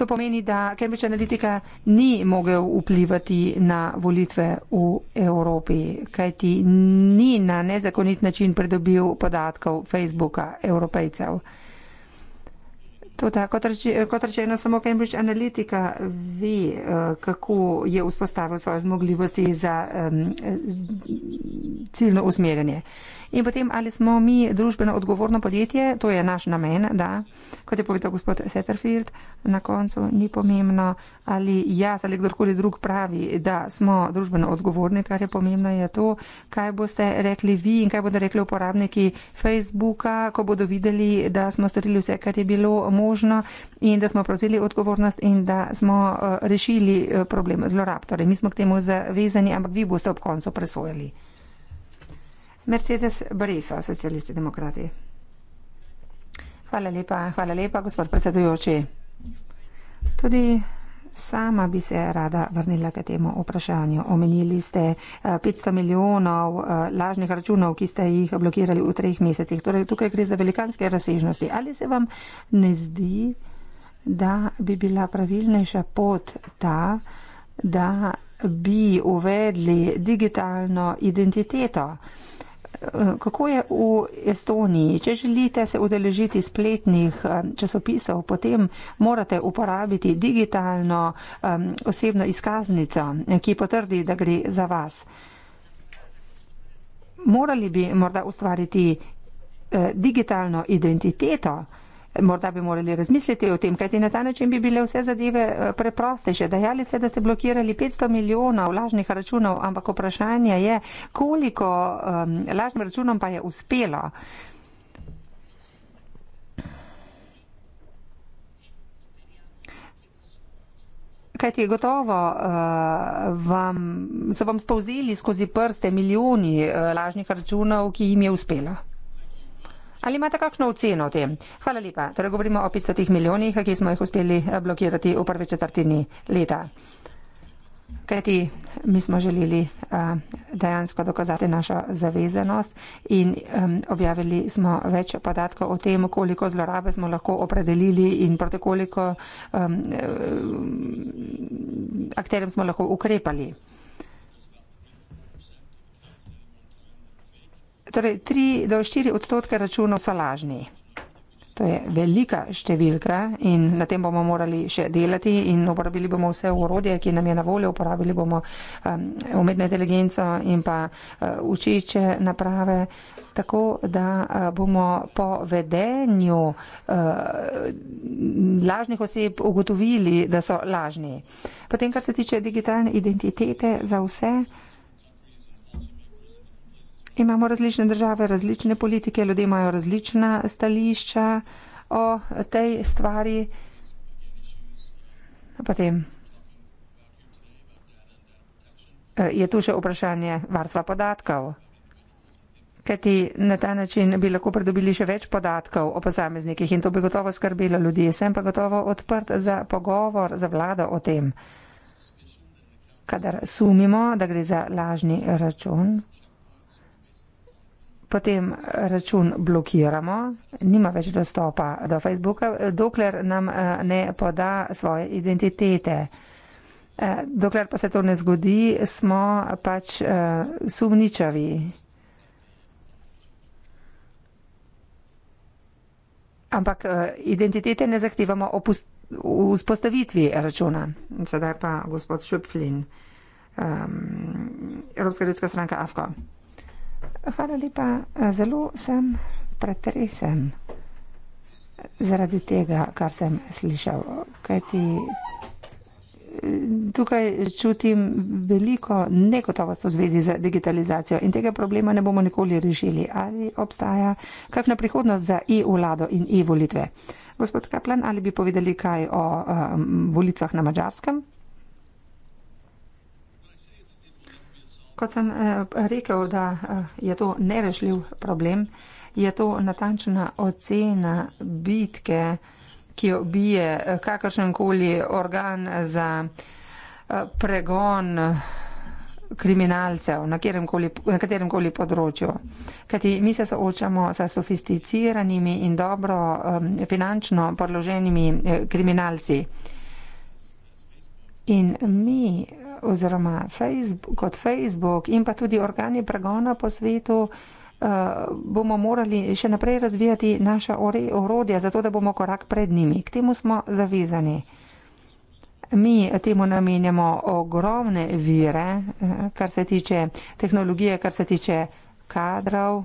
S3: To pomeni, da Cambridge Analytica ni mogel vplivati na volitve v Evropi, kajti ni na nezakonit način pridobil podatkov Facebooka evropejcev. Toda, kot, reče, kot rečeno, samo Cambridge Analytica ve, eh, kako je vzpostavil svoje zmogljivosti za um, ciljno usmerjanje. In potem, ali smo mi družbeno odgovorno podjetje, to je naš namen, da, kot je povedal gospod Setterfield, na koncu ni pomembno, ali jaz ali kdorkoli drug pravi, da smo družbeno odgovorni, kar je pomembno, je to, kaj boste rekli vi in kaj bodo rekli uporabniki Facebooka, ko bodo videli, da smo storili vse, kar je bilo možno in da smo prevzeli odgovornost in da smo eh, rešili eh, problem zlorab. Torej, mi smo k temu zavezani, ampak vi boste ob koncu presojali. Mercedes Brisa, socialisti demokrati. Hvala lepa, hvala lepa, gospod predsedujoči. Tudi sama bi se rada vrnila k temu vprašanju. Omenili ste 500 eh, milijonov eh, lažnih računov, ki ste jih blokirali v treh mesecih. Torej, tukaj gre za velikanske razsežnosti. Ali se vam ne zdi, da bi bila pravilnejša pot ta, da bi uvedli digitalno identiteto? Eh, kako je v Estoniji? Če želite se udeležiti spletnih eh, časopisov, potem morate uporabiti digitalno um, osebno izkaznico, eh, ki potrdi, da gre za vas. Morali bi morda ustvariti uh, digitalno identiteto morda bi morali razmisliti o tem, kajti na ta način bi bile vse zadeve eh, preprostejše. Dajali ste, da ste blokirali 500 milijonov lažnih računov, ampak vprašanje je, koliko um, lažnim računom pa je uspelo. Kaj ti je gotovo, uh, vam, so vam spouzeli skozi prste milijoni uh, lažnih računov, ki jim je uspelo? Ali imate kakšno oceno o tem? Hvala lepa. Torej govorimo o 500 milijonih, ki smo jih uspeli eh, blokirati v prvi četrtini leta. Kajti mi smo želeli uh, dejansko dokazati našo zavezenost in um, objavili smo več podatkov o tem, koliko zlorabe smo lahko opredelili in proti koliko um, akterjem smo lahko ukrepali. Torej, 3 do 4 odstotke računov so lažni. To je velika številka in na tem bomo morali še delati in uporabili bomo vse urodje, ki nam je na voljo, uporabili bomo um, umetno inteligenco in pa uh, učiče naprave, tako da uh, bomo po vedenju uh, lažnih oseb ugotovili, da so lažni. Potem, kar se tiče digitalne identitete za vse, uh, imamo različne države, različne politike, ljudje imajo različna stališča o tej stvari. Potem eh, je tu še vprašanje varstva podatkov, kajti na ta način bi lahko pridobili še več podatkov o posameznikih in to bi gotovo skrbilo ljudi. Sem pa gotovo odprt za pogovor za vlado o tem, kadar sumimo, da gre za lažni račun potem račun blokiramo, nima več dostopa do Facebooka, dokler nam eh, ne poda svoje identitete. Eh, dokler pa se to ne zgodi, smo pač eh, sumničavi. Ampak identitete ne zahtevamo v spostavitvi računa. Sedaj pa gospod Šupflin, um, Evropska ljudska stranka Afko. Hvala lepa. Eh, zelo sem pretresen zaradi tega, kar sem slišal. Eh, tukaj čutim veliko negotovost v zvezi z digitalizacijo in tega problema ne bomo nikoli rešili. Ali obstaja kakšna prihodnost za e-vlado in e-volitve? Gospod Kaplan, ali bi povedali kaj o um, volitvah na mačarskem? kot sem eh, rekel, da eh, je to nerešljiv problem, je to natančna ocena bitke, ki jo bije eh, kakršenkoli organ za pregon kriminalcev na kateremkoli, na kateremkoli področju. Kajti mi se soočamo sa sofisticiranimi in dobro finančno podloženimi kriminalci. In mi oziroma Facebook, kot Facebook in pa tudi organi pregona po svetu, eh, bomo morali še naprej razvijati naša orodja, zato da bomo korak pred njimi. K temu smo zavezani. Mi temu namenjamo ogromne vire, eh, kar se tiče tehnologije, kar se tiče kadrov.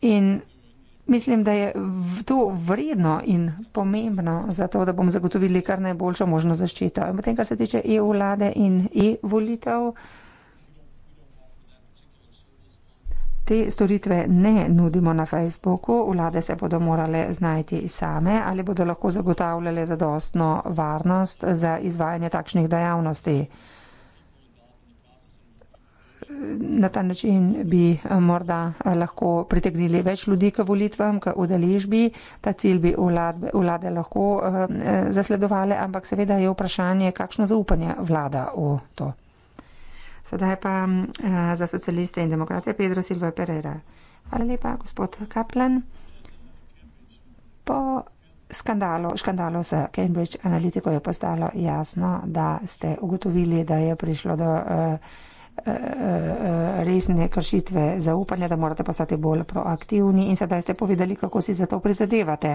S3: In Mislim, da je to vredno in pomembno za to, da bomo zagotovili kar najboljšo možno zaščito. In potem, kar se tiče EU vlade in EU volitev, te storitve ne nudimo na Facebooku, vlade se bodo morale znajti same ali bodo lahko zagotavljale zadostno varnost za izvajanje takšnih dejavnosti na ta način bi eh, morda eh, lahko pritegnili več ljudi k volitvam, k udeležbi. Ta cilj bi vlade lahko eh, zasledovali, ampak seveda je vprašanje, kakšno zaupanje vlada v to. Sedaj pa za socialiste in demokrate Pedro Silva Pereira. Hvala lepa, gospod Kaplan. Po skandalu, škandalu s Cambridge Analytico je postalo jasno, da ste ugotovili, da je prišlo do. Uh, Eh, eh, resne kršitve zaupanja, da morate postati bolj proaktivni in sedaj ste povedali, kako si za to prizadevate.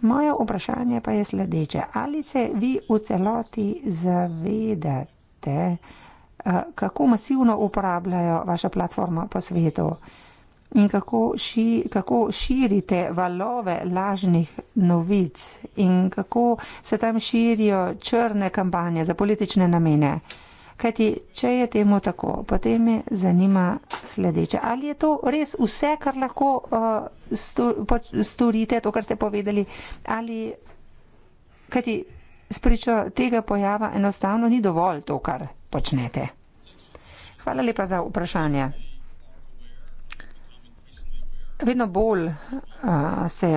S3: Moje vprašanje pa je sledeče. Ali se vi v celoti zavedate, eh, kako masivno uporabljajo vaša platforma po svetu in kako, ši, kako širite valove lažnih novic in kako se tam širijo črne kampanje za politične namene? Kajti, če je temu tako, potem me zanima sledeče. Ali je to res vse, kar lahko uh, storite, to, kar ste povedali, ali, kajti, spričo tega pojava enostavno ni dovolj to, kar počnete. Hvala lepa za vprašanje. Vedno bolj uh, se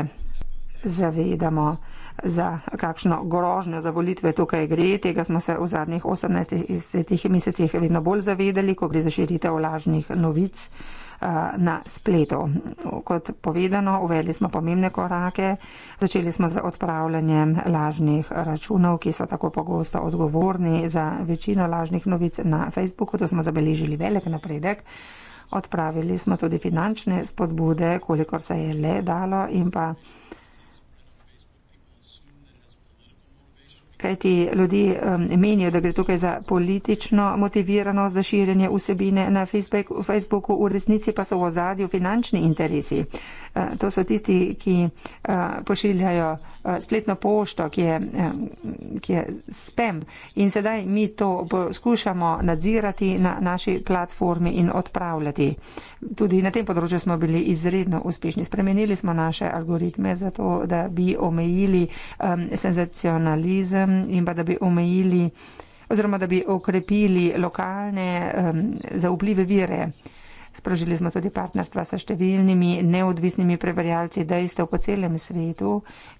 S3: zavedamo, za kakšno grožnjo za volitve tukaj gre. Tega smo se v zadnjih 18 mesecih vedno bolj zavedali, ko gre za širitev lažnih novic eh, na spletu. Kot povedano, uvedli smo pomembne korake. Začeli smo z odpravljanjem lažnih računov, ki so tako pogosto odgovorni za večino lažnih novic na Facebooku. To smo zabeležili velik napredek. Odpravili smo tudi finančne spodbude, kolikor se je le dalo in pa uh, kajti ljudi menijo, da gre tukaj za politično motivirano zaširjanje vsebine na Facebooku, v resnici pa so v ozadju finančni interesi. E, to so tisti, ki e, pošiljajo e, spletno pošto, ki je, ki je spam. In sedaj mi to skušamo nadzirati na naši platformi in odpravljati. Tudi na tem področju smo bili izredno uspešni. Spremenili smo naše algoritme zato, da bi omejili um, senzacionalizem in pa da bi omejili oziroma da bi okrepili lokalne um, zaupljive vire. Sprožili smo tudi partnerstva sa številnimi neodvisnimi preverjalci dejstev po celem svetu,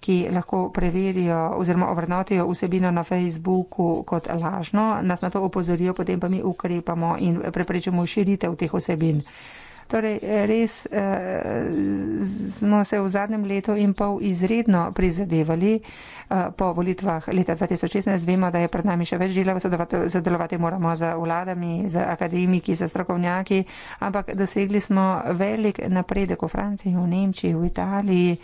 S3: ki lahko preverijo oziroma ovrnotijo vsebino na Facebooku kot lažno, nas na to opozorijo, potem pa mi ukrepamo in preprečimo širitev teh vsebin. Torej, res eh, smo se v zadnjem letu in pol izredno prizadevali eh, po volitvah leta 2016. Vemo, da je pred nami še več dela, sodelovati, sodelovati moramo z vladami, z akademiki, z strokovnjaki, ampak dosegli smo velik napredek v Franciji, v Nemčiji, v Italiji.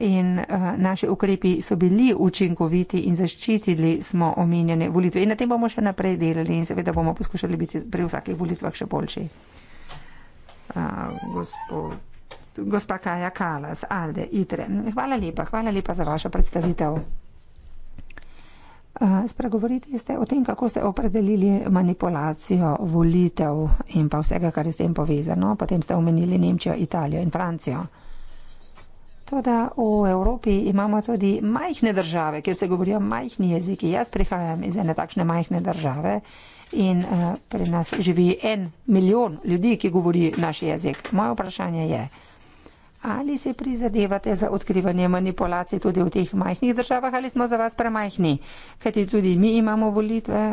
S3: In uh, naši ukrepi so bili učinkoviti in zaščitili smo omenjene volitve. In na tem bomo še naprej delali in seveda bomo poskušali biti pri vsakih volitvah še boljši gospa Kaja Kalas, Alde, Itre. Hvala lepa, hvala lepa za vašo predstavitev. Spregovoriti ste o tem, kako ste opredelili manipulacijo volitev in pa vsega, kar je s tem povezano. Potem ste omenili Nemčijo, Italijo in Francijo. Toda v Evropi imamo tudi majhne države, kjer se govorijo majhni jeziki. Jaz prihajam iz ene takšne majhne države in eh, pri nas živi en milijon ljudi, ki govori naš jezik. Moje vprašanje je, ali se prizadevate za odkrivanje manipulacij tudi v teh majhnih državah ali smo za vas premajhni, kajti tudi mi imamo volitve.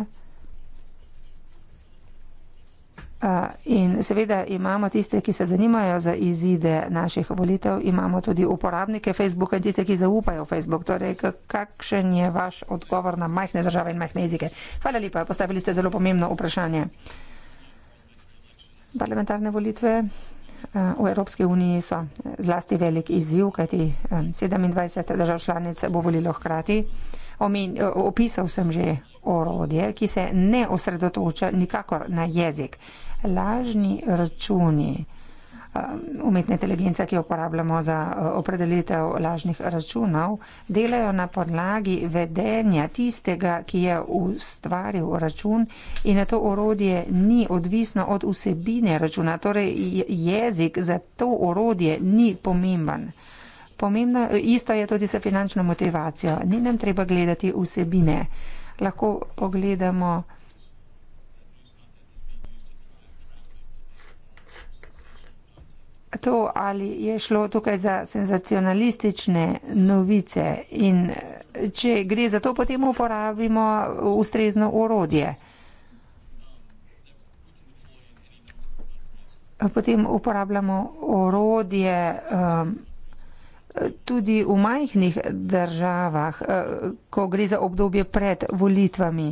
S3: In seveda imamo tiste, ki se zanimajo za izide naših volitev, imamo tudi uporabnike Facebooka in tiste, ki zaupajo Facebook. Torej, kakšen je vaš odgovor na majhne države in majhne jezike? Hvala lepa, postavili ste zelo pomembno vprašanje. Parlamentarne volitve v Evropski uniji so e, zlasti velik izziv, kajti 27 e, držav članic bo volilo hkrati. Omen, opisal sem že orodje, ki se ne osredotoča nikakor na jezik. Lažni računi, um, umetna inteligenca, ki jo uporabljamo za opredelitev lažnih računov, delajo na podlagi vedenja tistega, ki je ustvaril račun in na to orodje ni odvisno od vsebine računa, torej jezik za to orodje ni pomemben pomembno, isto je tudi za finančno motivacijo. Ni nam treba gledati vsebine. Lahko pogledamo. To, ali je šlo tukaj za senzacionalistične novice in če gre za to, potem uporabimo ustrezno orodje. Potem uporabljamo orodje. Um, tudi v majhnih državah, eh, ko gre za obdobje pred volitvami.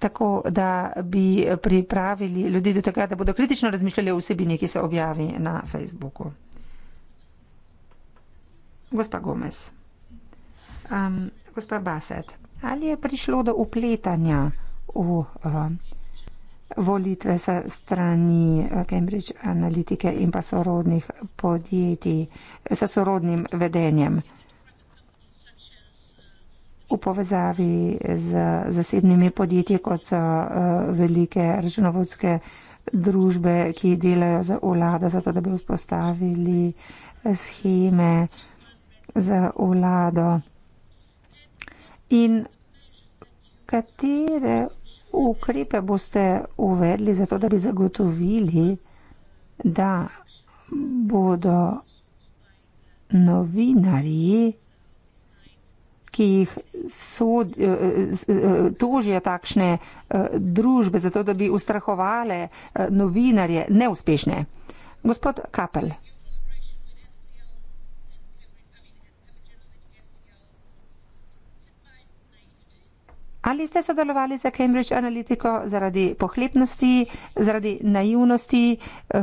S3: Tako da bi pripravili ljudi do tega, da bodo kritično razmišljali o vsebini, ki se objavi na Facebooku. Gospa Gomez, um, gospa Baset, ali je prišlo do upletanja v. Uh, volitve sa strani eh, Cambridge Analytica in pa sorodnih podjetij eh, sa sorodnim vedenjem v povezavi z zasebnimi podjetji, kot so eh, velike računovodske družbe, ki delajo za vlado, zato da bi vzpostavili scheme za vlado. In katere ukrepe boste uvedli zato, da bi zagotovili, da bodo novinarji, ki jih sod, eh, eh, tožijo takšne eh, družbe, zato da bi ustrahovale novinarje, neuspešne? Gospod Kapel. Ali ste sodelovali za Cambridge Analytico zaradi pohlepnosti, zaradi naivnosti? Eh?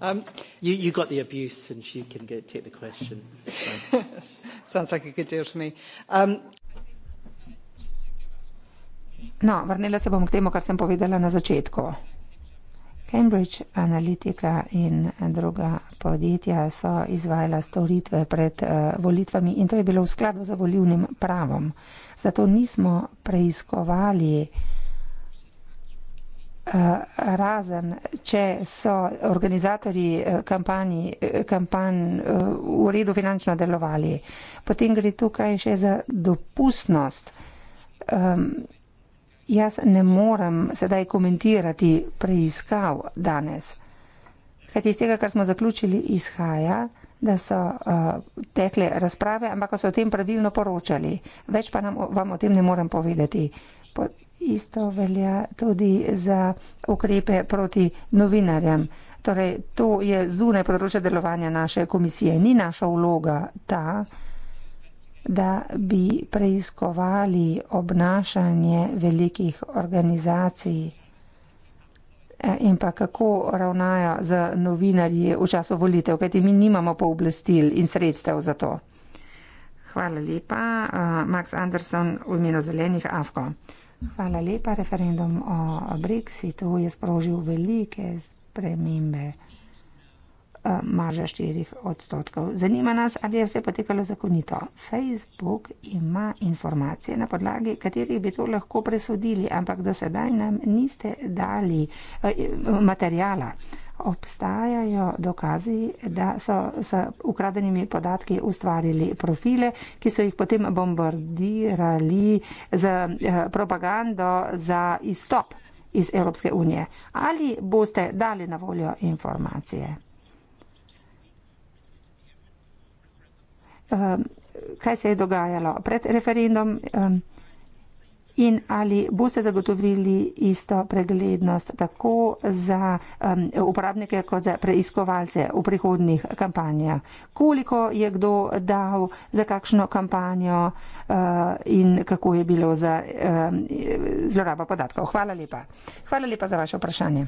S1: Um, you, you got the abuse, and she can
S5: get, take the question. (laughs) Sounds like a good deal to me. Um,
S3: no, vrnila se bom k temu, kar sem povedala na začetku. Cambridge Analytica in druga podjetja so izvajala storitve pred eh, volitvami in to je bilo v skladu z volivnim pravom. Zato nismo preiskovali eh, razen, če so organizatorji eh, kampanj, kampanj v redu finančno delovali. Potem gre tukaj še za dopustnost. Ehm, Jaz ne morem sedaj komentirati preiskav danes. Kajti iz tega, kar smo zaključili, izhaja, da so uh, tekle razprave, ampak so o tem pravilno poročali. Več pa nam, vam o tem ne morem povedati. Po, isto velja tudi za ukrepe proti novinarjem. Torej, to je zune področje delovanja naše komisije. Ni naša vloga ta da bi preiskovali obnašanje velikih organizacij eh, in pa kako ravnajo z novinarji v času volitev, kajti mi nimamo pooblastil in sredstev za to. Hvala lepa. Eh, Max Anderson v imenu zelenih Afko. Hvala lepa. Referendum o Brexitu je sprožil velike spremembe. Eh, marža 4 odstotkov. Zanima nas, ali je vse potekalo zakonito. Facebook ima informacije, na podlagi katerih bi to lahko presodili, ampak do sedaj nam niste dali eh, materijala. Obstajajo dokazi, da so s ukradenimi podatki ustvarili profile, ki so jih potem bombardirali z eh, propagando za izstop iz Evropske unije. Ali boste dali na voljo informacije? Eh, kaj se je dogajalo pred referendum in ali boste zagotovili isto preglednost tako za uporabnike kot za preiskovalce v prihodnih kampanjah. Koliko je kdo dal za kakšno kampanjo eh, in kako je bilo za zloraba podatkov. Hvala lepa. Hvala lepa za vaše vprašanje.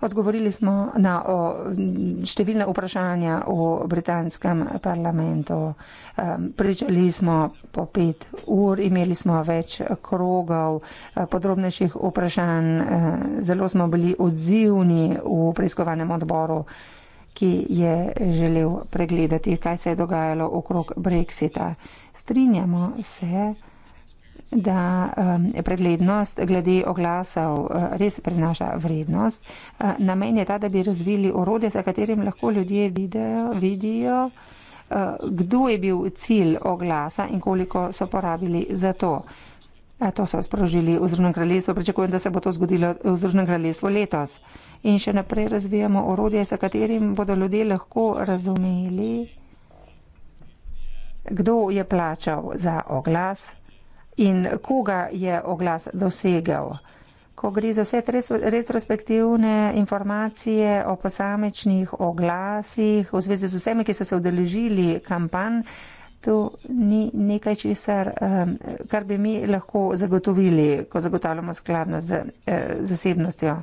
S3: Odgovorili smo na o, številne vprašanja v britanskem parlamentu. Pričali smo po pet ur, imeli smo več krogov eh, podrobnejših vprašanj. Eh, zelo smo bili odzivni v preiskovanem odboru, ki je želel pregledati, kaj se je dogajalo okrog Brexita. Strinjamo se da um, preglednost glede oglasov uh, res prinaša vrednost. Uh, namen je ta, da bi razvili orode, za katerim lahko ljudje video, vidijo, uh, kdo je bil cilj oglasa in koliko so porabili za to. Uh, to so sprožili v Združenem kraljestvu, pričakujem, da se bo to zgodilo v Združenem kraljestvu letos. In še naprej razvijamo orodje, s katerim bodo ljudje lahko razumeli, kdo je plačal za oglas in koga je oglas dosegel. Ko gre za vse retrospektivne informacije o posamečnih oglasih v zvezi z vsemi, ki so se udeležili kampanj, to ni nekaj, česar, ehm, kar bi mi lahko zagotovili, ko zagotavljamo skladno z eh, zasebnostjo.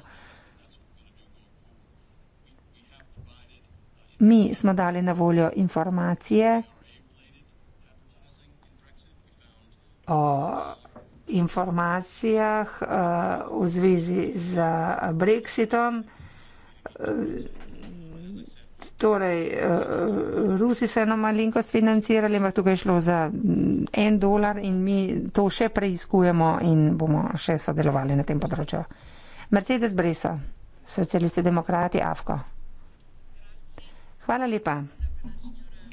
S3: Mi smo dali na voljo informacije. o informacijah eh, v zvezi z Brexitom. Torej, eh, Rusi so eno malinkost financirali, ampak tukaj je šlo za mm, en dolar in mi to še preizkujemo in bomo še sodelovali na tem področju. Mercedes Breso, socialisti demokrati, Avko. Hvala lepa.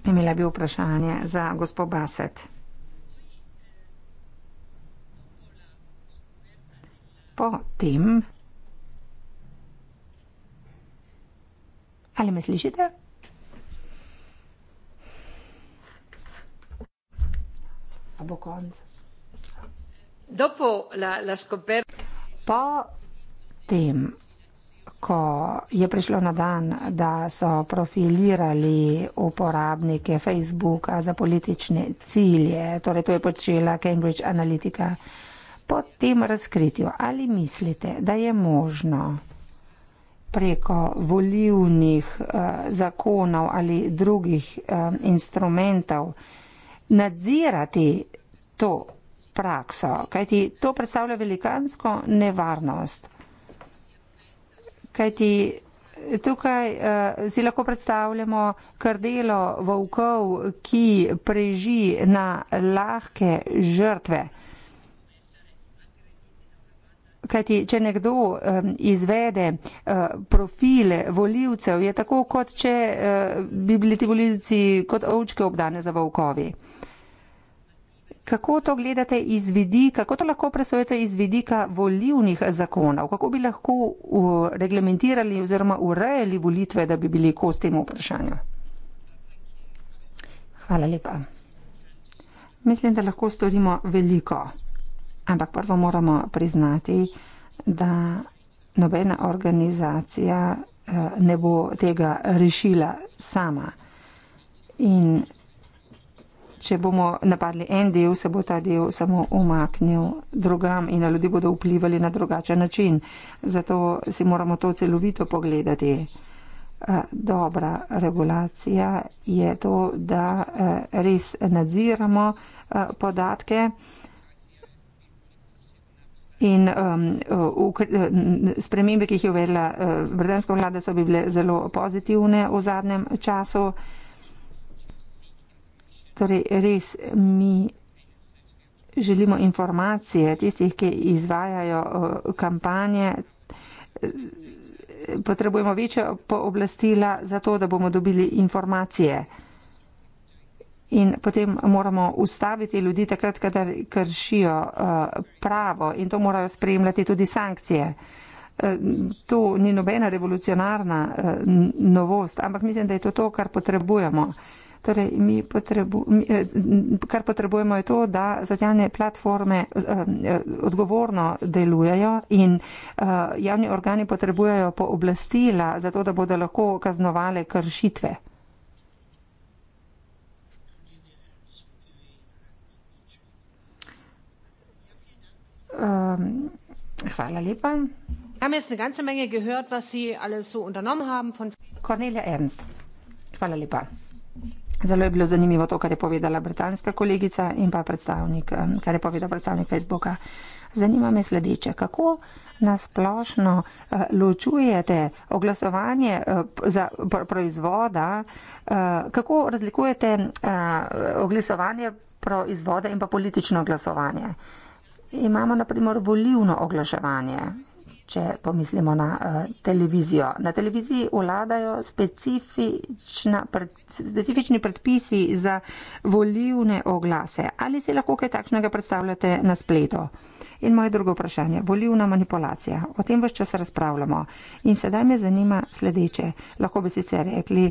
S3: Imela bi vprašanje za gospod Baset. potem. Ali me slišite? Bo konc. Dopo la, la scoperta. Po tem, ko je prišlo na dan, da so profilirali uporabnike Facebooka za politične cilje, torej to je počela Cambridge Analytica po tem razkritju, ali mislite, da je možno preko volivnih eh, zakonov ali drugih eh, instrumentov nadzirati to prakso, kajti to predstavlja velikansko nevarnost. Kajti eh, tukaj eh, si lahko predstavljamo krdelo volkov, ki preži na lahke žrtve. Kajti, če nekdo um, izvede uh, eh, profile voljivcev, je tako, kot če uh, bi bili ti voljivci kot ovčke obdane za volkovi. Kako to gledate iz vidika, kako to lahko presojete iz vidika volivnih zakonov? Kako bi lahko uh, reglementirali oziroma urejali volitve, da bi bili kos temu vprašanju? Hvala lepa. Mislim, da lahko storimo veliko. Ampak prvo moramo priznati, da nobena organizacija eh, ne bo tega rešila sama. In če bomo napadli en del, se bo ta del samo umaknil drugam in ljudi bodo vplivali na drugačen način. Zato si moramo to celovito pogledati. Eh, dobra regulacija je to, da eh, res nadziramo podatke in um, uh, ukre, uh, spremembe, ki jih je uvedla uh, britanska vlada, so bi bile zelo pozitivne v zadnjem času. Torej, res mi želimo informacije tistih, ki izvajajo uh, kampanje. Potrebujemo večje pooblastila za to, da bomo dobili informacije in potem moramo ustaviti ljudi takrat, kadar kršijo eh, pravo in to morajo spremljati tudi sankcije. Eh, to ni nobena revolucionarna eh, novost, ampak mislim, da je to to, kar potrebujemo. Torej, mi potrebu, mi, kar potrebujemo je to, da socialne platforme odgovorno delujejo in javni organi potrebujejo pooblastila za to, da bodo lahko kaznovali kršitve. Ähm, hvala lepa. Wir haben jetzt eine ganze Menge gehört, was Sie alles so unternommen haben. Von Cornelia Ernst. Hvala lepa. Zelo je bilo zanimivo to, kar je povedala britanska kolegica in pa predstavnik, ehm, kar je povedal predstavnik Facebooka. Zanima me sledeče, kako nasplošno eh, ločujete oglasovanje eh, za proizvoda, eh, kako razlikujete oglasovanje proizvoda in pa politično oglasovanje? imamo naprimer volivno oglaševanje, če pomislimo na uh, televizijo. Na televiziji vladajo pred, specifični predpisi za volivne oglase. Ali si lahko kaj takšnega predstavljate na spletu? In moje drugo vprašanje, volivna manipulacija. O tem več časa razpravljamo. In sedaj me zanima sledeče. Lahko bi sicer rekli,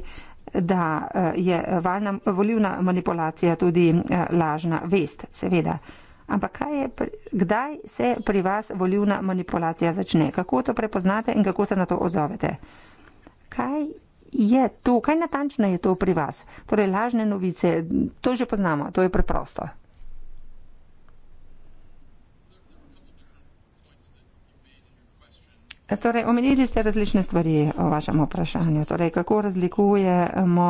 S3: da eh, je valna, volivna manipulacija tudi eh, lažna vest, seveda. Ampak je, kdaj se pri vas volivna manipulacija začne? Kako to prepoznate in kako se na to odzovete? Kaj je to, kaj natančno je to pri vas? Torej, lažne novice, to že poznamo, to je preprosto. Torej, omenili ste različne stvari o vašem vprašanju. Torej, kako razlikujemo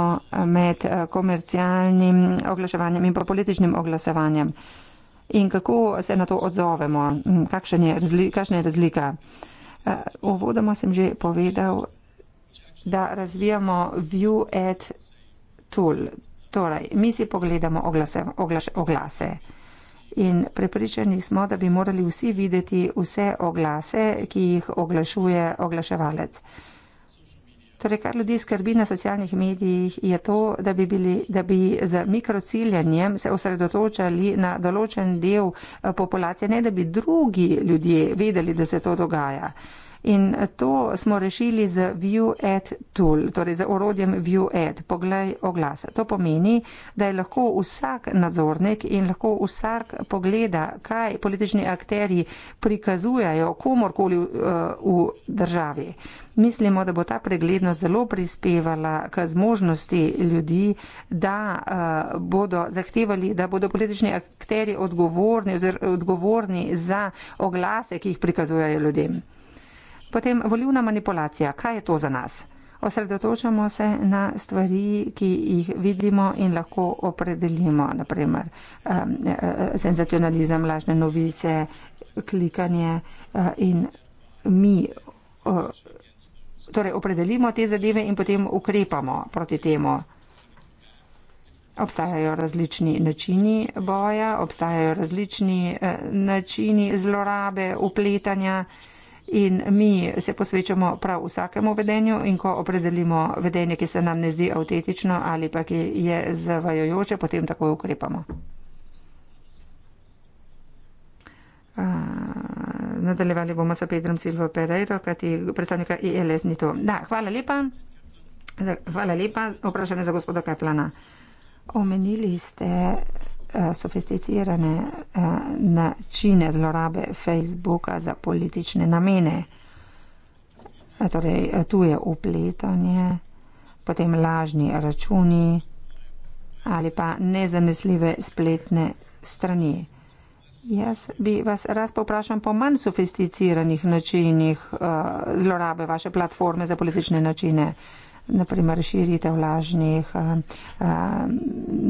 S3: med eh, komercialnim oglaševanjem in pa političnim oglaševanjem? Uh, in kako se na to odzovemo, mm, kakšna je, razli, je razlika. Eh, uvodoma sem že povedal, da razvijamo view ad tool. Torej, mi si pogledamo oglase, oglaš, oglase in prepričani smo, da bi morali vsi videti vse oglase, ki jih oglašuje oglaševalec. Torej, kar ljudi skrbi na socialnih medijih, je to, da bi, bili, da bi z mikrociljanjem se osredotočali na določen del eh, populacije, ne da bi drugi ljudje vedeli, da se to dogaja. In to smo rešili z ViewAd tool, torej z orodjem ViewAd, pogled oglasa. To pomeni, da je lahko vsak nadzornik in lahko vsak pogleda, kaj politični akteri prikazujajo komorkoli v, eh, v državi. Mislimo, da bo ta preglednost zelo prispevala k zmožnosti ljudi, da uh, bodo zahtevali, da bodo politični akteri odgovorni, odgovorni za oglase, ki jih prikazujejo ljudem. Potem volivna manipulacija. Kaj je to za nas? Osredotočamo se na stvari, ki jih vidimo in lahko opredelimo, naprimer um, e, e, senzacionalizem, lažne novice, klikanje uh, in mi uh, torej opredelimo te zadeve in potem ukrepamo proti temu. Obstajajo različni načini boja, obstajajo različni uh, načini zlorabe, upletanja. Uh, in mi se posvečamo prav vsakemu vedenju in ko opredelimo vedenje, ki se nam ne zdi avtetično ali pa ki je zavajojoče, potem tako ukrepamo. Uh, nadaljevali bomo s Pedrom Silvo Pereiro, kajti predstavnika ILS ni to. Da, hvala lepa. Hvala lepa. Vprašanje za gospoda Kaplana. Omenili ste Eh, sofisticirane eh, načine zlorabe Facebooka za politične namene. Eh, torej, tu je upletanje, potem lažni računi ali pa nezanesljive spletne strani. Jaz bi vas raz povprašal po manj sofisticiranih načinih zlorabe vaše platforme za politične načine. Naprimer, širitev lažnih uh, uh,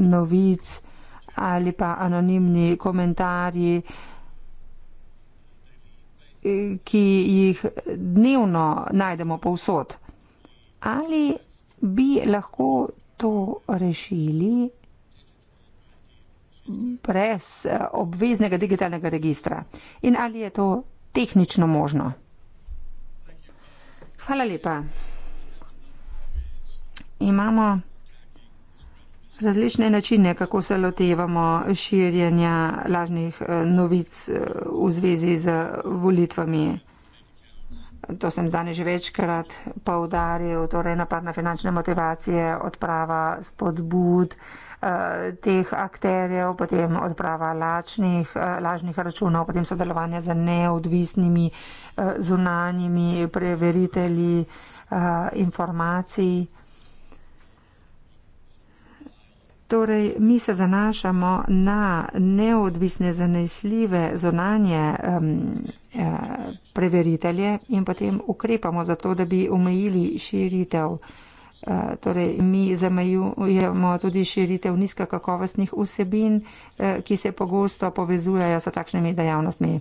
S3: novic, uh, ali pa anonimni komentarji, ki jih dnevno najdemo povsod. Ali bi lahko to rešili brez obveznega digitalnega registra? In ali je to tehnično možno? Hvala lepa. Imamo različne načine, kako se lotevamo širjenja lažnih eh, novic eh, v zvezi z volitvami. To sem danes že večkrat povdaril, torej napad na finančne motivacije, odprava spodbud eh, teh akterjev, potem odprava lačnih, lažnih računov, potem sodelovanje z neodvisnimi zunanjimi preveritelji informacij. Torej, mi se zanašamo na neodvisne, zanesljive zonanje um, preveritelje in potem ukrepamo za to, da bi omejili širitev. Eh, torej, mi zamejujemo tudi širitev nizkakakovostnih vsebin, eh, ki se pogosto povezujejo s takšnimi dejavnostmi.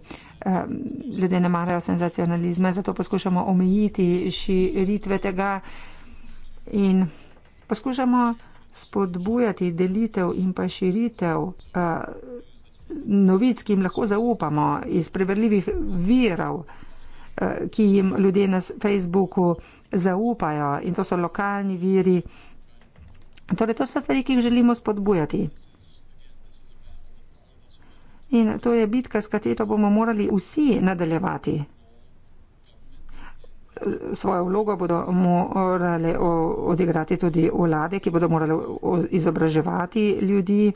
S3: Ljudje ne marajo senzacionalizma, zato poskušamo omejiti širitve tega in poskušamo spodbujati delitev in pa širitev uh, novic, ki jim lahko zaupamo iz preverljivih virov, uh, ki jim ljudje na Facebooku zaupajo in to so lokalni viri. Torej, to so stvari, ki jih želimo spodbujati. In to je bitka, s katero bomo morali vsi nadaljevati svojo vlogo bodo morale odigrati tudi vlade, ki bodo morale izobraževati ljudi.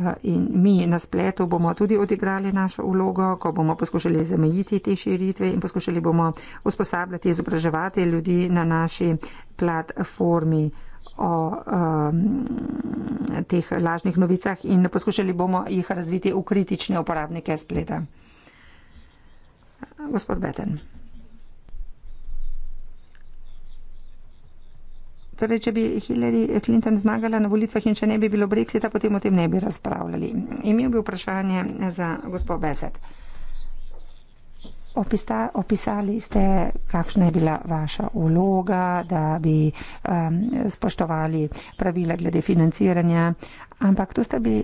S3: Eh, in mi na spletu bomo tudi odigrali našo vlogo, ko bomo poskušali zamejiti te širitve in poskušali bomo usposabljati, izobraževati ljudi na naši platformi o um, teh lažnih novicah in poskušali bomo jih razviti v kritične uporabnike spleta. Gospod Beten. Torej, če bi Hillary Clinton zmagala na volitvah in če ne bi bilo Brexita, potem o tem ne bi razpravljali. Imel bi vprašanje za gospod Beset. Opista, opisali ste, kakšna je bila vaša vloga, da bi um, spoštovali pravila glede financiranja, ampak tu sta bi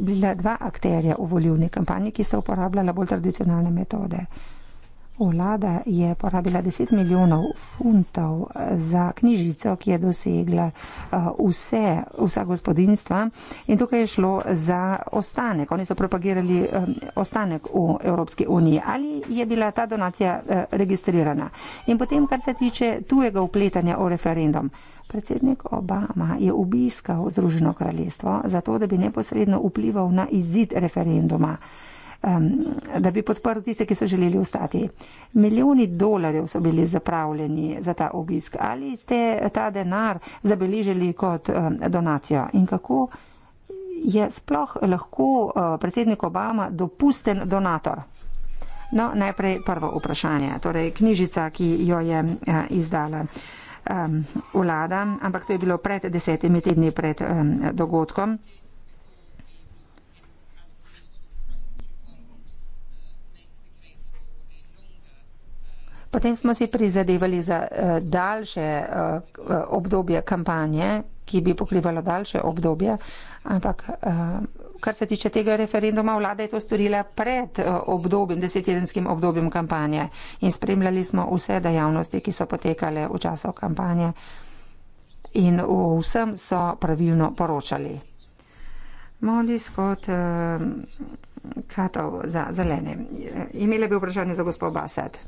S3: bila dva akterja v volivni kampanji, ki sta uporabljala bolj tradicionalne metode. Vlada je porabila 10 milijonov funtov za knjižico, ki je dosegla eh, vse, vsa gospodinstva in tukaj je šlo za ostanek. Oni so propagirali eh, ostanek v Evropski uniji. Ali je bila ta donacija eh, registrirana? In potem, kar se tiče tujega upletanja v referendum. Predsednik Obama je obiskal Združeno kraljestvo zato, da bi neposredno vplival na izid referenduma um, da bi podprl tiste, ki so želeli ostati. Milijoni dolarjev so bili zapravljeni za ta obisk. Ali ste ta denar zabeležili kot um, donacijo in kako je sploh lahko uh, predsednik Obama dopusten donator? No, najprej prvo vprašanje, torej knjižica, ki jo je uh, izdala um, vlada, ampak to je bilo pred desetimi tedni pred um, dogodkom. Potem smo si prizadevali za uh, daljše uh, obdobje kampanje, ki bi pokrivalo daljše obdobje, ampak uh, kar se tiče tega referenduma, vlada je to storila pred uh, obdobjem, desetjedenskim obdobjem kampanje in spremljali smo vse dejavnosti, ki so potekale v času kampanje in o vsem so pravilno poročali. Molis kot uh, katov za zelene. Imela bi vprašanje za gospod Basad.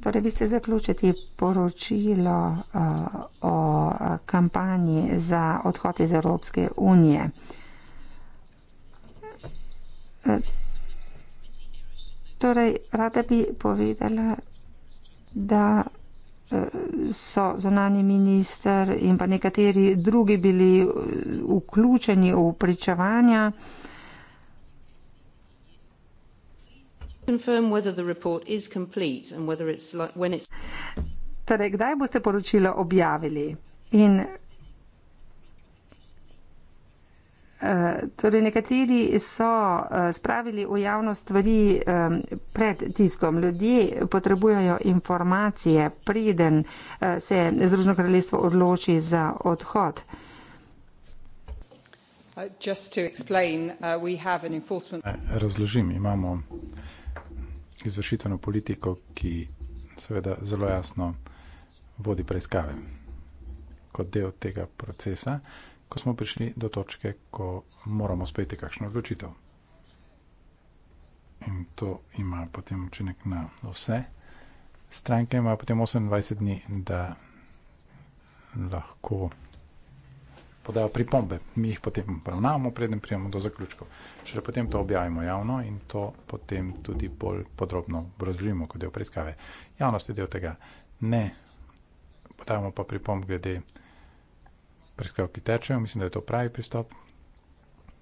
S3: Torej, vi ste zaključili poročilo uh, o kampanji za odhod iz Evropske unije. Eh, torej, rada bi povedala, da eh, so zonani minister in pa nekateri drugi bili vključeni v pričevanja uh,
S5: confirm whether the report is complete and whether it's like when it's
S3: Torej, kdaj boste poročilo objavili? In eh, Torej, nekateri so eh, spravili v javnost stvari eh, pred tiskom. Ljudje potrebujejo informacije, preden se Združeno kraljestvo odloči za odhod. Uh, uh,
S4: razložim, imamo izvršitveno politiko, ki seveda zelo jasno vodi preiskave kot del tega procesa, ko smo prišli do točke, ko moramo sprejeti kakšno odločitev. In to ima potem učinek na vse. Stranke imajo potem 28 dni, da lahko podajo pripombe, mi jih potem obravnavamo, preden prijemo do zaključkov. Šele potem to objavimo javno in to potem tudi bolj podrobno obrazložimo kot del preiskave. Javnost je del tega. Ne, podajamo pa pripomb glede preiskav, ki tečejo. Mislim, da je to pravi pristop,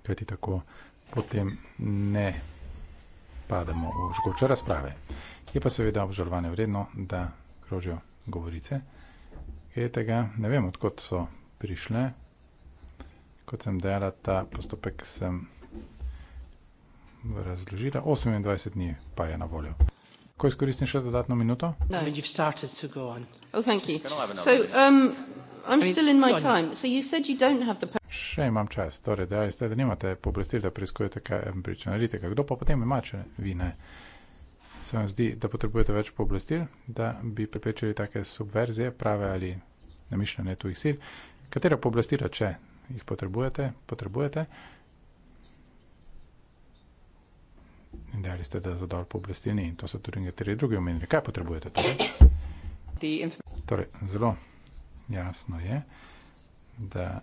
S4: kajti tako potem ne pademo v žgoče razprave. Je pa seveda obžalovanje vredno, da krožijo govorice. Tega, ne vem, odkot so prišle, kot sem dejala, ta postopek sem razložila. 28 dni pa je na voljo. Ko izkoristim še dodatno minuto? Še imam čas, torej dejali ste, da nimate pooblastil, da preizkujete kaj empirične analitike. Kdo pa potem ima, če vi ne? Se vam zdi, da potrebujete več pooblastil, da bi preprečili take subverzije, prave ali namišljene tujih sil? Katera pooblastila, če jih potrebujete, potrebujete. In dali ste, da zadovolj pooblastilni in to so tudi nekateri drugi omenili. Kaj potrebujete? Torej? torej, zelo jasno je, da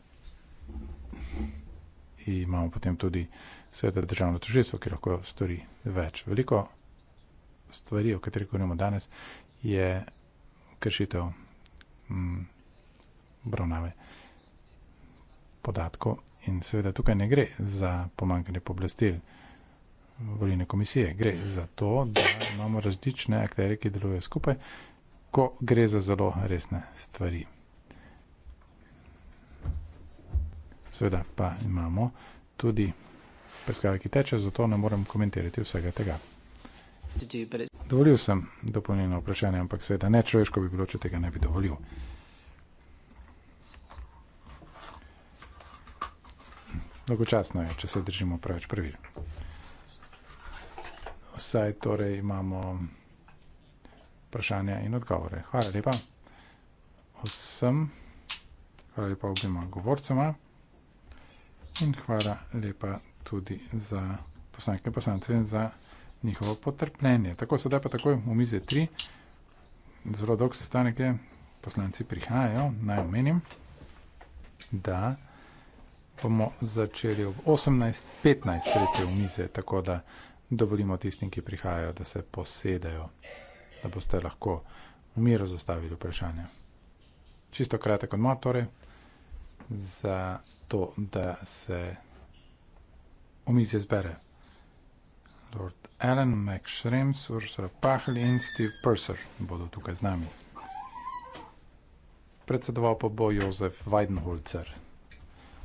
S4: imamo potem tudi sveda državno tožilstvo, ki lahko stori več. Veliko stvari, o katerih govorimo danes, je kršitev mm, obravnave. Mm, podatkov. In seveda tukaj ne gre za pomankanje poblastil volilne komisije, gre za to, da imamo različne akterje, ki delujejo skupaj, ko gre za zelo resne stvari. Seveda pa imamo tudi preiskave, ki tečejo, zato ne morem komentirati vsega tega. Dovolil sem dopolnilno vprašanje, ampak seveda ne človeško bi bilo, če tega ne bi dovolil. dolgočasno je, če se držimo preveč pravil. Vsaj torej imamo vprašanja in odgovore. Hvala lepa vsem, hvala lepa obima govorcema in hvala lepa tudi za poslanke in poslance in za njihovo potrpljenje. Tako sedaj pa takoj v mize tri, zelo dolg sestanek je, poslanci prihajajo, naj omenim, da je bomo začeli ob 18.15 tretje v mize, tako da dovolimo tistim, ki prihajajo, da se posedejo, da boste lahko v miru zastavili vprašanje. Čisto kratek odmor torej, za to, da se v mize zbere. Lord Allen, Max Schrems, Ursula Pahl in Steve Purser bodo tukaj z nami. Predsedoval pa bo Jozef Weidenholzer.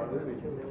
S5: ಮಾಡುವುದು ವಿಶೇಷ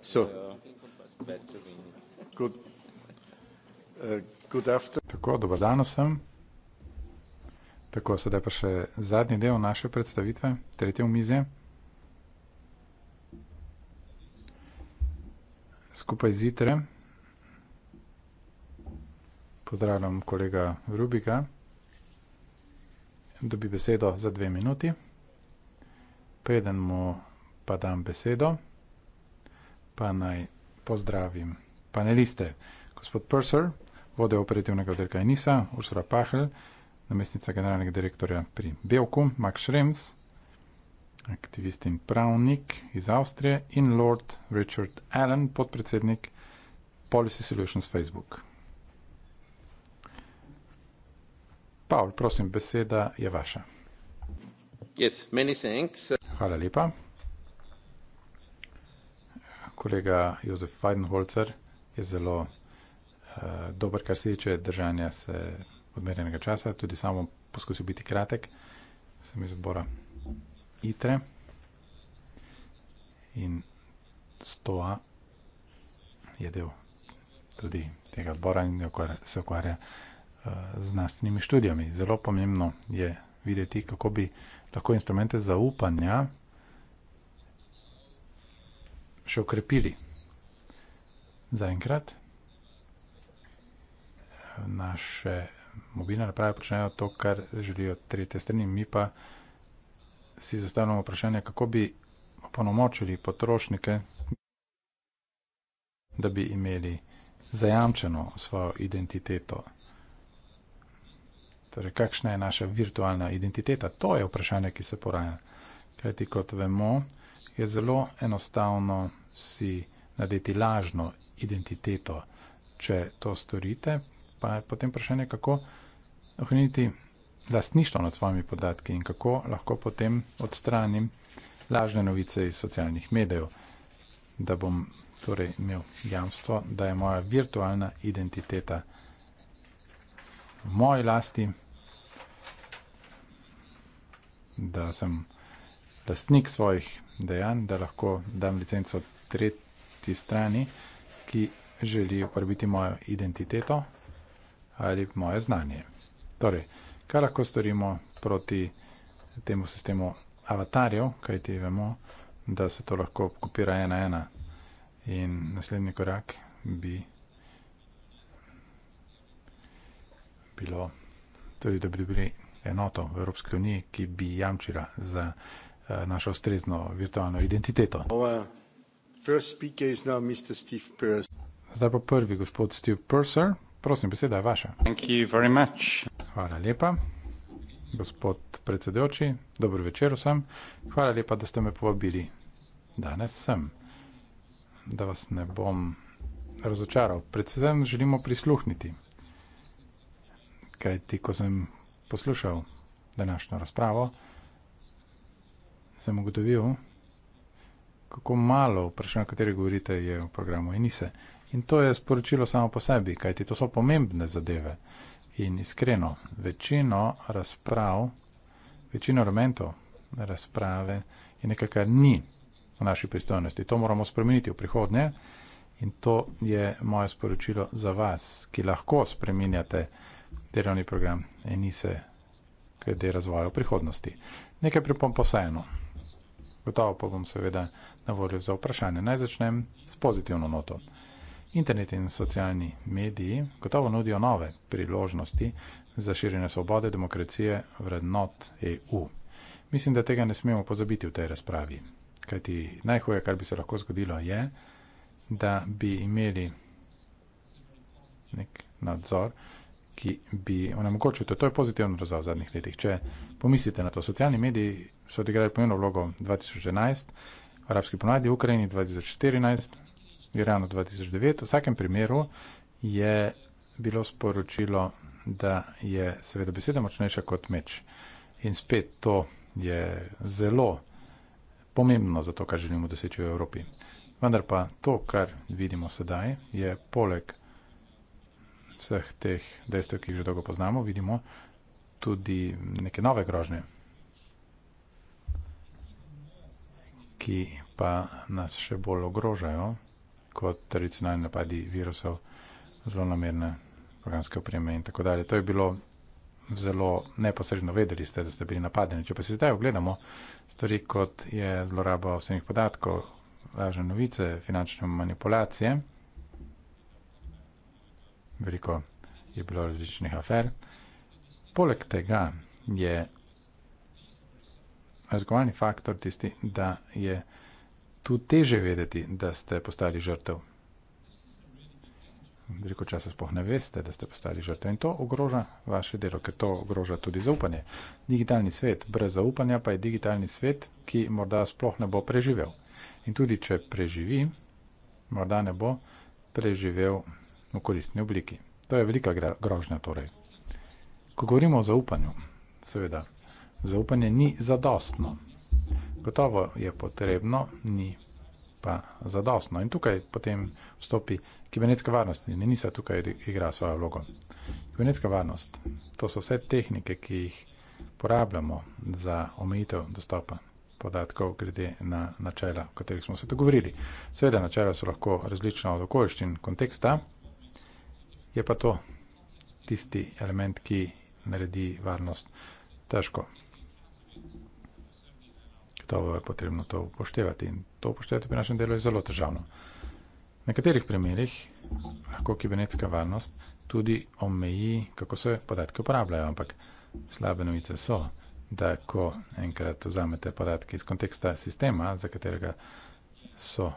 S5: So,
S4: good, uh, good after... Tako, dober dan vsem. Tako, sedaj pa še zadnji del naše predstavitve, tretje v mizi. skupaj zjutraj. Pozdravljam kolega Rubika, dobi besedo za dve minuti. Preden mu pa dam besedo, pa naj pozdravim paneliste. Gospod Purser, vode operativnega oddelka Enisa, Ursula Pahl, namestnica generalnega direktorja pri Belku, Max Schrems, aktivist in pravnik iz Avstrije, in Lord Richard Allen, podpredsednik Policy Solutions Facebook. Paul, prosim, beseda je vaša. Hvala lepa. Kolega Jozef Weidenholzer je zelo uh, dober, kar se tiče držanja se odmerjenega časa. Tudi sam bom poskusil biti kratek, sem iz odbora itre in 100a je del tudi tega zbora in se ukvarja eh, z znanstvenimi študijami. Zelo pomembno je videti, kako bi lahko instrumente zaupanja še ukrepili. Zaenkrat eh, naše mobilne naprave počnejo to, kar želijo tretje strani, mi pa vsega, si zastavljamo vprašanje, kako bi opolnomočili potrošnike, da bi imeli zajamčeno svojo identiteto. Torej, kakšna je naša virtualna identiteta? To je vprašanje, ki se poraja. Kaj ti kot vemo, je zelo enostavno si narediti lažno identiteto. Če to storite, pa je potem vprašanje, kako ohraniti lastništvo nad svojimi podatki in kako lahko potem odstranim lažne novice iz socialnih medijev, da bom torej imel jamstvo, da je moja virtualna identiteta v moji lasti, da sem lastnik svojih dejanj, da lahko dam licenco tretji strani, ki želi uporabiti mojo identiteto ali moje znanje. Torej, kaj lahko storimo proti temu sistemu avatarjev, kajti vemo, da se to lahko kopira ena ena. In naslednji korak bi bilo tudi, da bi bili enoto v Evropski uniji, ki bi jamčila za uh, našo ustrezno virtualno identiteto. Zdaj pa prvi gospod Steve Purser. Prosim, beseda je vaša. Hvala lepa, gospod predsedujoči, dobro večer vsem. Hvala lepa, da ste me povabili danes sem, da vas ne bom razočaral. Predvsem želimo prisluhniti, kajti ko sem poslušal današnjo razpravo, sem ugotovil, kako malo vprašanj, o katerih govorite, je v programu Enise. In to je sporočilo samo po sebi, kajti to so pomembne zadeve. In iskreno, večino razprav, večino argumentov razprave je nekaj, kar ni v naši pristojnosti. To moramo spremeniti v prihodnje. In to je moje sporočilo za vas, ki lahko spreminjate delovni program enise glede razvoja v prihodnosti. Nekaj pripom posajeno. Gotovo pa bom seveda na voljo za vprašanje. Naj začnem s pozitivno noto. Internet in socialni mediji gotovo nudijo nove priložnosti za širjenje svobode, demokracije, vrednot EU. Mislim, da tega ne smemo pozabiti v tej razpravi, kajti najhuje, kar bi se lahko zgodilo, je, da bi imeli nek nadzor, ki bi onemogočil, to je pozitivno razvoj v zadnjih letih. Če pomislite na to, socialni mediji so odigrali pomembno vlogo 2011, arabski ponadi v Ukrajini 2014. Iranu 2009. V vsakem primeru je bilo sporočilo, da je seveda beseda močnejša kot meč. In spet to je zelo pomembno za to, kar želimo doseči v Evropi. Vendar pa to, kar vidimo sedaj, je poleg vseh teh dejstev, ki jih že dolgo poznamo, vidimo tudi neke nove grožnje, ki pa nas še bolj ogrožajo kot tradicionalni napadi virusov, zelo namerne programske opreme in tako dalje. To je bilo zelo neposredno, vedeli ste, da ste bili napadeni. Če pa si zdaj ogledamo stvari, kot je zloraba vseh podatkov, lažne novice, finančne manipulacije, veliko je bilo različnih afer. Poleg tega je razgovarjni faktor tisti, da je tu teže vedeti, da ste postali žrtev. Veliko časa sploh ne veste, da ste postali žrtev in to ogroža vaše delo, ker to ogroža tudi zaupanje. Digitalni svet brez zaupanja pa je digitalni svet, ki morda sploh ne bo preživel. In tudi če preživi, morda ne bo preživel v koristni obliki. To je velika grožnja torej. Ko govorimo o zaupanju, seveda, zaupanje ni zadostno gotovo je potrebno, ni pa zadostno. In tukaj potem vstopi kibernetska varnost in NISA tukaj igra svojo vlogo. Kibernetska varnost, to so vse tehnike, ki jih porabljamo za omejitev dostopa podatkov glede na načela, o katerih smo se dogovorili. Seveda načela so lahko različna od okoliščin konteksta, je pa to tisti element, ki naredi varnost težko gotovo je potrebno to upoštevati in to upoštevati pri našem delu je zelo težavno. V nekaterih primerjih lahko kibernetska varnost tudi omeji, kako se podatke uporabljajo, ampak slabe novice so, da ko enkrat vzamete podatke iz konteksta sistema, za katerega so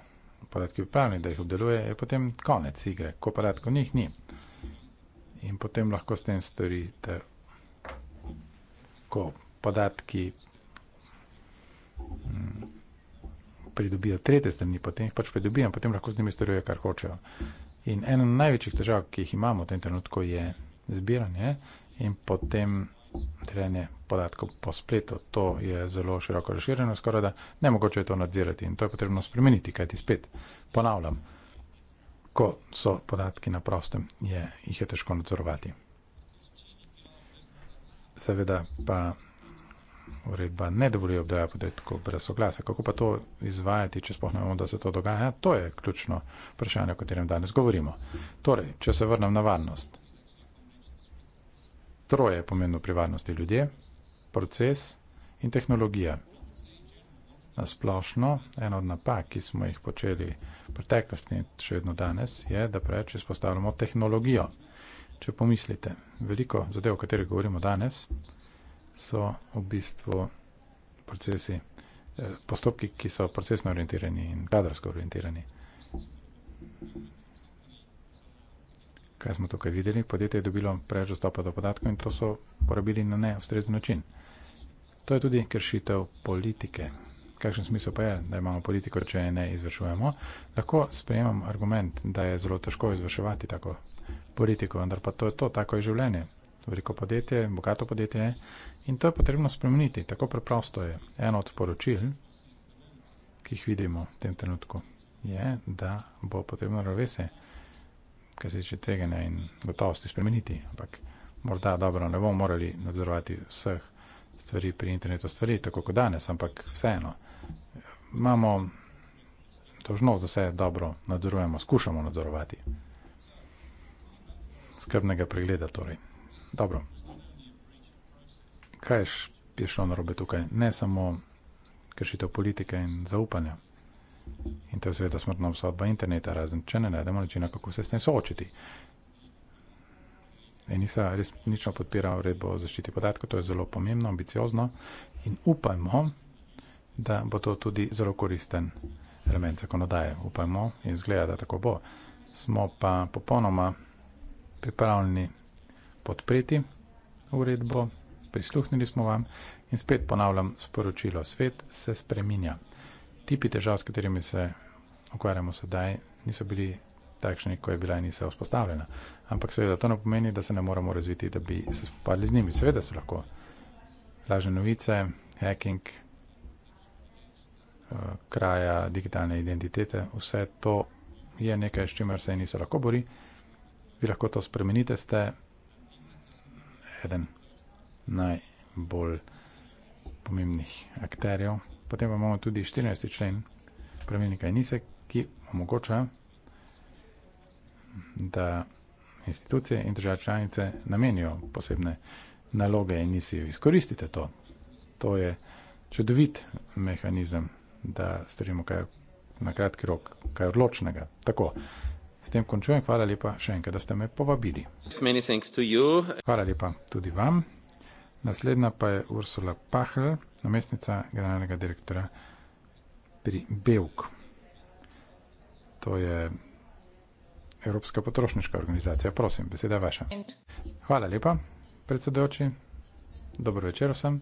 S4: podatki pripravljeni, da jih obdeluje, je potem konec igre, ko podatkov njih ni. In potem lahko s tem storite, ko podatki Mm. pridobijo tretje strani, potem jih pač pridobijo, potem lahko z njimi storijo, kar hočejo. In ena največjih težav, ki jih imamo v tem trenutku, je zbiranje in potem trenje podatkov po spletu. To je zelo široko razširjeno, skoraj da ne mogoče je to nadzirati in to je potrebno spremeniti, kajti spet ponavljam, ko so podatki na prostem, je, jih je težko nadzorovati. Seveda pa uredba ne dovoljuje obdelave podatkov brez soglasja. Kako pa to izvajati, če spohnemo, da se to dogaja? To je ključno vprašanje, o katerem danes govorimo. Torej, če se vrnem na varnost. Troje je pomembno pri varnosti ljudje, proces in tehnologija. Na splošno, ena od napak, ki smo jih počeli v preteklosti in še vedno danes, je, da preveč izpostavljamo tehnologijo. Če pomislite, veliko zadev, o katerih govorimo danes, so v bistvu procesi, eh, postopki, ki so procesno orientirani in kadrovsko orientirani. Kaj smo tukaj videli? Podjetje je dobilo preveč dostopa do podatkov in to so porabili na neustrezen način. To je tudi kršitev politike. Kakšen smisel pa je, da imamo politiko, če je ne izvršujemo? Lahko sprejemam argument, da je zelo težko izvrševati tako politiko, vendar pa to je to, tako je življenje veliko podjetje, bogato podjetje in to je potrebno spremeniti. Tako preprosto je. Eno od poročil, ki jih vidimo v tem trenutku, je, da bo potrebno ravese, kar se tiče tveganja in gotovosti, spremeniti. Ampak morda dobro, ne bomo morali nadzorovati vseh stvari pri internetu, stvari tako kot danes, ampak vseeno imamo dožnost, da vse dobro nadzorujemo, skušamo nadzorovati. Skrbnega pregleda torej. Dobro. Kaj je šlo na robe tukaj? Ne samo kršitev politike in zaupanja. In to je seveda smrtna obsodba interneta, razen če ne najdemo načina, kako se s tem soočiti. Enisa res nično podpira uredbo o zaščiti podatkov, to je zelo pomembno, ambiciozno in upajmo, da bo to tudi zelo koristen element zakonodaje. Upajmo in zgleda, da tako bo. Smo pa popolnoma pripravljeni podpreti uredbo, prisluhnili smo vam in spet ponavljam sporočilo, svet se spreminja. Tipi težav, s katerimi se ukvarjamo sedaj, niso bili takšni, ko je bila in niso vzpostavljena. Ampak seveda to ne pomeni, da se ne moramo razviti, da bi se spopadli z njimi. Seveda se lahko lažne novice, hacking, eh, kraja digitalne identitete, vse to je nekaj, s čimer se in niso lahko bori. Vi lahko to spremenite, ste eden najbolj pomembnih akterjev. Potem pa imamo tudi 14. člen pravilnika Enise, ki omogoča, da institucije in države članice namenijo posebne naloge Enisi. Izkoristite to. To je čudovit mehanizem, da storimo kaj na kratki rok, kaj odločnega. Tako. S tem končujem, hvala lepa še enkrat, da ste me povabili. Hvala lepa tudi vam. Naslednja pa je Ursula Pahl, namestnica generalnega direktora pri BEUK. To je Evropska potrošniška organizacija. Prosim, beseda je vaša. Hvala lepa, predsedujoči. Dobro večer vsem.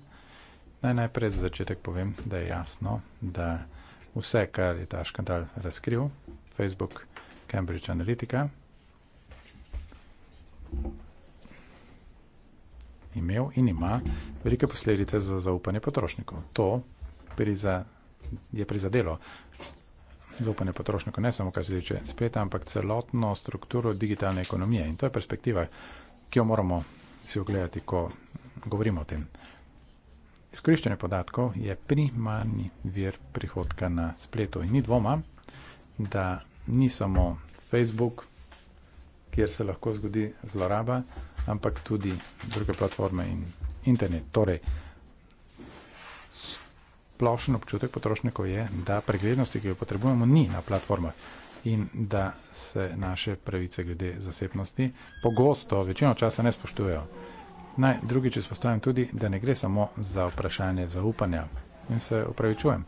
S4: Naj najprej za začetek povem, da je jasno, da vse, kar je ta škandal razkril, Facebook, Cambridge Analytica, imel in ima velike posledice za zaupanje potrošnikov. To priza, je prizadelo zaupanje potrošnikov, ne samo kar se tiče spleta, ampak celotno strukturo digitalne ekonomije. In to je perspektiva, ki jo moramo si ogledati, ko govorimo o tem. Izkoriščanje podatkov je primarni vir prihodka na spletu in ni dvoma, da ni samo Facebook, kjer se lahko zgodi zloraba, ampak tudi druge platforme in internet. Torej, splošen občutek potrošnikov je, da preglednosti, ki jo potrebujemo, ni na platformah in da se naše pravice glede zasebnosti pogosto, večino časa ne spoštujejo. Naj drugič izpostavim tudi, da ne gre samo za vprašanje zaupanja in se upravičujem.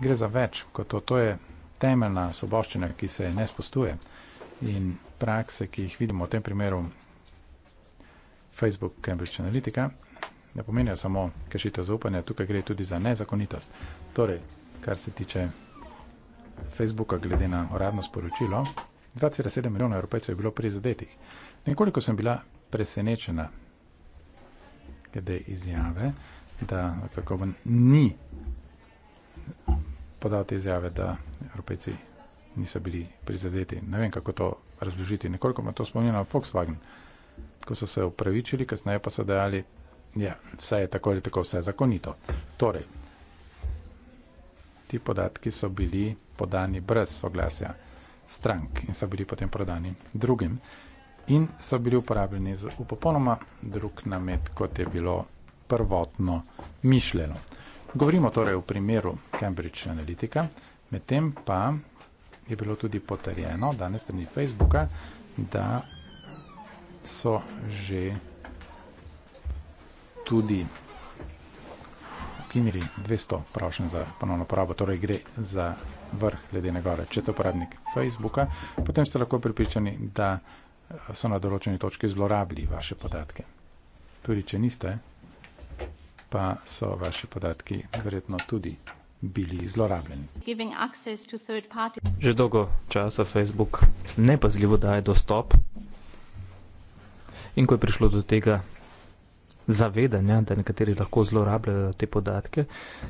S4: Gre za več kot to. To je temeljna soboščina, ki se ne spostuje in prakse, ki jih vidimo v tem primeru Facebook Cambridge Analytica, ne pomenijo samo kršitev zaupanja, tukaj gre tudi za nezakonitost. Torej, kar se tiče Facebooka, glede na uradno sporočilo, 2,7 milijona evropejcev je bilo prizadetih. Nekoliko sem bila presenečena glede izjave, da tako ni podati izjave, da Evropejci niso bili prizadeti. Ne vem, kako to razložiti. Nekoliko me to spominja na Volkswagen, ko so se upravičili, kasneje pa so dejali, da ja, vse je tako ali tako, vse je zakonito. Torej, ti podatki so bili podani brez soglasja strank in so bili potem prodani drugim in so bili uporabljeni v popolnoma drug namet, kot je bilo prvotno mišljeno. Govorimo torej o primeru Cambridge Analytica, medtem pa je bilo tudi potrjeno danes temni Facebooka, da so že tudi ukinili 200 prošenj za ponovno uporabo, torej gre za vrh ledene gore. Če ste uporabnik Facebooka, potem ste lahko pripričani, da so na določeni točki zlorabili vaše podatke. Tudi če niste, pa so vaši podatki verjetno tudi bili zlorabljeni.
S7: Že dolgo časa Facebook nepazljivo daje dostop in ko je prišlo do tega zavedanja, da nekateri lahko zlorabljajo te podatke,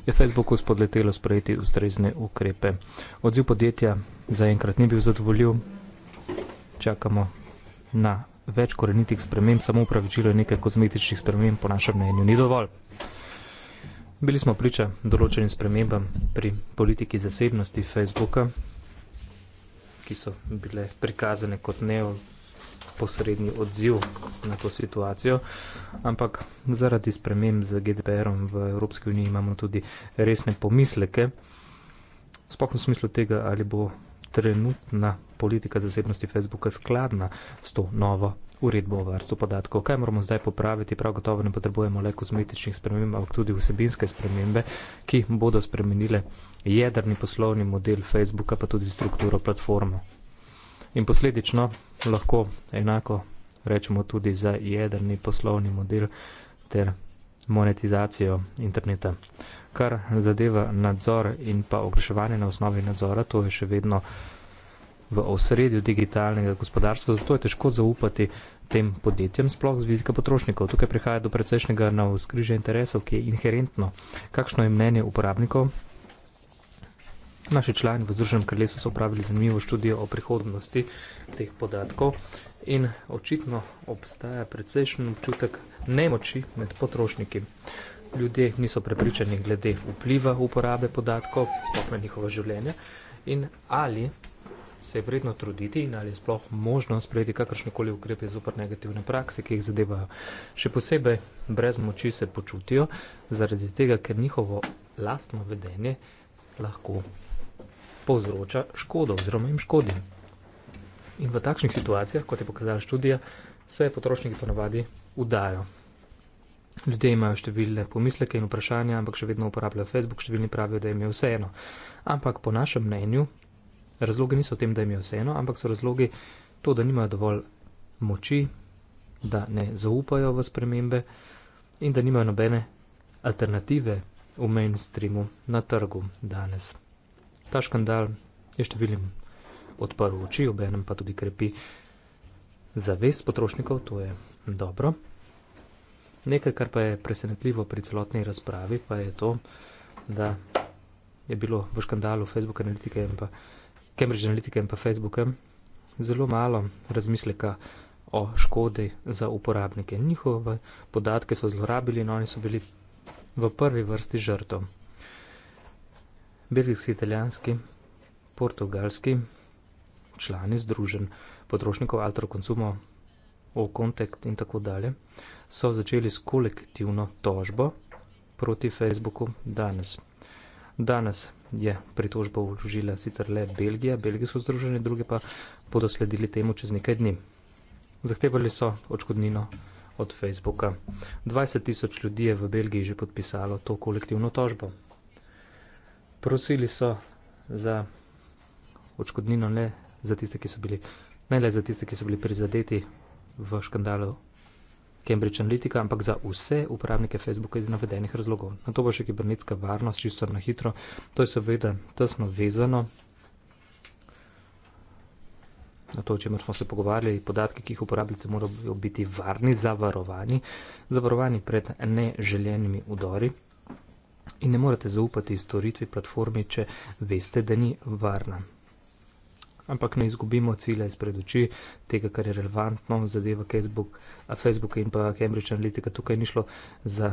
S7: je Facebooku spodletelo sprejeti ustrezne ukrepe. Odziv podjetja zaenkrat ni bil zadovoljiv, čakamo na več korenitih sprememb, samo upravičilo nekaj kozmetičnih sprememb, po našem mnenju, ni dovolj. Bili smo priča določenim spremembam pri politiki zasebnosti Facebooka, ki so bile prikazane kot neposredni odziv na to situacijo, ampak zaradi sprememb z GDPR-om v Evropski uniji imamo tudi resne pomisleke, sploh v smislu tega, ali bo trenutna politika zasebnosti Facebooka skladna s to novo uredbo o varstvu podatkov. Kaj moramo zdaj popraviti? Prav gotovo ne potrebujemo le kozmetičnih sprememb, ampak tudi vsebinske spremembe, ki bodo spremenile jedrni poslovni model Facebooka, pa tudi strukturo platformo. In posledično lahko enako rečemo tudi za jedrni poslovni model ter monetizacijo interneta kar zadeva nadzor in pa oglaševanje na osnovi nadzora, to je še vedno v osredju digitalnega gospodarstva, zato je težko zaupati tem podjetjem, sploh z vidika potrošnikov. Tukaj prihaja do precejšnjega navskrižja interesov, ki je inherentno. Kakšno je mnenje uporabnikov? Naši člani v Združenem kraljestvu so upravili zanimivo študijo o prihodnosti teh podatkov in očitno obstaja precejšen občutek nemoči med potrošniki ljudje niso prepričani glede vpliva uporabe podatkov, sploh na njihovo življenje, in ali se je vredno truditi in ali je sploh možno sprejeti kakršnekoli ukrepe zopr negativne prakse, ki jih zadevajo. Še posebej brez moči se počutijo, zaradi tega, ker njihovo lastno vedenje lahko povzroča škodo oziroma jim škodi. In v takšnih situacijah, kot je pokazala študija, se potrošniki ponavadi udajo. Ljudje imajo številne pomisleke in vprašanja, ampak še vedno uporabljajo Facebook, številni pravijo, da jim je vseeno. Ampak po našem mnenju, razlogi niso v tem, da jim je vseeno, ampak so razlogi to, da nimajo dovolj moči, da ne zaupajo v spremembe in da nimajo nobene alternative v mainstreamu na trgu danes. Ta škandal je številnim odprl oči, obenem pa tudi krepi zavest potrošnikov, to je dobro. Nekaj, kar pa je presenetljivo pri celotni razpravi, pa je to, da je bilo v škandalu Facebook analitike in pa Cambridge analitike in pa Facebooka zelo malo razmisleka o škodi za uporabnike. Njihove podatke so zlorabili in oni so bili v prvi vrsti žrtov. Belgijski, italijanski, portugalski člani združen potrošnikov, altrokonsumo, o kontekt in tako dalje so začeli s kolektivno tožbo proti Facebooku danes. Danes je pritožbo vložila sicer le Belgija, Belgijsko združenje, druge pa bodo sledili temu čez nekaj dni. Zahtevali so očkodnino od Facebooka. 20 tisoč ljudi je v Belgiji že podpisalo to kolektivno tožbo. Prosili so za očkodnino ne za tiste, ki so bili, ne le za tiste, ki so bili prizadeti v škandalu Cambridge Analytica, ampak za vse uporabnike Facebooka iz navedenih razlogov. Na to bo še kibernetska varnost, čisto na hitro. To je seveda tesno vezano na to, o čemer smo se pogovarjali. Podatki, ki jih uporabljate, morajo biti varni, zavarovani, zavarovani pred neželenimi udori. In ne morete zaupati storitvi platformi, če veste, da ni varna ampak ne izgubimo cilja izpred oči tega, kar je relevantno, zadeva Facebook, Facebook in pa Cambridge Analytica. Tukaj ni šlo za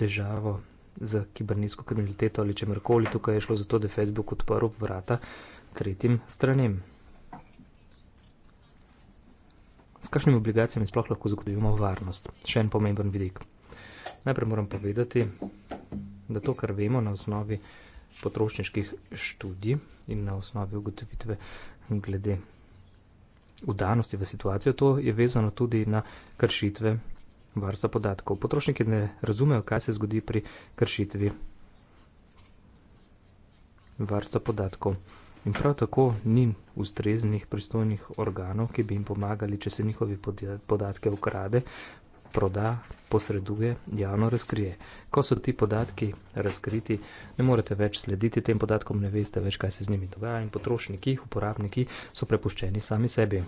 S7: težavo z kibernetsko kriminaliteto ali čemerkoli, tukaj je šlo za to, da je Facebook odprl vrata tretjim stranem. S kakšnimi obligacijami sploh lahko zagotovimo varnost? Še en pomemben vidik. Najprej moram povedati, da to, kar vemo na osnovi potrošniških študij in na osnovi ugotovitve glede vdanosti v situacijo, to je vezano tudi na kršitve varstva podatkov. Potrošniki ne razumejo, kaj se zgodi pri kršitvi varstva podatkov. In prav tako ni ustreznih pristojnih organov, ki bi jim pomagali, če se njihovi podatke ukrade, proda, posreduje, javno razkrije. Ko so ti podatki razkriti, ne morete več slediti tem podatkom, ne veste več, kaj se z njimi dogaja in potrošniki, uporabniki so prepuščeni sami sebi.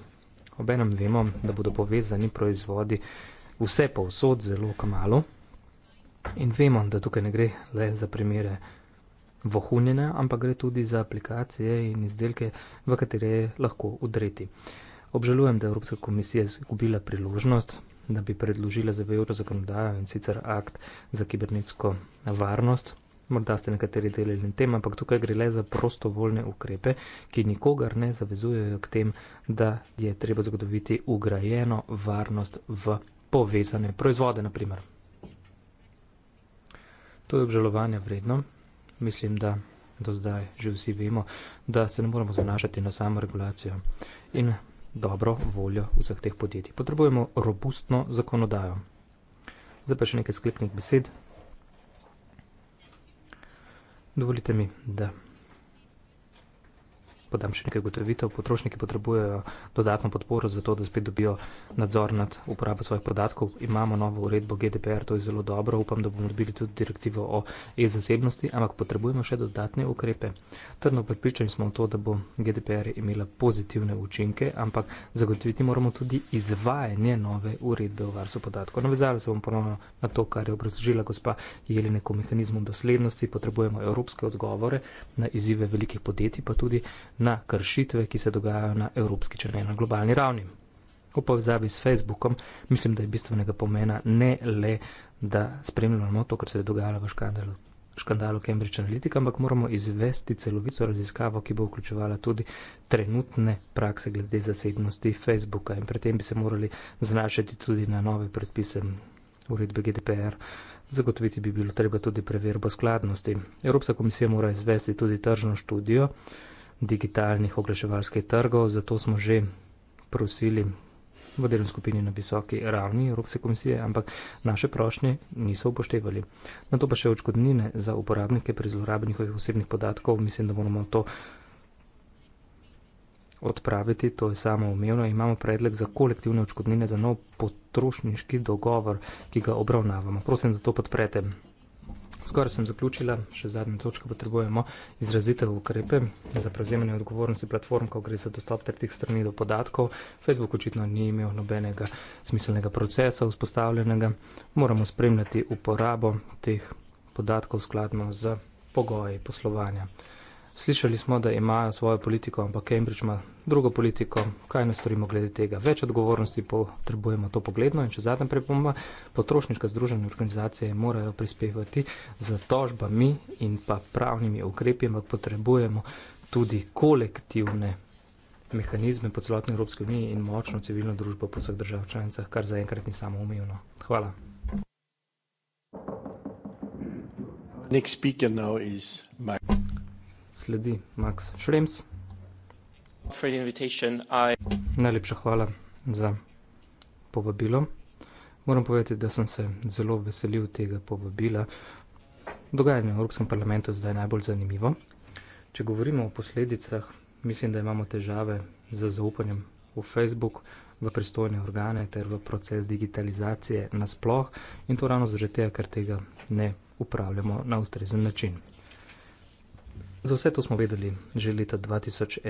S7: Obenem vemo, da bodo povezani proizvodi vse povsod zelo kmalo in vemo, da tukaj ne gre le za primere vohunjene, ampak gre tudi za aplikacije in izdelke, v katere je lahko udreti. Obžalujem, da je Evropska komisija izgubila priložnost da bi predložila za evro zakonodajo in sicer akt za kibernetsko varnost. Morda ste nekateri delili na tem, ampak tukaj gre le za prostovoljne ukrepe, ki nikogar ne zavezujejo k tem, da je treba zagotoviti ugrajeno varnost v povezane proizvode, naprimer. To je obžalovanje vredno. Mislim, da do zdaj že vsi vemo, da se ne moramo zanašati na samo regulacijo. In dobro voljo vseh teh podjetij. Potrebujemo robustno zakonodajo. Zdaj pa še nekaj sklepnih besed. Dovolite mi, da podam še nekaj gotovitev. Potrošniki potrebujejo dodatno podporo za to, da spet dobijo nadzor nad uporabo svojih podatkov. Imamo novo uredbo GDPR, to je zelo dobro. Upam, da bomo dobili tudi direktivo o e-zasebnosti, ampak potrebujemo še dodatne ukrepe. Trdno pripričani smo v to, da bo GDPR imela pozitivne učinke, ampak zagotoviti moramo tudi izvajanje nove uredbe o varstvu podatkov. Navezala se bom ponovno na to, kar je obrazložila gospa Jelene, ko mehanizmom doslednosti potrebujemo evropske odgovore na izzive velikih podjetij, pa tudi na kršitve, ki se dogajajo na evropski, če ne na globalni ravni. V povezavi s Facebookom mislim, da je bistvenega pomena ne le, da spremljamo to, kar se je dogajalo v škandalu, škandalu Cambridge Analytica, ampak moramo izvesti celovico raziskavo, ki bo vključevala tudi trenutne prakse glede zasebnosti Facebooka in pri tem bi se morali zanašati tudi na nove predpise uredbe GDPR. Zagotoviti bi bilo treba tudi preverbo skladnosti. Evropska komisija mora izvesti tudi tržno študijo digitalnih oglaševalskih trgov, zato smo že prosili v delovni skupini na visoki ravni Evropske komisije, ampak naše prošnje niso upoštevali. Na to pa še očkodnine za uporabnike pri zlorabi njihovih osebnih podatkov. Mislim, da moramo to odpraviti, to je samo umevno. Imamo predlog za kolektivne očkodnine za nov potrošniški dogovor, ki ga obravnavamo. Prosim, da to podprete. Skoraj sem zaključila, še zadnjo točko potrebujemo, izrazitev ukrepe za prevzemanje odgovornosti platform, ko gre za dostop tretjih strani do podatkov. Facebook očitno ni imel nobenega smiselnega procesa vzpostavljenega. Moramo spremljati uporabo teh podatkov skladno z pogoji poslovanja. Slišali smo, da imajo svojo politiko, ampak Cambridge ima drugo politiko. Kaj ne storimo glede tega? Več odgovornosti potrebujemo to pogledno in če zadnja prepomba, potrošniška združenja in organizacije morajo prispevati z tožbami in pa pravnimi ukrepi, ampak potrebujemo tudi kolektivne mehanizme po celotni Evropski uniji in močno civilno družbo po vseh državah članicah, kar zaenkrat ni samo umevno. Hvala. Next speaker now is Mike sledi Max Schrems. Najlepša hvala za povabilo. Moram povedati, da sem se zelo veselil tega povabila. Dogajanje v Evropskem parlamentu zdaj je najbolj zanimivo. Če govorimo o posledicah, mislim, da imamo težave z zaupanjem v Facebook, v pristojne organe ter v proces digitalizacije nasploh in to ravno zaradi tega, ker tega ne upravljamo na ustrezen način. Za vse to smo vedeli že leta 2011.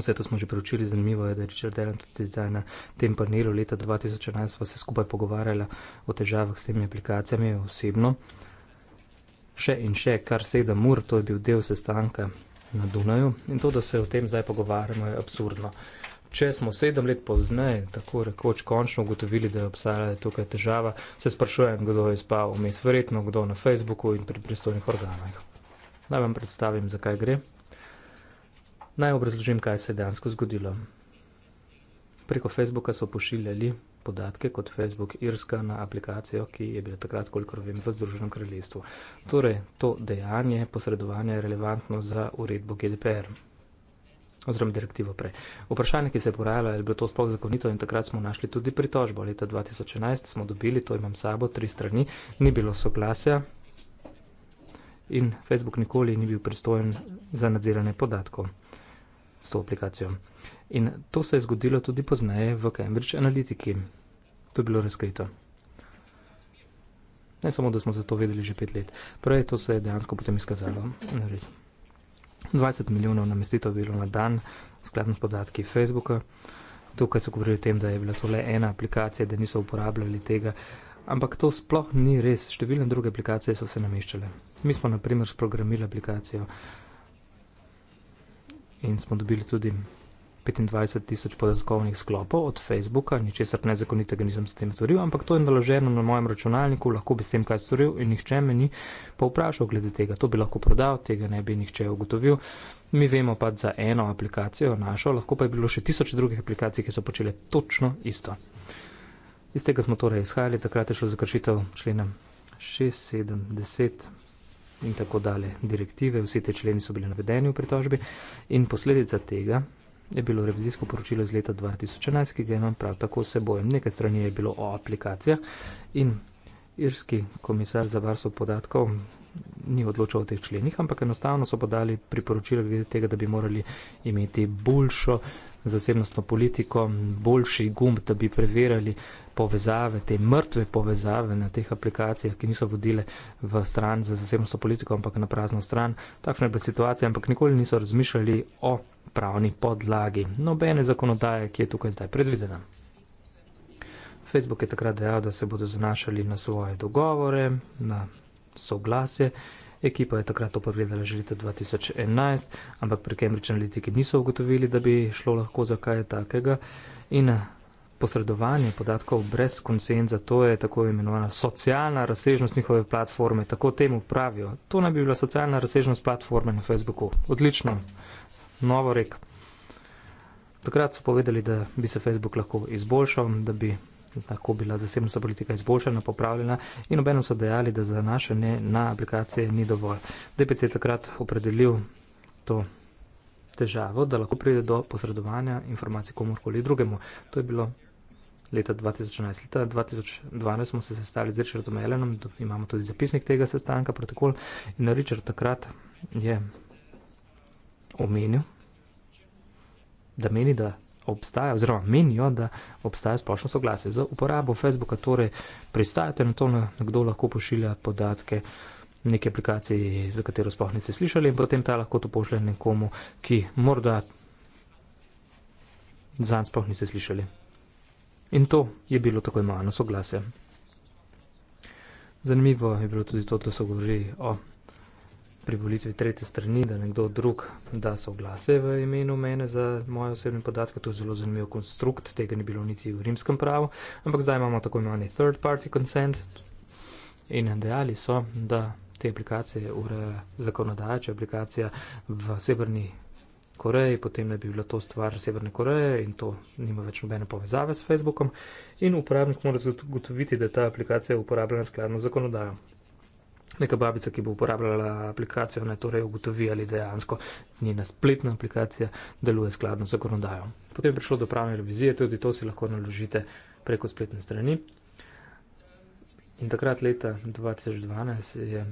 S7: Vse to smo že preučili, zanimivo je, da je Richard Allen tudi zdaj na tem panelu leta 2011, sva se skupaj pogovarjala o težavah s temi aplikacijami osebno. Še in še, kar sedem ur, to je bil del sestanka na Dunaju in to, da se o tem zdaj pogovarjamo, je absurdno. Če smo sedem let pozneje, tako rekoč, končno ugotovili, da je obstajala tukaj težava, se sprašujem, kdo je spal vmes, verjetno kdo na Facebooku in pri pristojnih organih. Naj vam predstavim, zakaj gre. Naj obrazložim, kaj se je dejansko zgodilo. Preko Facebooka so pošiljali podatke kot Facebook Irska na aplikacijo, ki je bila takrat, kolikor vem, v Združenem kraljestvu. Torej, to dejanje posredovanja je relevantno za uredbo GDPR oziroma direktivo prej. Vprašanje, ki se je porajalo, je bilo to sploh zakonito in takrat smo našli tudi pritožbo. Leta 2011 smo dobili, to imam sabo, tri strani, ni bilo soglasja, in Facebook nikoli ni bil pristojen za nadziranje podatkov s to aplikacijo. In to se je zgodilo tudi pozneje v Cambridge Analytici. To je bilo razkrito. Ne samo, da smo za to vedeli že pet let. Prej to se je dejansko potem izkazalo. Res. 20 milijonov namestitev je bilo na dan, skladno s podatki Facebooka. Tukaj so govorili o tem, da je bila to le ena aplikacija, da niso uporabljali tega uh, Ampak to sploh ni res. Številne druge aplikacije so se nameščale. Mi smo, na primer, sprogramili aplikacijo in smo dobili tudi 25 tisoč podatkovnih sklopov od Facebooka, ničesar nezakonitega nisem s tem storil, ampak to je naloženo na mojem računalniku, lahko bi s tem kaj storil in nihče me ni pa vprašal glede tega. To bi lahko prodal, tega ne bi nihče ugotovil. Mi vemo pa za eno aplikacijo našo, lahko pa je bilo še tisoč drugih aplikacij, ki so počele točno isto. Iz tega smo torej izhajali, takrat je šlo za kršitev člena 6, 7, 10 in tako dalje direktive. Vsi te členi so bili navedeni v pritožbi in posledica tega je bilo revizijsko poročilo iz leta 2011, ki ga imam prav tako s sebojem. Nekaj strani je bilo o aplikacijah in irski komisar za varstvo podatkov ni odločal o teh členih, ampak enostavno so podali priporočila glede tega, da bi morali imeti boljšo zasebnostno politiko boljši gumb, da bi preverjali povezave, te mrtve povezave na teh aplikacijah, ki niso vodile v stran za zasebnostno politiko, ampak na prazno stran. Takšna je bila situacija, ampak nikoli niso razmišljali o pravni podlagi. Nobene zakonodaje, ki je tukaj zdaj predvidena. Facebook je takrat dejal, da se bodo zanašali na svoje dogovore, na soglasje. Ekipa je takrat to pregledala že leta 2011, ampak pri Cambridge analitiki niso ugotovili, da bi šlo lahko za kaj takega. In eh, posredovanje podatkov brez konsenza, to je tako imenovana socialna razsežnost njihove platforme, tako temu pravijo. To naj bi bila socialna razsežnost platforme na Facebooku. Odlično. Novo rek. Takrat so povedali, da bi se Facebook lahko izboljšal, da bi lahko bila zasebnost politika izboljšana, popravljena in obenem so dejali, da zanašanje na aplikacije ni dovolj. DPC je takrat opredelil to težavo, da lahko pride do posredovanja informacij komorkoli drugemu. To je bilo leta 2011. Leta 2012 smo se sestali z Richardom Ellenom, imamo tudi zapisnik tega sestanka, protokol in Richard takrat je omenil, da meni, da obstaja, oziroma menijo, da obstaja splošno soglasje. Za uporabo Facebooka torej pristajate na to, da nekdo lahko pošilja podatke neke aplikacije, za katero sploh niste slišali in potem ta lahko to pošlje nekomu, ki morda zanj sploh niste slišali. In to je bilo tako imano soglasje. Zanimivo je bilo tudi to, da so govorili o pri volitvi tretje strani, da nekdo drug da soglase v imenu mene za moje osebne podatke. To je zelo zanimiv konstrukt, tega ni bilo niti v rimskem pravu, ampak zdaj imamo tako imenovani third party consent in dejali so, da te aplikacije ureja zakonodaja, če aplikacija v Severni Koreji, potem ne bi bila to stvar Severne Koreje in to nima več nobene povezave s Facebookom in uporabnik mora zagotoviti, da je ta aplikacija uporabljena skladno z zakonodajo neka babica, ki bo uporabljala aplikacijo, ne torej ugotovi, ali dejansko njena spletna aplikacija deluje skladno z zakonodajo. Potem je prišlo do pravne revizije, tudi to si lahko naložite preko spletne strani. In takrat leta 2012 je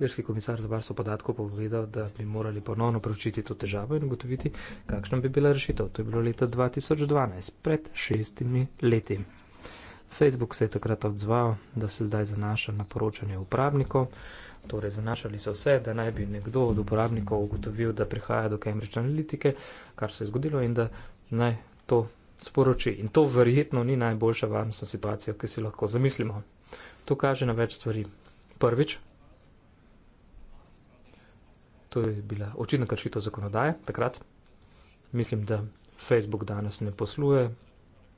S7: irski komisar za varstvo podatkov povedal, da bi morali ponovno preučiti to težavo in ugotoviti, kakšna bi bila rešitev. To je bilo leta 2012, pred šestimi leti. Facebook se je takrat odzval, da se zdaj zanaša na poročanje uporabnikov. Torej, zanašali so vse, da naj bi nekdo od uporabnikov ugotovil, da prihaja do Cambridge Analytica, kar se je zgodilo in da naj to sporoči. In to verjetno ni najboljša varnostna situacija, ki si lahko zamislimo. To kaže na več stvari. Prvič, to je bila očitna kršitev zakonodaje takrat. Mislim, da Facebook danes ne posluje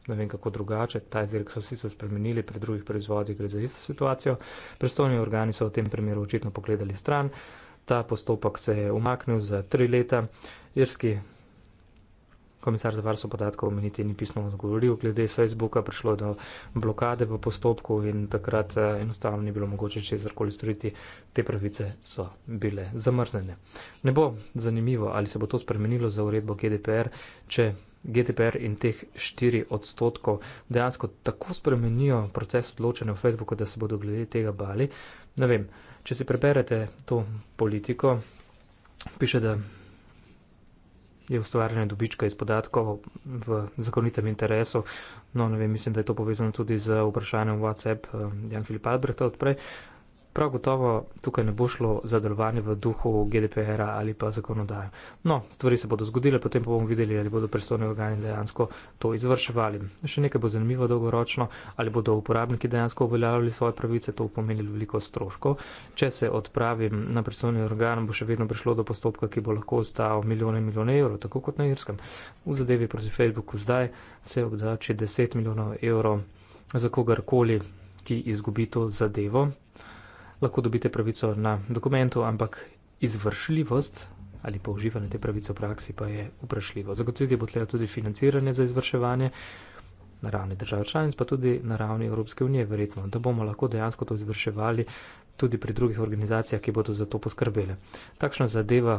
S7: ne vem kako drugače. Ta izdelek so sicer spremenili, pri drugih proizvodih gre za isto situacijo. Prestolni organi so v tem primeru očitno pogledali stran. Ta postopek se je umaknil za tri leta. Irski komisar za varstvo podatkov omeniti ni pisno odgovoril, glede Facebooka prišlo je do blokade v postopku in takrat eh, enostavno ni bilo mogoče še zarkoli storiti. Te pravice so bile zamrznjene. Ne bo zanimivo, ali se bo to spremenilo za uredbo GDPR, če GDPR in teh 4 odstotkov dejansko tako spremenijo proces odločanja v Facebooku, da se bodo glede tega bali. Ne vem, če si preberete to politiko, piše, da je ustvarjanje dobička iz podatkov v zakonitem interesu. No, ne vem, mislim, da je to povezano tudi z vprašanjem WhatsApp eh, Jan Filip Albrehta odprej. Prav gotovo tukaj ne bo šlo za delovanje v duhu GDPR-a ali pa zakonodaje. No, stvari se bodo zgodile, potem pa bomo videli, ali bodo pristojni organi dejansko to izvrševali. Še nekaj bo zanimivo dolgoročno, ali bodo uporabniki dejansko uveljavljali svoje pravice, to pomeni veliko stroškov. Če se odpravim na pristojni organ, bo še vedno prišlo do postopka, ki bo lahko ostal milijone in milijone evrov, tako kot na Irskem. V zadevi proti Facebooku zdaj se obdavči 10 milijonov evrov za kogarkoli, ki izgubi to zadevo lahko dobite pravico na dokumentu, ampak izvršljivost ali pa uživanje te pravice v praksi pa je vprašljivo. Zagotoviti bo treba tudi financiranje za izvrševanje na ravni držav članic, pa tudi na ravni Evropske unije, verjetno, da bomo lahko dejansko to izvrševali tudi pri drugih organizacijah, ki bodo za to poskrbele. Takšna zadeva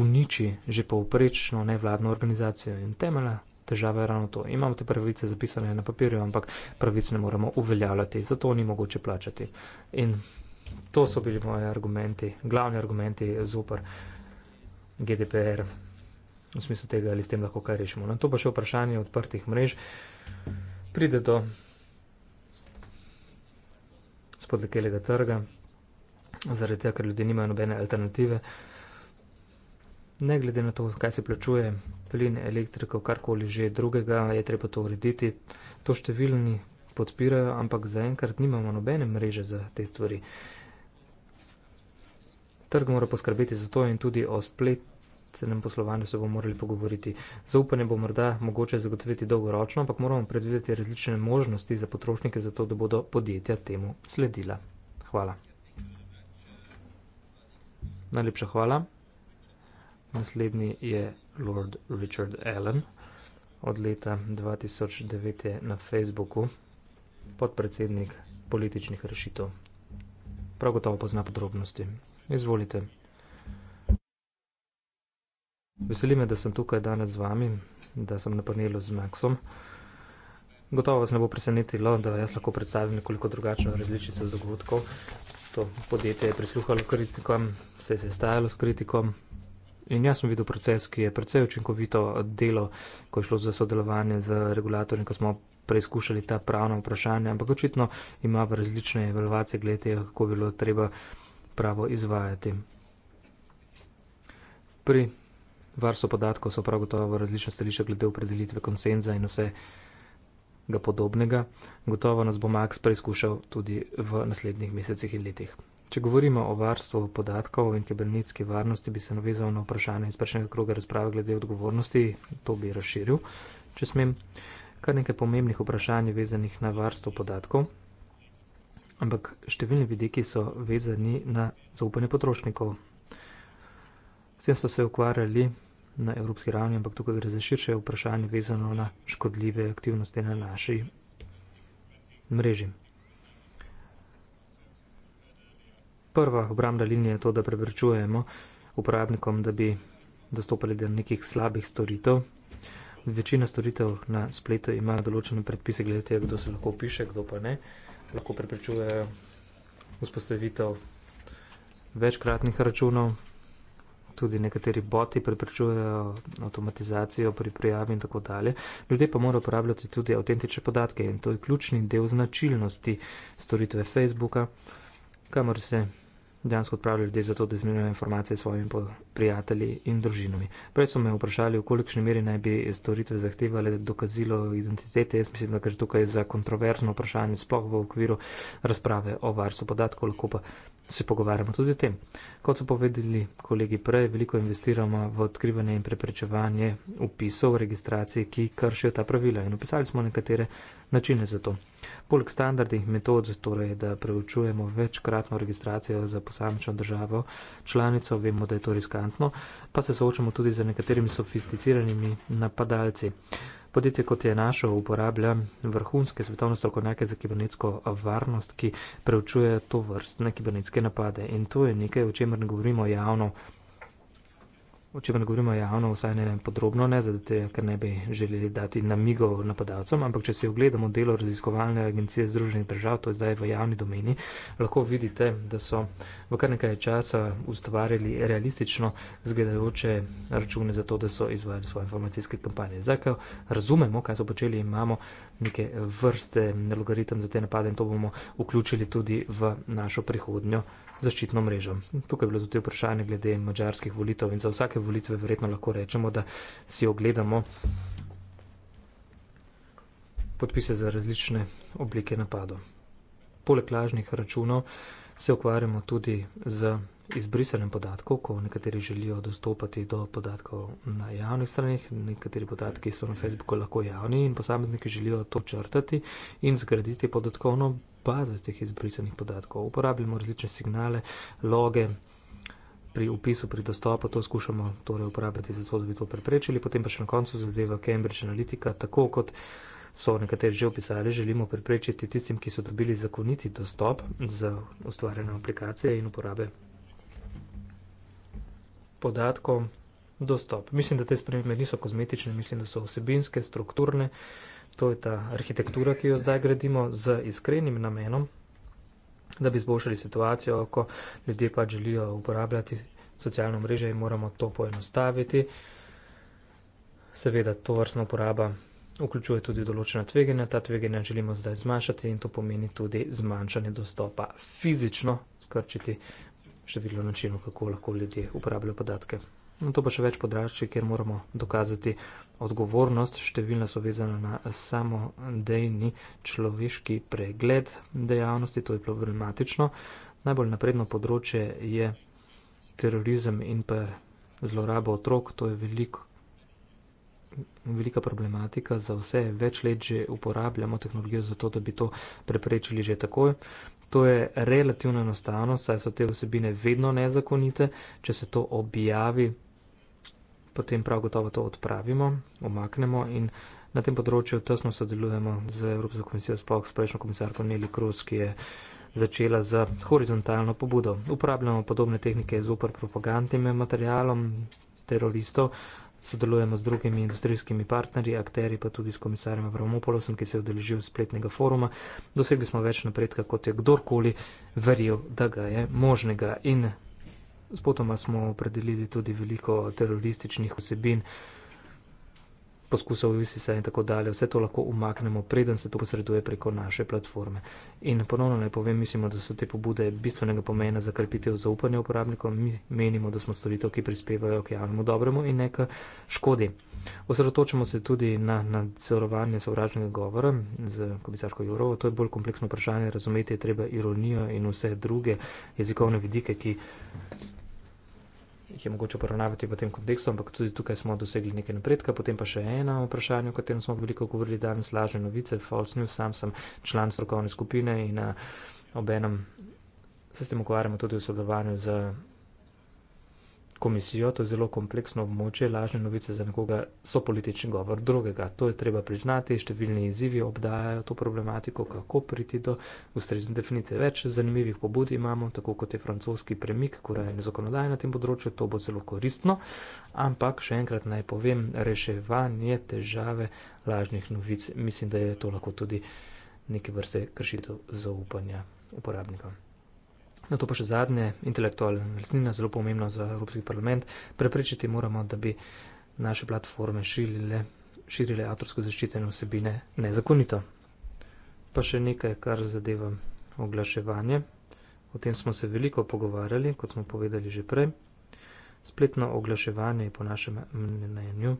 S7: uniči že povprečno nevladno organizacijo in temela težava je ravno to. Imamo te pravice zapisane na papirju, ampak pravic ne moremo uveljavljati, zato ni mogoče plačati. In to so bili moji argumenti, glavni argumenti zoper GDPR, v smislu tega, ali s tem lahko kaj rešimo. Na to pa še vprašanje odprtih mrež pride do spodlekelega trga, zaradi tega, ker ljudje nimajo nobene alternative. Ne glede na to, kaj se plačuje, plin, elektriko, karkoli že drugega, je treba to urediti. To številni podpirajo, ampak zaenkrat nimamo nobene mreže za te stvari trg mora poskrbeti za to in tudi o spletnem poslovanju se bomo morali pogovoriti. Zaupanje bo morda mogoče zagotoviti dolgoročno, ampak moramo predvideti različne možnosti za potrošnike, zato da bodo podjetja temu sledila. Hvala. Najlepša hvala. Naslednji je Lord Richard Allen od leta 2009 na Facebooku, podpredsednik političnih rešitev. Prav gotovo pozna podrobnosti. Izvolite. Veseli me, da sem tukaj danes z vami, da sem na panelu z Maxom. Gotovo vas ne bo presenetilo, da jaz lahko predstavim nekoliko drugačno različico dogodkov. To podjetje je prisluhalo kritikom, se je sestajalo s kritikom in jaz sem videl proces, ki je precej učinkovito delo, ko je šlo za sodelovanje z regulatorjem, ko smo preizkušali ta pravna vprašanja, ampak očitno ima v različne evalvacije glede, kako bi bilo treba pravo izvajati. Pri varstvu podatkov so prav gotovo različne stališče glede opredelitve konsenza in vsega podobnega. Gotovo nas bo Max preizkušal tudi v naslednjih mesecih in letih. Če govorimo o varstvu podatkov in kibernetski varnosti, bi se navezal na vprašanje iz prejšnjega kroga razprave glede odgovornosti. To bi razširil, če smem. Kar nekaj pomembnih vprašanj vezanih na varstvo podatkov ampak številni vidiki so vezani na zaupanje potrošnikov. S tem so se ukvarjali na evropski ravni, ampak tukaj gre za širše vprašanje vezano na škodljive aktivnosti na naši mreži. Prva obramna linija je to, da preprečujemo uporabnikom, da bi dostopali do nekih slabih storitev. Večina storitev na spletu ima določene predpise glede tega, kdo se lahko piše, kdo pa ne. Uh, lahko preprečujejo vzpostavitev večkratnih računov, tudi nekateri boti preprečujejo avtomatizacijo pri prijavi in tako dalje. Ljudje pa morajo uporabljati tudi avtentične podatke in to je ključni del značilnosti storitve Facebooka, kamor se dejansko odpravljajo ljudi za to, da izmenjujejo informacije s svojimi prijatelji in družinami. Prej so me vprašali, v kolikšni meri naj bi storitve zahtevali dokazilo identitete. Jaz mislim, da gre tukaj za kontroverzno vprašanje, sploh v okviru razprave o varstvu podatkov, lahko pa se pogovarjamo tudi o tem. Kot so povedali kolegi prej, veliko investiramo v odkrivanje in preprečevanje upisov, registracij, ki kršijo ta pravila in opisali smo nekatere načine za to. Poleg standardnih metod, torej da preučujemo večkratno registracijo za posamično državo, članico, vemo, da je to riskantno, pa se soočamo tudi z nekaterimi sofisticiranimi napadalci. Podjetje, kot je našo, uporablja vrhunske svetovne strokovnjake za kibernetsko varnost, ki preučuje to vrstne kibernetske napade. In to je nekaj, o čemer ne govorimo javno. O čem govorimo javno, vsaj ne, ne podrobno, ne zato, te, ker ne bi želeli dati namigov napadalcem, ampak če si ogledamo delo raziskovalne agencije Združenih držav, to je zdaj v javni domeni, lahko vidite, da so v kar nekaj časa ustvarjali realistično zgledajoče račune za to, da so izvajali svoje informacijske kampanje. Zdaj, ko razumemo, kaj so počeli, imamo neke vrste logaritem za te napade in to bomo vključili tudi v našo prihodnjo zaščitno mrežo. Tukaj je bilo tudi vprašanje glede mađarskih volitev in za vsake volitve verjetno lahko rečemo, da si ogledamo podpise za različne oblike napadov. Poleg lažnih računov se ukvarjamo tudi z izbrisanjem podatkov, ko nekateri želijo dostopati do podatkov na javnih stranih, nekateri podatki so na Facebooku lahko javni in posamezniki želijo to črtati in zgraditi podatkovno bazo iz teh izbrisanih podatkov. Uporabljamo različne signale, loge. Pri upisu, pri dostopu to skušamo torej uporabljati, zato da bi to preprečili. Potem pa še na koncu zadeva Cambridge Analytica. Tako kot so nekateri že opisali, želimo preprečiti tistim, ki so dobili zakoniti dostop za ustvarjene aplikacije in uporabe podatkov dostop. Mislim, da te spremembe niso kozmetične, mislim, da so vsebinske, strukturne. To je ta arhitektura, ki jo zdaj gradimo z iskrenim namenom, da bi zboljšali situacijo, ko ljudje pač želijo uporabljati socialno mreže in moramo to poenostaviti. Seveda, to vrstna uporaba vključuje tudi določena tveganja, ta tveganja želimo zdaj zmanjšati in to pomeni tudi zmanjšanje dostopa, fizično skrčiti število načinov, kako lahko ljudje uporabljajo podatke. No, to pa še več področje, kjer moramo dokazati odgovornost. Številna so vezana na samodejni človeški pregled dejavnosti, to je problematično. Najbolj napredno področje je terorizem in pa zloraba otrok, to je veliko. Velika problematika za vse, več let že uporabljamo tehnologijo za to, da bi to preprečili že takoj. To je relativno enostavno, saj so te vsebine vedno nezakonite. Če se to objavi, potem prav gotovo to odpravimo, omaknemo in na tem področju tesno sodelujemo z Evropsko komisijo, sploh s prejšnjo komisarko Neli Kruz, ki je začela z horizontalno pobudo. Uporabljamo podobne tehnike z upor propagandnim materialom teroristov, Sodelujemo z drugimi industrijskimi partnerji, akteri, pa tudi s komisarjem Avramopolosom, ki se je odeležil spletnega foruma. Dosegli smo več napredka, kot je kdorkoli verjel, da ga je možnega. In s potoma smo opredelili tudi veliko terorističnih vsebin poskusov UCSA in tako dalje, vse to lahko umaknemo, preden se to posreduje preko naše platforme. In ponovno naj povem, mislimo, da so te pobude bistvenega pomena za krepitev zaupanja uporabnikov, mi menimo, da smo storitev, ki prispevajo k javnemu dobremu in ne k škodi. Osredotočamo se tudi na nadzorovanje sovražnega govora z komisarko Jurovo, to je bolj kompleksno vprašanje, razumeti je treba ironijo in vse druge jezikovne vidike, ki jih je mogoče poravnavati v tem kontekstu, ampak tudi tukaj smo dosegli nekaj napredka. Potem pa še ena vprašanja, o katerem smo veliko govorili danes, lažne novice, false news, sam sem član strokovne skupine in uh, eh, obenem se s tem ukvarjamo tudi v sodelovanju z komisijo, to je zelo kompleksno območje, lažne novice za nekoga so politični govor drugega. To je treba priznati, številni izzivi obdajajo to problematiko, kako priti do ustrezne definicije. Več zanimivih pobud imamo, tako kot je francoski premik, kuraj in zakonodaj na tem področju, to bo zelo koristno, ampak še enkrat naj povem, reševanje težave lažnih novic, mislim, da je to lahko tudi neke vrste kršitev zaupanja uporabnikom. Na to pa še zadnje, intelektualna resnina, zelo pomembna za Evropski parlament. Preprečiti moramo, da bi naše platforme širile, širile avtorsko zaščitene vsebine nezakonito. Pa še nekaj, kar zadeva oglaševanje. O tem smo se veliko pogovarjali, kot smo povedali že prej. Spletno oglaševanje je po našem mnenju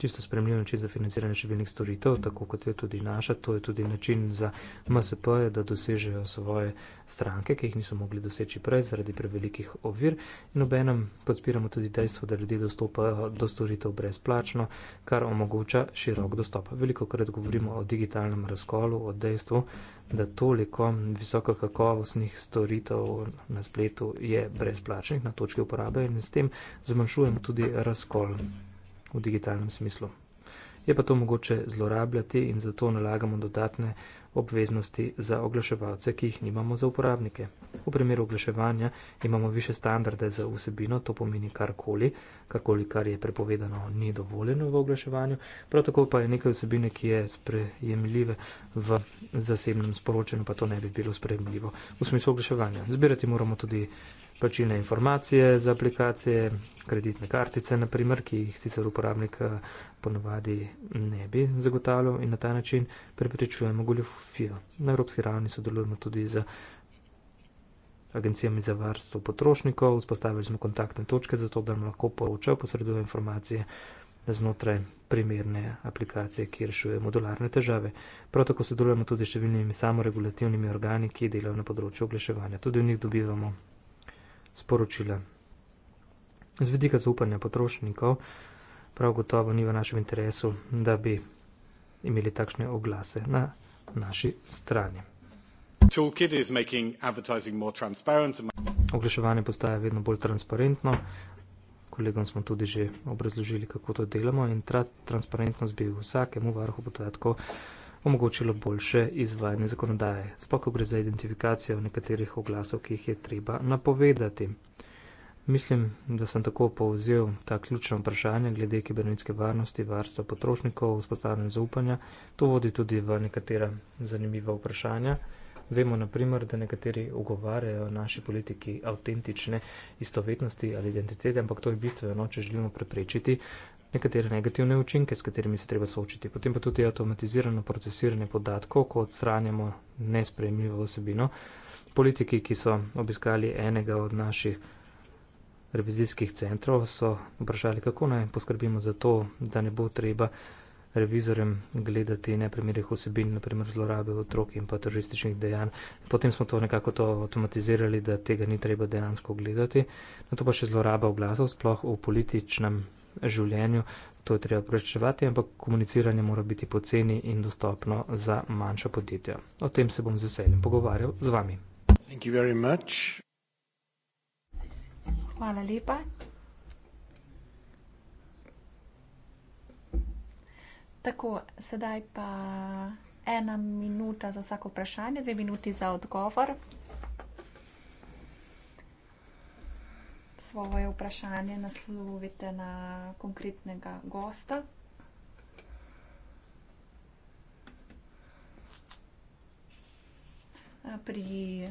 S7: čisto spremljiv način za financiranje številnih storitev, tako kot je tudi naša. To je tudi način za MSP, -e, da dosežejo svoje stranke, ki jih niso mogli doseči prej zaradi prevelikih ovir. In obenem podpiramo tudi dejstvo, da ljudje dostopajo do storitev brezplačno, kar omogoča širok dostop. Veliko krat govorimo o digitalnem razkolu, o dejstvu, da toliko visoko kakovostnih storitev na spletu je brezplačnih na točki uporabe in s tem zmanjšujemo tudi razkol v digitalnem smislu. Je pa to mogoče zlorabljati in zato nalagamo dodatne obveznosti za oglaševalce, ki jih nimamo za uporabnike. V primeru oglaševanja imamo više standarde za vsebino, to pomeni karkoli, karkoli, kar je prepovedano, ni dovoljeno v oglaševanju, prav tako pa je nekaj vsebine, ki je sprejemljive v zasebnem sporočenju, pa to ne bi bilo sprejemljivo v smislu oglaševanja. Zbirati moramo tudi plačilne informacije za aplikacije, kreditne kartice, naprimer, ki jih sicer uporabnik eh, ponavadi ne bi zagotavljal in na ta način preprečujemo goljofijo. Na evropski ravni sodelujemo tudi z agencijami za varstvo potrošnikov, vzpostavili smo kontaktne točke, zato da nam lahko poročajo, posredujejo informacije znotraj primerne aplikacije, ki rešuje modularne težave. Prav tako sodelujemo tudi s številnimi samoregulativnimi organi, ki delajo na področju oglaševanja. Tudi v njih dobivamo sporočile. Z vidika zaupanja potrošnikov prav gotovo ni v našem interesu, da bi imeli takšne oglase na naši strani. Oglaševanje postaja vedno bolj transparentno. Kolegom smo tudi že obrazložili, kako to delamo in ta transparentnost bi vsakemu varhu podatkov omogočilo boljše izvajanje zakonodaje, spoko gre za identifikacijo nekaterih oglasov, ki jih je treba napovedati. Mislim, da sem tako povzel ta ključna vprašanja glede kibernetske varnosti, varstva potrošnikov, vzpostavljanja zaupanja. To vodi tudi v nekatera zanimiva vprašanja. Vemo, naprimer, da nekateri ugovarjajo naši politiki avtentične istovetnosti ali identitete, ampak to je bistveno, če želimo preprečiti, nekatere negativne učinke, s katerimi se treba soočiti. Potem pa tudi avtomatizirano procesiranje podatkov, ko odstranjamo nespremljivo osebino. Politiki, ki so obiskali enega od naših revizijskih centrov, so vprašali, kako naj poskrbimo za to, da ne bo treba revizorjem gledati neprimerih osebin, naprimer zlorabe otrok in pa turističnih dejanj. Potem smo to nekako to avtomatizirali, da tega ni treba dejansko gledati. Na to pa še zloraba oglasov, sploh v političnem življenju, to je treba preprečevati, ampak komuniciranje mora biti poceni in dostopno za manjša podjetja. O tem se bom z veseljem pogovarjal z vami.
S8: Hvala lepa. Tako, sedaj pa ena minuta za vsako vprašanje, dve minuti za odgovor. svoje vprašanje naslovite na konkretnega gosta. Eh, pri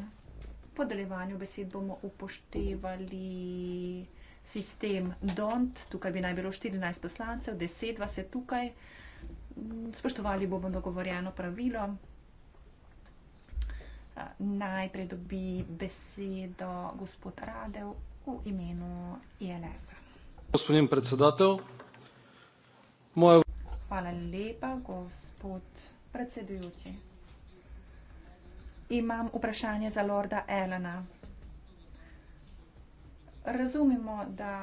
S8: podeljevanju besed bomo upoštevali sistem DONT. Tukaj bi naj bilo 14 poslancev, 10 vas je tukaj. Mm, spoštovali bomo dogovorjeno pravilo. Eh, najprej dobi besedo gospod Radev, v imenu ILS.
S7: Gospodin predsedatelj, moje.
S8: Hvala lepa, gospod predsedujoči. Imam vprašanje za lorda Elena. Razumemo, da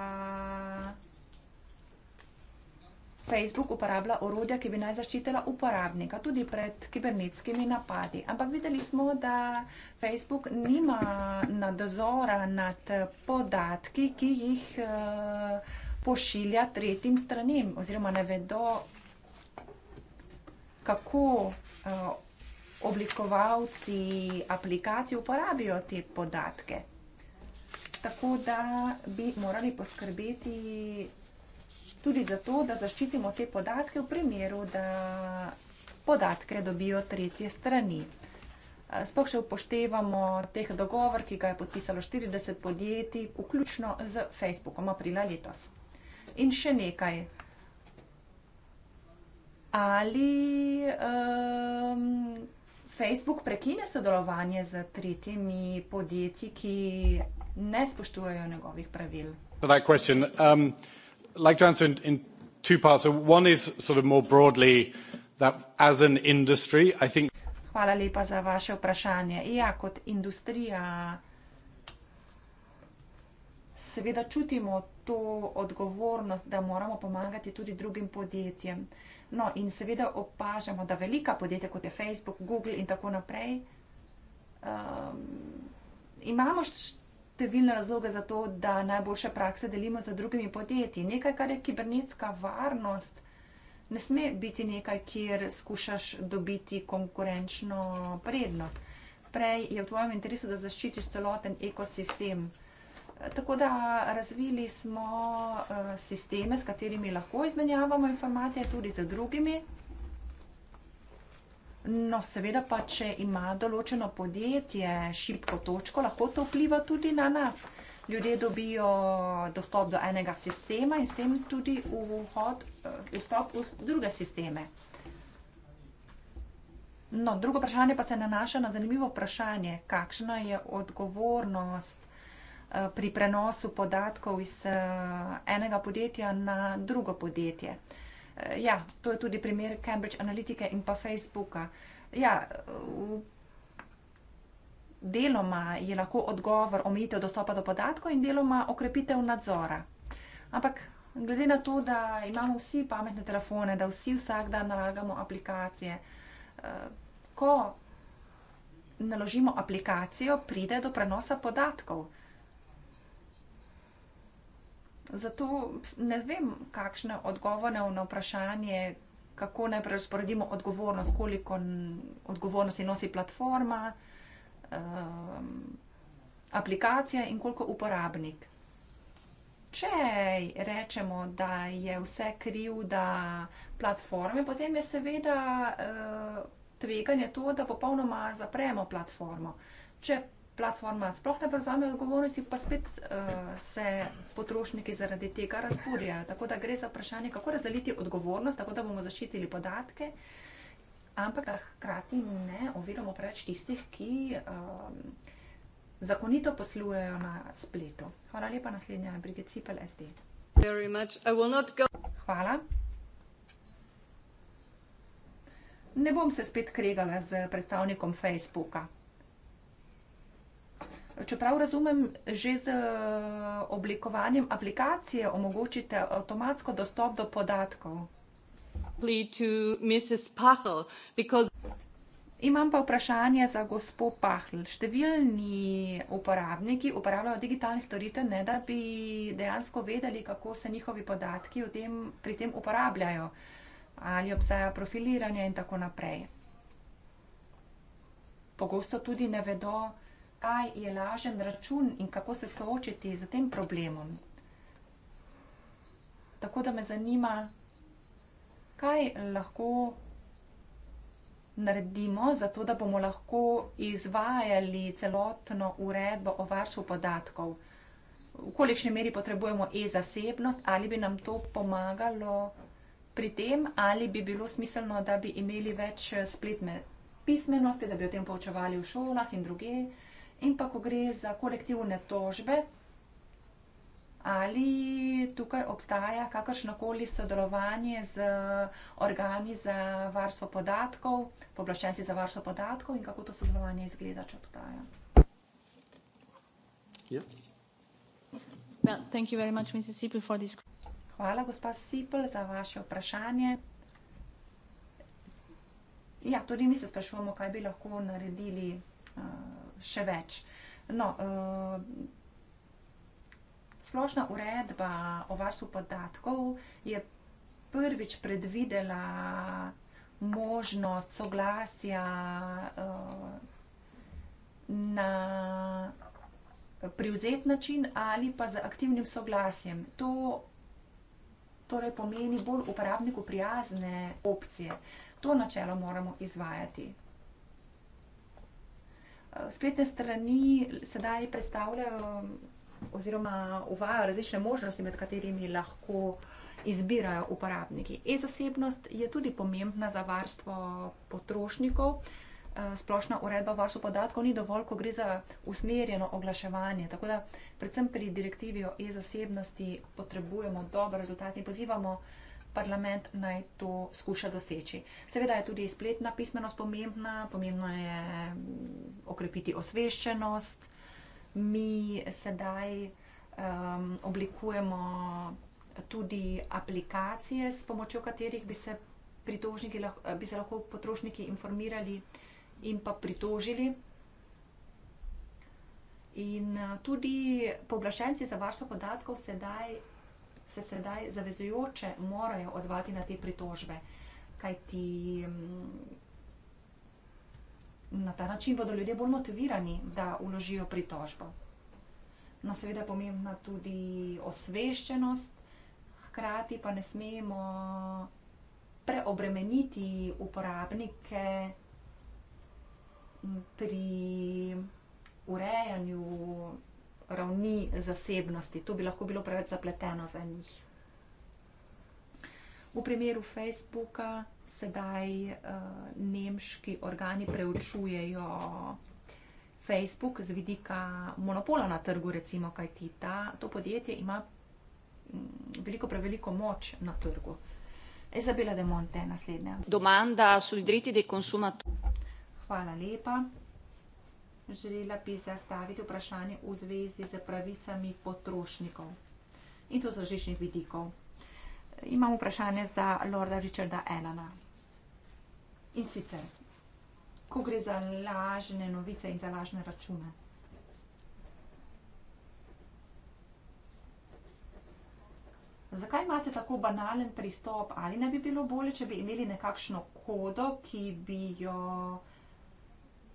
S8: Facebook uporablja orodja, ki bi naj zaščitila uporabnika tudi pred kibernetskimi napadi. Ampak videli smo, da Facebook nima nadzora nad podatki, ki jih eh, pošilja tretjim stranim oziroma ne vedo, kako eh, oblikovalci aplikacij uporabijo te podatke. Tako da bi morali poskrbeti tudi zato, da zaščitimo te podatke v primeru, da podatke dobijo tretje strani. Sploh še upoštevamo teh dogovor, ki ga je podpisalo 40 podjetij, vključno z Facebookom aprila letos. In še nekaj. Ali um, Facebook prekine sodelovanje z tretjimi podjetji, ki ne spoštujejo njegovih pravil?
S4: To je vprašanje like to answer in, in two parts. So one is sort of more broadly that as an industry, I think.
S8: Hvala lepa za vaše vprašanje. Ja, kot industrija seveda čutimo to odgovornost, da moramo pomagati tudi drugim podjetjem. No in seveda opažamo, da velika podjetja, kot je Facebook, Google in tako naprej, um, imamo št številne razloge za to, da najboljše prakse delimo z drugimi podjetji. Nekaj, kar je kibernetska varnost, ne sme biti nekaj, kjer skušaš dobiti konkurenčno prednost. Prej je v tvojem interesu, da zaščitiš celoten ekosistem. Tako da razvili smo eh, sisteme, s katerimi lahko izmenjavamo informacije tudi z drugimi No, seveda pa, če ima določeno podjetje šibko točko, lahko to vpliva tudi na nas. Ljudje dobijo dostop do enega sistema in s tem tudi vhod, eh, vstop v druge sisteme. No, drugo vprašanje pa se nanaša na zanimivo vprašanje, kakšna je odgovornost eh, pri prenosu podatkov iz eh, enega podjetja na drugo podjetje. Eh, ja, to je tudi primer Cambridge Analytica in pa Facebooka. Ja, eh, deloma je lahko odgovor omejitev dostopa do podatkov in deloma okrepitev nadzora. Ampak glede na to, da imamo vsi pametne telefone, da vsi vsak dan nalagamo aplikacije, eh, ko naložimo aplikacijo, pride do prenosa podatkov. Zato ne vem, kakšne odgovore na vprašanje, kako naj prerasporedimo odgovornost, koliko odgovornosti nosi platforma, um, aplikacija in koliko uporabnik. Če rečemo, da je vse kriv, da platforme, potem je seveda uh, tveganje to, da popolnoma zapremo platformo. Če platforma sploh ne prevzame odgovornosti, pa spet uh, se potrošniki zaradi tega razburjajo. Tako da gre za vprašanje, kako razdeliti odgovornost, tako da bomo zaščitili podatke, ampak da hkrati ne oviramo preveč tistih, ki um, zakonito poslujejo na spletu. Hvala lepa, naslednja je Brigitte Cipel, SD. Hvala. Ne bom se spet kregala z predstavnikom Facebooka. Čeprav razumem, že z eh, oblikovanjem aplikacije omogočite avtomatsko dostop do podatkov. Pachl, because... Imam pa vprašanje za gospod Pahl. Številni uporabniki uporabljajo digitalne storitve, ne da bi dejansko vedeli, kako se njihovi podatki tem, pri tem uporabljajo, ali obstaja profiliranje in tako naprej. Pogosto tudi ne vedo, kaj je lažen račun in kako se soočiti z tem problemom. Tako da me zanima, kaj lahko naredimo, zato da bomo lahko izvajali celotno uredbo o varstvu podatkov. V kolikšni meri potrebujemo e-zasebnost, ali bi nam to pomagalo pri tem, ali bi bilo smiselno, da bi imeli več spletne pismenosti, da bi o tem poučevali v šolah in druge in pa ko gre za kolektivne tožbe, ali tukaj obstaja kakršnokoli sodelovanje z organi za varstvo podatkov, poblaščenci za varstvo podatkov in kako to sodelovanje izgleda, če obstaja. Ja. Hvala, gospa Sipel, za vaše vprašanje. Ja, tudi mi se sprašujemo, kaj bi lahko naredili. Uh, še več. No, eh, splošna uredba o varstvu podatkov je prvič predvidela možnost soglasja eh, na privzet način ali pa z aktivnim soglasjem. To torej pomeni bolj uporabniku prijazne opcije. To načelo moramo izvajati. Eh, spletne strani sedaj predstavljajo oziroma uvajo različne možnosti, med katerimi lahko izbirajo uporabniki. E-zasebnost je tudi pomembna za varstvo potrošnikov. Eh, splošna uredba o varstvu podatkov ni dovolj, ko gre za usmerjeno oglaševanje. Tako da predvsem pri direktivi o e-zasebnosti potrebujemo dober rezultat in pozivamo parlament naj to skuša doseči. Seveda je tudi spletna pismenost pomembna, pomembno je mm, okrepiti osveščenost. Mi sedaj um, oblikujemo tudi aplikacije, s pomočjo katerih bi se, lahko, bi se lahko potrošniki informirali in pa pritožili. In eh, tudi povlašenci za varstvo podatkov sedaj se sedaj zavezujoče morajo odzvati na te pritožbe, kajti mm, na ta način bodo ljudje bolj motivirani, da uložijo pritožbo. No, seveda je pomembna tudi osveščenost, hkrati pa ne smemo preobremeniti uporabnike pri urejanju ravni zasebnosti. To bi lahko bilo preveč zapleteno za njih. V primeru Facebooka sedaj uh, nemški organi preučujejo Facebook z vidika monopola na trgu, recimo, kaj ti ta, to podjetje ima mm, veliko preveliko moč na trgu. Izabela De Monte, naslednja. Domanda solidariteti dei consumatori. Hvala lepa želela bi zastaviti vprašanje v zvezi z pravicami potrošnikov in to z različnih vidikov. Imam vprašanje za lorda Richarda Elana. In sicer, ko gre za lažne novice in za lažne račune. Zakaj imate tako banalen pristop? Ali ne bi bilo bolje, če bi imeli nekakšno kodo, ki bi jo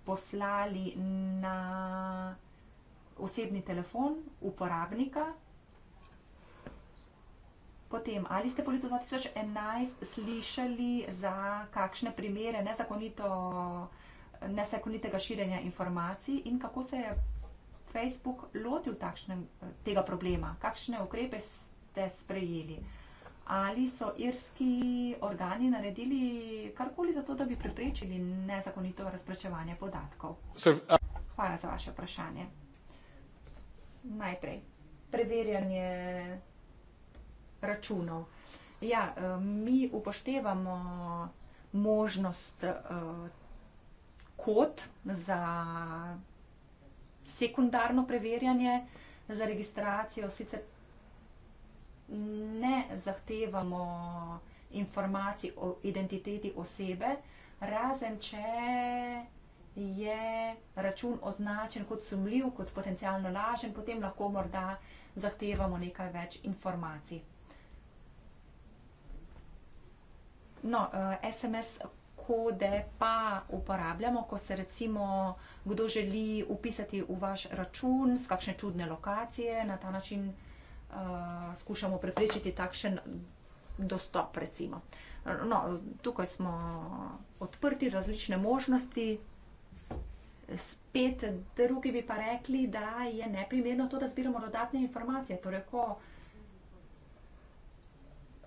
S8: poslali na osebni telefon uporabnika. Potem, ali ste po letu 2011 slišali za kakšne primere nezakonito, nezakonitega širjenja informacij in kako se je Facebook lotil takšne, tega problema? Kakšne ukrepe ste sprejeli? Uh, ali so irski organi naredili karkoli za to, da bi preprečili nezakonito razprečevanje podatkov? Hvala za vaše vprašanje. Najprej, preverjanje računov. Ja, e, mi upoštevamo možnost e, kot za sekundarno preverjanje, za registracijo sicer ne zahtevamo informacij o identiteti osebe, razen če je račun označen kot sumljiv, kot potencialno lažen, potem lahko morda zahtevamo nekaj več informacij. No, SMS eh, kode pa uporabljamo, ko se recimo kdo želi upisati v vaš račun z kakšne čudne lokacije, na ta način vsega uh, skušamo preprečiti takšen dostop. No, tukaj smo odprti različne možnosti. Spet drugi bi pa rekli, da je neprimerno to, da zbiramo dodatne informacije. Torej, ko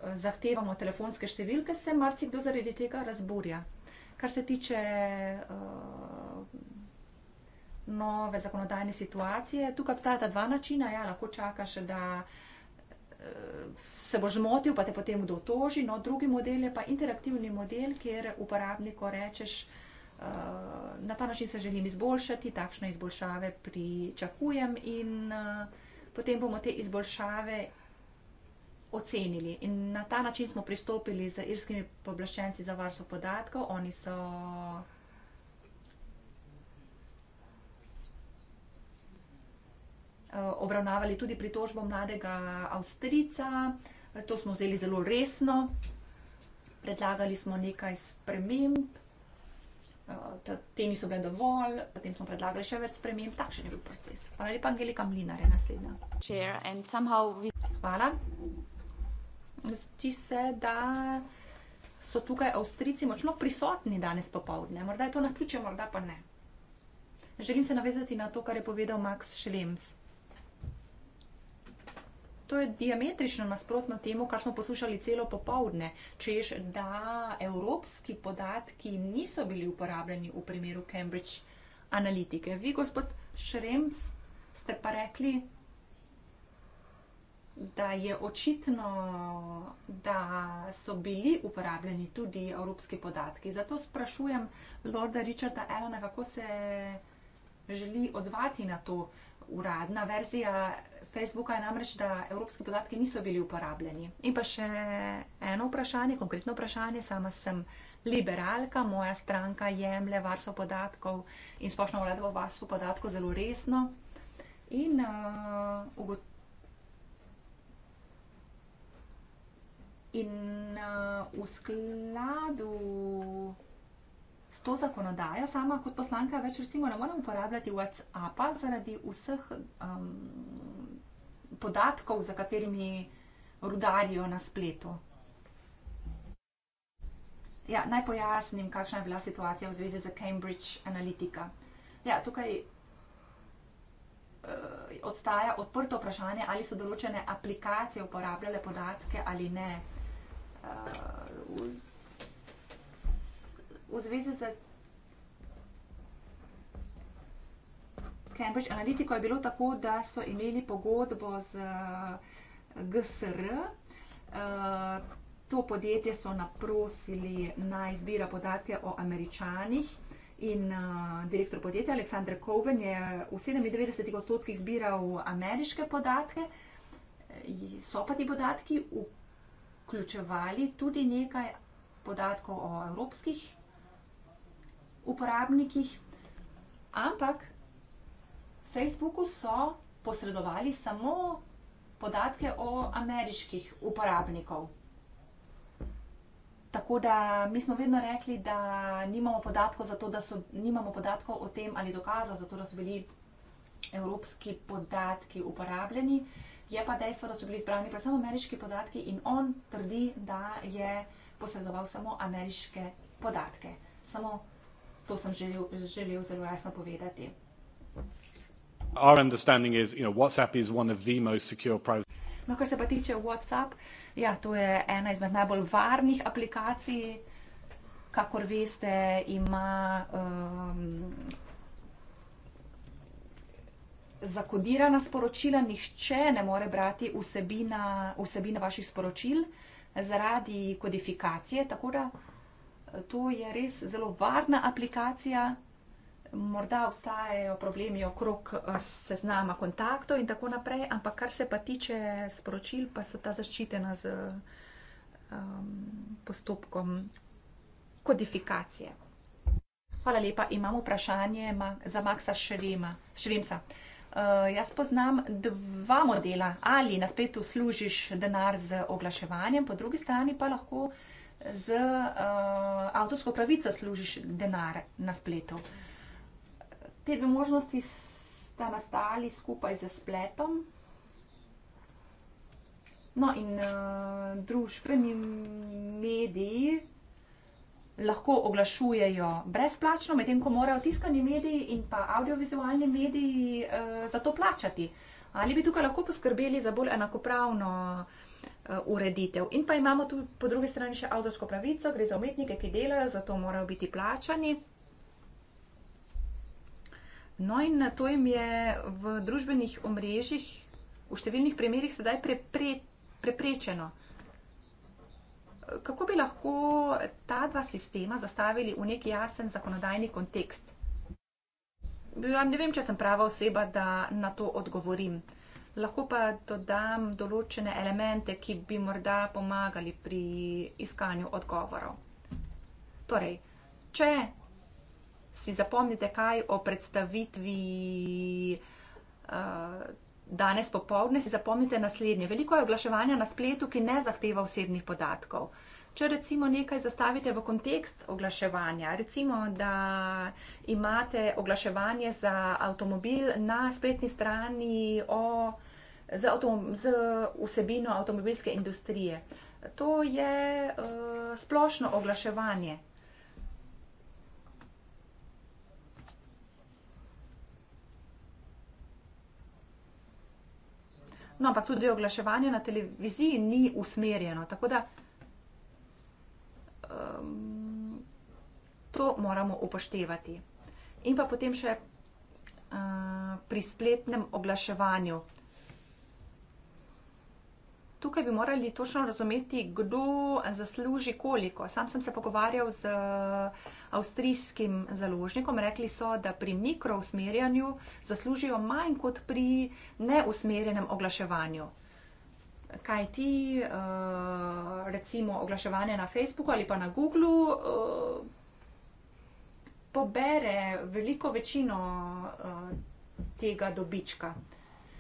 S8: eh, zahtevamo telefonske številke, se marsikdo zaradi tega razburja. Kar se tiče uh, nove zakonodajne situacije. Tukaj obstajata dva načina, ja, lahko čakaš, da eh, se boš motil, pa te potem kdo toži. No, drugi model je pa interaktivni model, kjer uporabniku rečeš, eh, na ta način se želim izboljšati, takšne izboljšave pričakujem in eh, potem bomo te izboljšave ocenili. In na ta način smo pristopili z irskimi poblaščenci za varstvo podatkov. Oni so Eh, obravnavali tudi pritožbo mladega Avstrica, eh, to smo vzeli zelo resno. Predlagali smo nekaj sprememb, eh, te niso bile dovolj, potem smo predlagali še več sprememb, takšen je bil proces. Hvala lepa, Angelika Mlinar je naslednja. Hvala. Zdi se, da so tukaj Avstrici močno prisotni danes popovdne. Morda je to na ključe, morda pa ne. Želim se navezati na to, kar je povedal Max Šlems. To je diametrično nasprotno temu, kar smo poslušali celo popovdne, češ, da evropski podatki niso bili uporabljeni v primeru Cambridge Analytica. Vi, gospod Šrems, ste pa rekli, da je očitno, da so bili uporabljeni tudi evropski podatki. Zato sprašujem Lorda Richarda Elena, kako se želi odzvati na to uradna verzija Facebooka je namreč, da evropski podatki niso bili uporabljeni. In pa še eno vprašanje, konkretno vprašanje. Sama sem liberalka, moja stranka jemlje varstvo podatkov in splošno vladavo varstvo podatkov zelo resno. In uh, ugotovljeno. In uh, v skladu s to zakonodajo, sama kot poslanka, več recimo ne morem uporabljati WhatsAppa zaradi vseh um, podatkov, za katerimi rudarijo na spletu. Ja, naj pojasnim, kakšna je bila situacija v zvezi z Cambridge Analytica. Ja, tukaj uh, obstaja odprto vprašanje, ali so določene aplikacije uporabljale podatke ali ne. Uh, v, v zvezi z Cambridge Analytico je bilo tako, da so imeli pogodbo z eh, GSR. Eh, to podjetje so naprosili naj zbira podatke o američanih in eh, direktor podjetja Aleksandr Koven je v 97 odstotkih zbiral ameriške podatke. So pa ti podatki vključevali tudi nekaj podatkov o evropskih uporabnikih, ampak Facebooku so posredovali samo podatke o ameriških uporabnikov. Tako da mi smo vedno rekli, da nimamo podatkov, to, da so, nimamo podatkov o tem ali dokazov, zato da so bili evropski podatki uporabljeni. Je pa dejstvo, da so bili zbrani predvsem ameriški podatki in on trdi, da je posredoval samo ameriške podatke. Samo to sem želel, želel zelo jasno povedati
S5: our understanding is, you know, WhatsApp is one of the most secure privacy.
S8: No, kar se pa tiče WhatsApp, ja, to je ena izmed najbolj varnih aplikacij. Kakor veste, ima um, zakodirana sporočila, nihče ne more brati vsebina, vsebina vaših sporočil zaradi kodifikacije. Tako da to je res zelo varna aplikacija morda obstajajo problemi okrog eh, seznama kontaktov in tako naprej, ampak kar se pa tiče sporočil, pa so ta zaščitena z um, postopkom kodifikacije. Hvala lepa, imamo vprašanje za Maksa Šremsa. Uh, jaz poznam dva modela. Ali na spletu služiš denar z oglaševanjem, po drugi strani pa lahko z uh, avtorsko pravico služiš denar na spletu. Uh, te dve možnosti sta nastali skupaj z spletom. No, in uh, družbeni mediji lahko oglašujejo brezplačno, medtem ko morajo tiskani mediji in pa audiovizualni mediji uh, za to plačati. Ali bi tukaj lahko poskrbeli za bolj enakopravno uh, ureditev? In pa imamo tu po drugi strani še avtorsko pravico, gre za umetnike, ki delajo, zato morajo biti plačani. No, in na to jim je v družbenih omrežjih v številnih primerjih sedaj prepre, preprečeno. Kako bi lahko ta dva sistema zastavili v neki jasen zakonodajni kontekst? Ja, ne vem, če sem prava oseba, da na to odgovorim. Lahko pa dodam določene elemente, ki bi morda pomagali pri iskanju odgovorov. Torej, če si zapomnite kaj o predstavitvi uh, danes popovdne, si zapomnite naslednje. Veliko je oglaševanja na spletu, ki ne zahteva osebnih podatkov. Če recimo nekaj zastavite v kontekst oglaševanja, recimo, da imate oglaševanje za avtomobil na spletni strani o, z, avtom, z vsebino avtomobilske industrije. To je uh, splošno oglaševanje, no, ampak tudi oglaševanje na televiziji ni usmerjeno. Tako da um, to moramo upoštevati. In pa potem še uh, pri spletnem oglaševanju tukaj bi morali točno razumeti, kdo zasluži koliko. Sam sem se pogovarjal z eh, avstrijskim založnikom, rekli so, da pri mikrousmerjanju zaslužijo manj kot pri neusmerjenem oglaševanju. Kaj ti, eh, recimo, oglaševanje na Facebooku ali pa na Googlu, eh, pobere veliko večino tega dobička.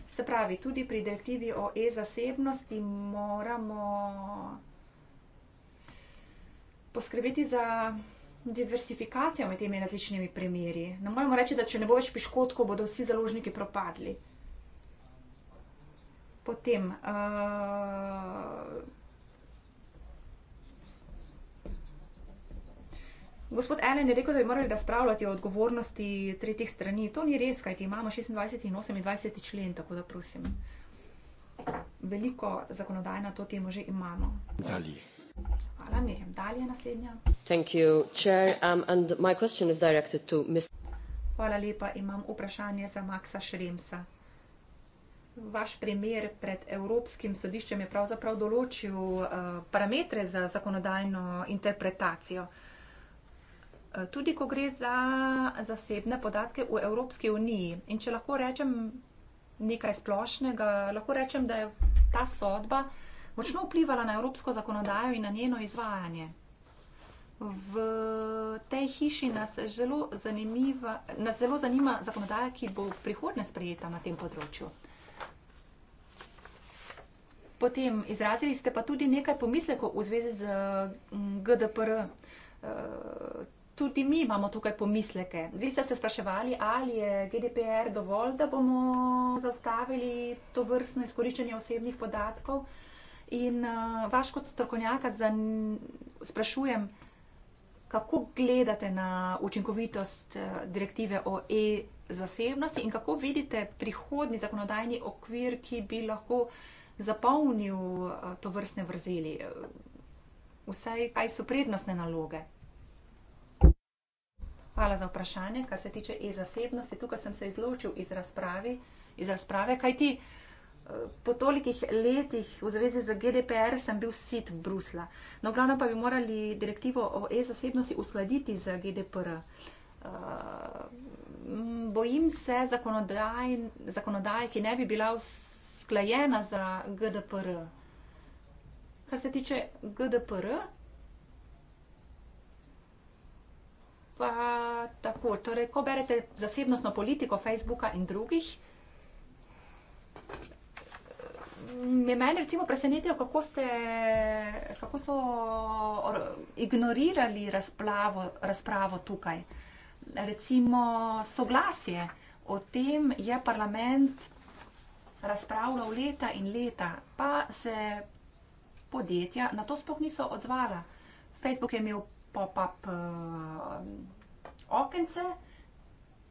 S8: Se pravi, tudi pri direktivi o e-zasebnosti moramo poskrbeti za diversifikacijo med temi različnimi primeri. Ne moremo reči, da če ne bo več piškotko, bodo vsi založniki propadli. Potem. Uh, Gospod Allen je rekel, da bi morali razpravljati o odgovornosti tretjih strani. To ni res, kajti imamo 26 in 28 člen, tako da prosim. Veliko zakonodaj na to temo že imamo. Dalje. Hvala, Mirjam. Dalje naslednja.
S4: You, um,
S8: Hvala lepa. Imam vprašanje za Maksa Šremsa. Vaš primer pred Evropskim sodiščem je pravzaprav določil uh, parametre za zakonodajno interpretacijo. Uh, tudi ko gre za zasebne podatke v Evropski uniji. In če lahko rečem nekaj splošnega, lahko rečem, da je ta sodba močno vplivala na evropsko zakonodajo in na njeno izvajanje. V tej hiši nas zelo, nas zelo zanima zakonodaja, ki bo v prihodnje sprejeta na tem področju. Potem izrazili ste pa tudi nekaj pomislekov v zvezi z mm, GDPR. Eh, tudi mi imamo tukaj pomisleke. Vi ste se spraševali, ali je GDPR dovolj, da bomo zaustavili to vrstno izkoriščanje osebnih podatkov. In uh, vaš kot strokovnjaka sprašujem, kako gledate na učinkovitost eh, direktive o e-zasebnosti in kako vidite prihodni zakonodajni okvir, ki bi lahko zapolnil eh, to vrstne vrzeli. Vsaj, kaj so prednostne naloge? Hvala za vprašanje. Kar se tiče e-zasebnosti, tukaj sem se izločil iz, razpravi, iz razprave, kaj ti eh, po tolikih letih v zvezi z GDPR sem bil sit v Brusla. No, glavno pa bi morali direktivo o e-zasebnosti uskladiti z GDPR. Eh, bojim se zakonodaj, zakonodaj, ki ne bi bila usklajena za GDPR. Kar se tiče GDPR, pa tako, torej, ko berete zasebnostno politiko Facebooka in drugih, me meni recimo presenetilo, kako, ste, kako so ignorirali razplavo, razpravo tukaj. Recimo soglasje o tem je parlament razpravljal leta in leta, pa se podjetja na to sploh niso odzvala. Facebook je imel pop-up eh, okence,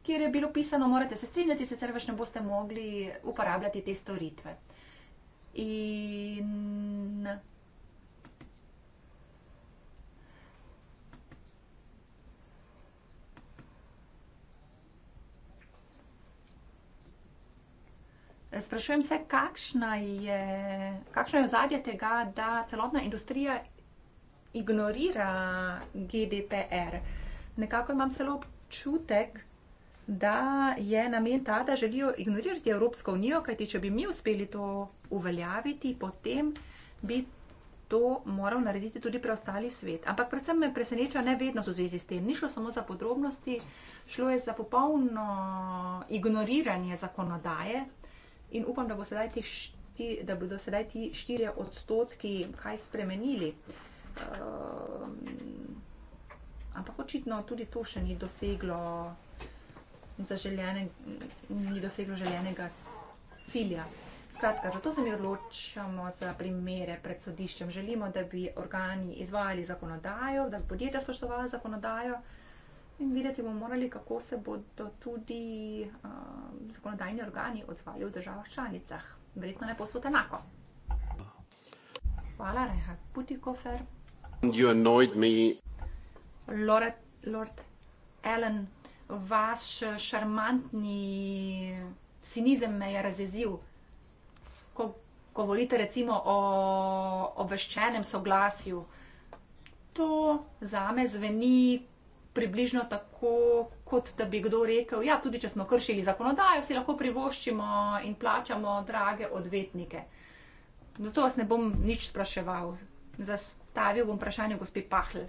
S8: kjer je bilo pisano, morate se strinjati, sicer več ne boste mogli uporabljati te storitve. In sprašujem se, kakšna je, kakšna je ozadje tega, da celotna industrija ignorira GDPR. Nekako imam celo občutek, da je namen ta, da želijo ignorirati Evropsko unijo, kajti če bi mi uspeli to uveljaviti, potem bi to moral narediti tudi preostali svet. Ampak predvsem me preseneča nevednost v zvezi s tem. Ni šlo samo za podrobnosti, šlo je za popolno ignoriranje zakonodaje in upam, da, bo sedaj ti šti, da bodo sedaj ti štirje odstotki kaj spremenili. Uh, Um, ampak očitno tudi to še ni doseglo, zaželjene, ni doseglo željenega cilja. Skratka, zato se mi odločamo za primere pred sodiščem. Želimo, da bi organi izvajali zakonodajo, da bi podjetja spoštovali zakonodajo in videti bomo morali, kako se bodo tudi um, zakonodajni organi odzvali v državah članicah. Verjetno ne posod enako. Hvala, Reha Putikofer.
S4: You annoyed me.
S8: Lore, Lord Allen, vaš šarmantni cinizem me je razjezil. Ko govorite recimo o obveščenem soglasju, to zame zveni približno tako, kot da bi kdo rekel, ja, tudi če smo kršili zakonodajo, si lahko privoščimo in plačamo drage odvetnike. Zato vas ne bom nič spraševal zastavil bom vprašanje gospe Pahl.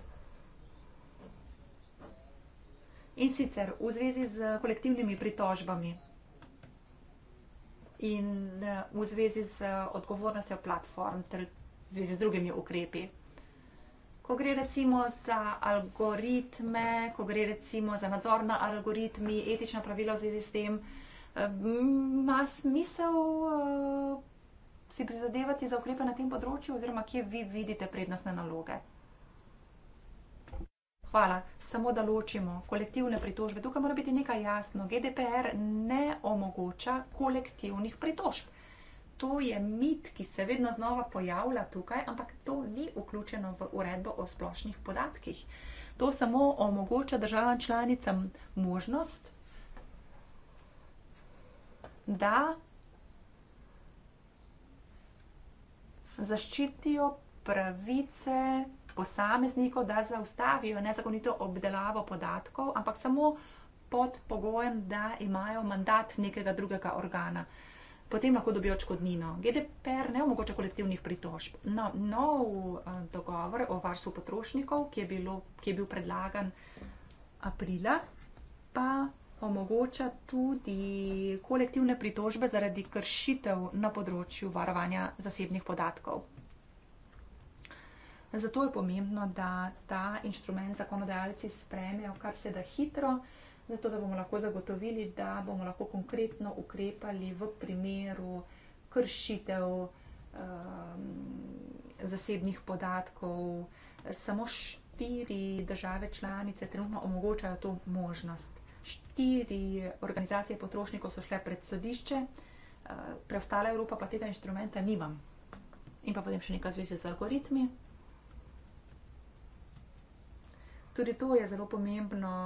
S8: In sicer v zvezi z kolektivnimi pritožbami in eh, v zvezi z odgovornostjo platform ter v zvezi z drugimi ukrepi. Ko gre recimo za algoritme, ko gre recimo za nadzor na algoritmi, etična pravila v zvezi s tem, eh, ima smisel eh, si prizadevati za ukrepe na tem področju oziroma kje vi vidite prednostne naloge? Hvala. Samo da ločimo kolektivne pritožbe. Tukaj mora biti nekaj jasno. GDPR ne omogoča kolektivnih pritožb. To je mit, ki se vedno znova pojavlja tukaj, ampak to ni vključeno v uredbo o splošnih podatkih. To samo omogoča državam članicam možnost, da zaščitijo pravice posameznikov, da zaustavijo nezakonito obdelavo podatkov, ampak samo pod pogojem, da imajo mandat nekega drugega organa. Potem lahko dobijo očkodnino. GDPR ne omogoča kolektivnih pritožb. No, nov eh, dogovor o varstvu potrošnikov, ki je, bilo, ki je bil predlagan aprila, pa omogoča tudi kolektivne pritožbe zaradi kršitev na področju varovanja zasebnih podatkov. Zato je pomembno, da ta inštrument zakonodajalci sprejmejo kar se da hitro, zato da bomo lahko zagotovili, da bomo lahko konkretno ukrepali v primeru kršitev um, zasebnih podatkov. Samo štiri države članice trenutno omogočajo to možnost štiri organizacije potrošnikov so šle pred sodišče, eh, preostala Evropa pa tega inštrumenta nima. In pa potem še nekaj zvezi z algoritmi. Tudi to je zelo pomembno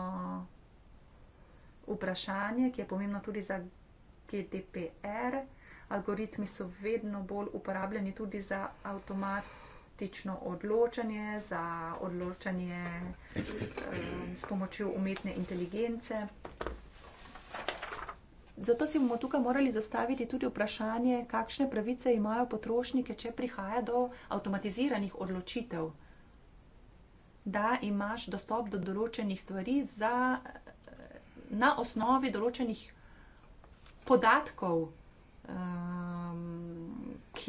S8: vprašanje, ki je pomembno tudi za GDPR. Algoritmi so vedno bolj uporabljeni tudi za avtomatično taktično odločanje, za odločanje eh, s pomočjo umetne inteligence. Zato si bomo tukaj morali zastaviti tudi vprašanje, kakšne pravice imajo potrošnike, če prihaja do avtomatiziranih odločitev. Da imaš dostop do določenih stvari za, eh, na osnovi določenih podatkov. Uh,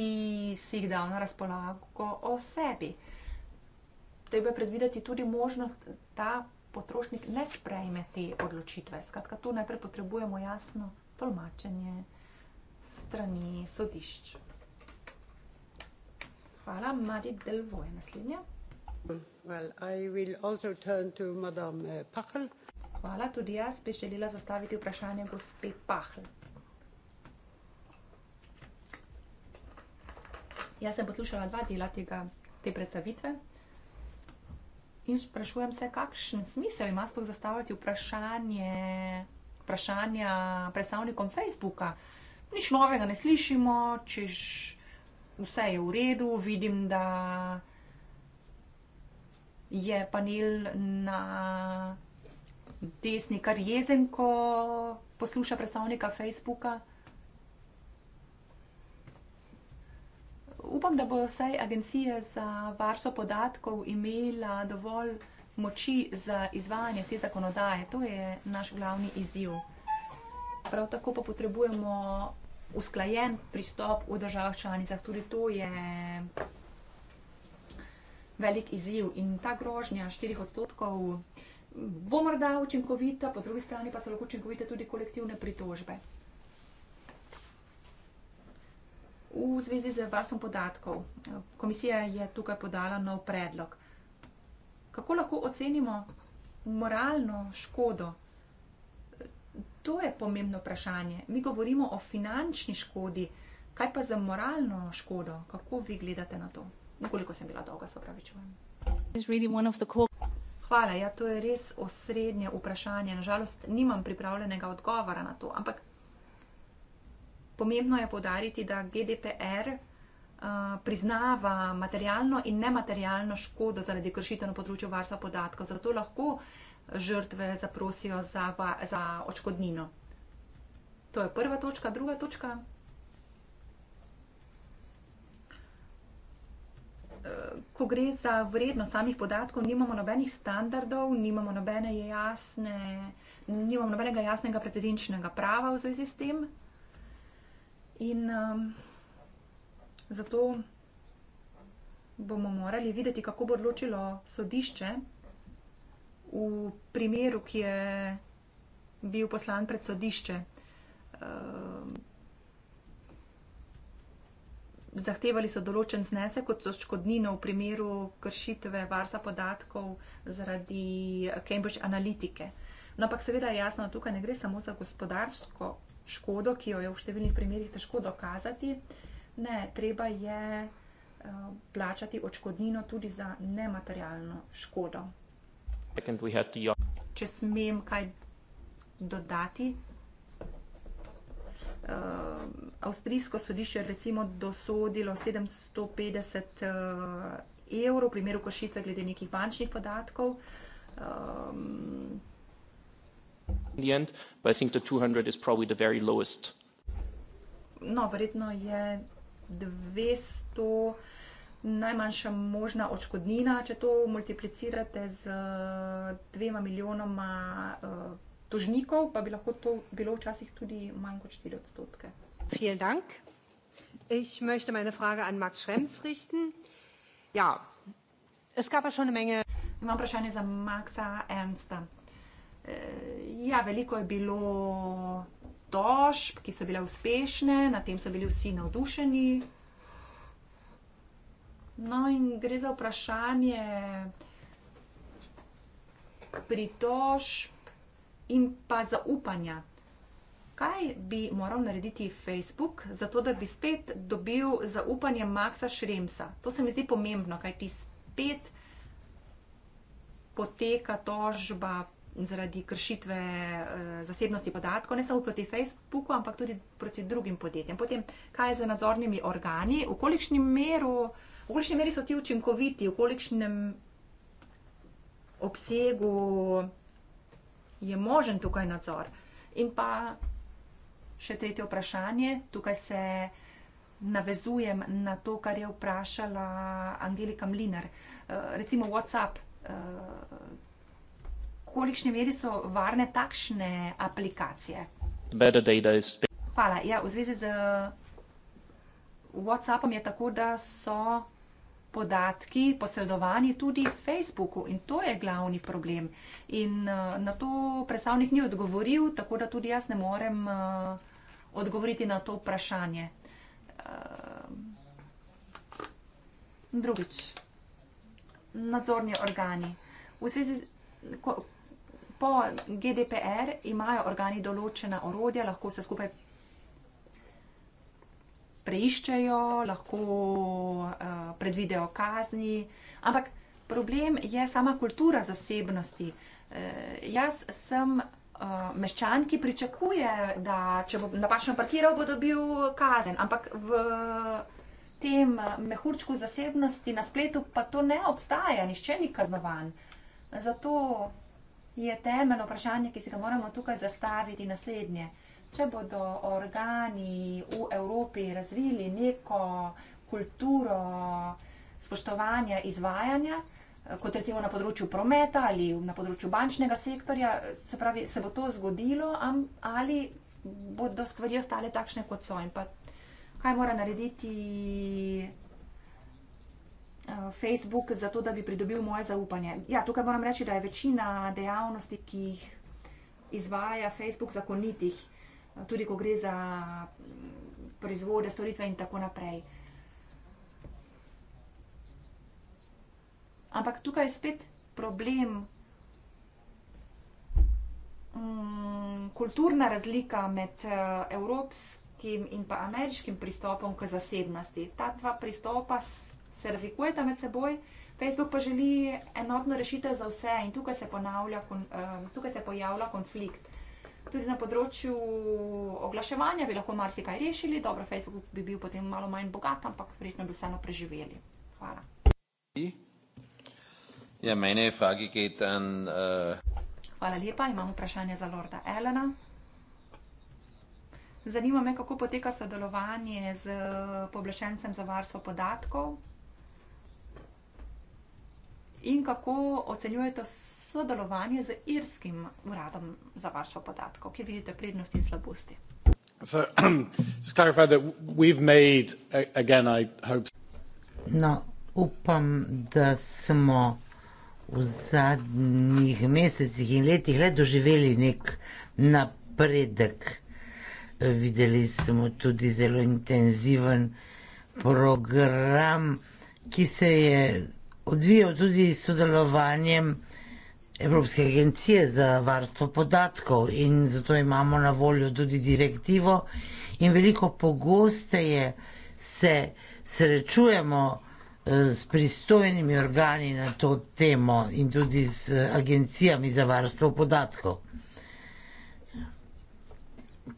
S8: ti si jih dal na razpolago o sebi. Treba je predvideti tudi možnost, da potrošnik ne sprejme te odločitve. Skratka, tu najprej potrebujemo jasno tolmačenje strani sodišč. Hvala, Madi Delvo je naslednja. Well, eh, Hvala, tudi jaz bi želela zastaviti vprašanje gospe Pahl. Jaz sem poslušala dva dela tega, te predstavitve in sprašujem se, kakšen smisel ima sploh zastavljati vprašanje, vprašanja predstavnikom Facebooka. Nič novega ne slišimo, češ vse je v redu, vidim, da je panel na desni kar jezen, ko posluša predstavnika Facebooka. upam, da bodo vse agencije za varstvo podatkov imela dovolj moči za izvajanje te zakonodaje. To je naš glavni izziv. Prav tako pa potrebujemo usklajen pristop v državah članicah. Tudi to je velik izziv in ta grožnja 4 odstotkov bo morda učinkovita, po drugi strani pa so lahko učinkovite tudi kolektivne pritožbe. v zvezi z varstvom podatkov. Komisija je tukaj podala nov predlog. Kako lahko ocenimo moralno škodo? To je pomembno vprašanje. Mi govorimo o finančni škodi, kaj pa za moralno škodo? Kako vi gledate na to? Nekoliko sem bila dolga, se opravičujem. Hvala, ja, to je res osrednje vprašanje. Nažalost, nimam pripravljenega odgovora na to, ampak Pomembno je podariti, da GDPR uh, eh, priznava materialno in nematerialno škodo zaradi kršitev na področju varstva podatkov, zato lahko žrtve zaprosijo za, za očkodnino. To je prva točka. Druga točka. Eh, ko gre za vrednost samih podatkov, nimamo nobenih standardov, nimamo, nobene jasne, nimamo nobenega jasnega precedenčnega prava v zvezi s tem, In um, zato bomo morali videti, kako bo odločilo sodišče v primeru, ki je bil poslan pred sodišče. Um, Zahtevali so določen znesek, kot so škodnino v primeru kršitve varsa podatkov zaradi uh, Cambridge Analytike. No, ampak seveda je jasno, da tukaj ne gre samo za gospodarsko škodo, ki jo je v številnih primerjih težko dokazati. Ne, treba je eh, plačati očkodnino tudi za nematerialno škodo. Uh, Če smem kaj dodati. Eh, avstrijsko sodišče je recimo dosodilo 750 eh, evrov v primeru košitve glede nekih bančnih podatkov.
S7: Ehm, in the end, but I think the 200 is probably the very lowest.
S8: No, verjetno je 200 najmanjša možna odškodnina, če to multiplicirate z dvema milijonoma eh, tožnikov, pa bi lahko to bilo včasih tudi manj kot 4 odstotke. Vielen Dank. Ich möchte meine Frage an Max Schrems richten. Ja, es gab ja schon eine Menge. Imam vprašanje za Maxa Ernsta. Eh, ja, veliko je bilo tožb, ki so bile uspešne, nad tem so bili vsi navdušeni. No, in gre za vprašanje pritožb in pa zaupanja. Kaj bi moral narediti Facebook, zato da bi spet dobil zaupanje Maxa Šremsa? To se mi zdi pomembno, kaj ti spet poteka tožba zaradi kršitve eh, zasebnosti podatkov, ne samo proti Facebooku, ampak tudi proti drugim podjetjem. Potem, kaj je z nadzornimi organi, v kolikšni meri, v kolikšni meri so ti učinkoviti, v kolikšnem obsegu je možen tukaj nadzor. In pa še tretje vprašanje, tukaj se navezujem na to, kar je vprašala Angelika Mlinar. Eh, recimo WhatsApp. Eh, kolikšni meri so varne takšne aplikacije? Hvala. Ja, v zvezi z WhatsAppom je tako, da so podatki posredovani tudi Facebooku in to je glavni problem. In uh, na to predstavnik ni odgovoril, tako da tudi jaz ne morem uh, odgovoriti na to vprašanje. Uh, drugič, nadzorni organi. V zvezi z, ko, po GDPR imajo organi določena orodja, lahko se skupaj preiščejo, lahko uh, predvidejo kazni, ampak problem je sama kultura zasebnosti. Uh, jaz sem uh, meščan, ki pričakuje, da če bo napačno parkiral, bo dobil kazen, ampak v tem mehurčku zasebnosti na spletu pa to ne obstaja, nišče ni kaznovan. Zato je temeljno vprašanje, ki se ga moramo tukaj zastaviti naslednje. Če bodo organi v Evropi razvili neko kulturo spoštovanja izvajanja, kot recimo na področju prometa ali na področju bančnega sektorja, se pravi, se bo to zgodilo ali bodo stvari ostale takšne, kot so. In pa kaj mora narediti Eh, Facebook, zato da bi pridobil moje zaupanje. Ja, tukaj moram reči, da je večina dejavnosti, ki jih izvaja Facebook, zakonitih, eh, tudi ko gre za mm, proizvode, storitve in tako naprej. Ampak tukaj je spet problem, mm, kulturna razlika med eh, evropskim in pa ameriškim pristopom k zasebnosti. Ta dva pristopa sta se razlikujeta med seboj. Facebook pa želi enotno rešitev za vse in tukaj se, ponavlja, eh, tukaj se pojavlja konflikt. Tudi na področju oglaševanja bi lahko marsikaj rešili, dobro, Facebook bi bil potem malo manj bogat, ampak verjetno bi vseeno preživeli. Hvala.
S6: Ja, mene je fagiketan. Uh... Eh,
S8: Hvala lepa, imam vprašanje za Lorda Elena. Zanima me, kako poteka sodelovanje z poblešencem za varstvo podatkov in kako ocenjujete sodelovanje z Irskim uradom za varstvo podatkov, ki vidite prednosti in slabosti?
S4: (clears throat) No,
S1: upam, da smo v zadnjih mesecih in letih le doživeli nek napredek. Videli smo tudi zelo intenziven program, ki se je odvijal tudi s sodelovanjem Evropske agencije za varstvo podatkov in zato imamo na voljo tudi direktivo in veliko pogosteje se srečujemo eh, s pristojnimi organi na to temo in tudi z eh, agencijami za varstvo podatkov.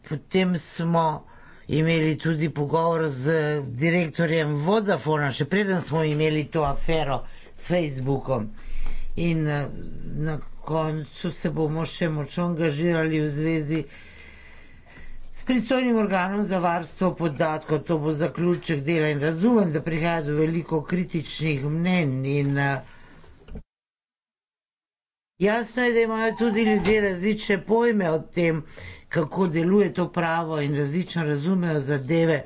S1: Potem smo imeli tudi pogovor z direktorjem Vodafona, še preden smo imeli to afero, s Facebookom. In eh, na koncu se bomo še močno angažirali v zvezi s pristojnim organom za varstvo podatkov. To bo zaključek dela in razumem, da prihaja do veliko kritičnih mnen. In, eh, jasno je, da imajo tudi ljudje različne pojme o tem, kako deluje to pravo in različno razumejo zadeve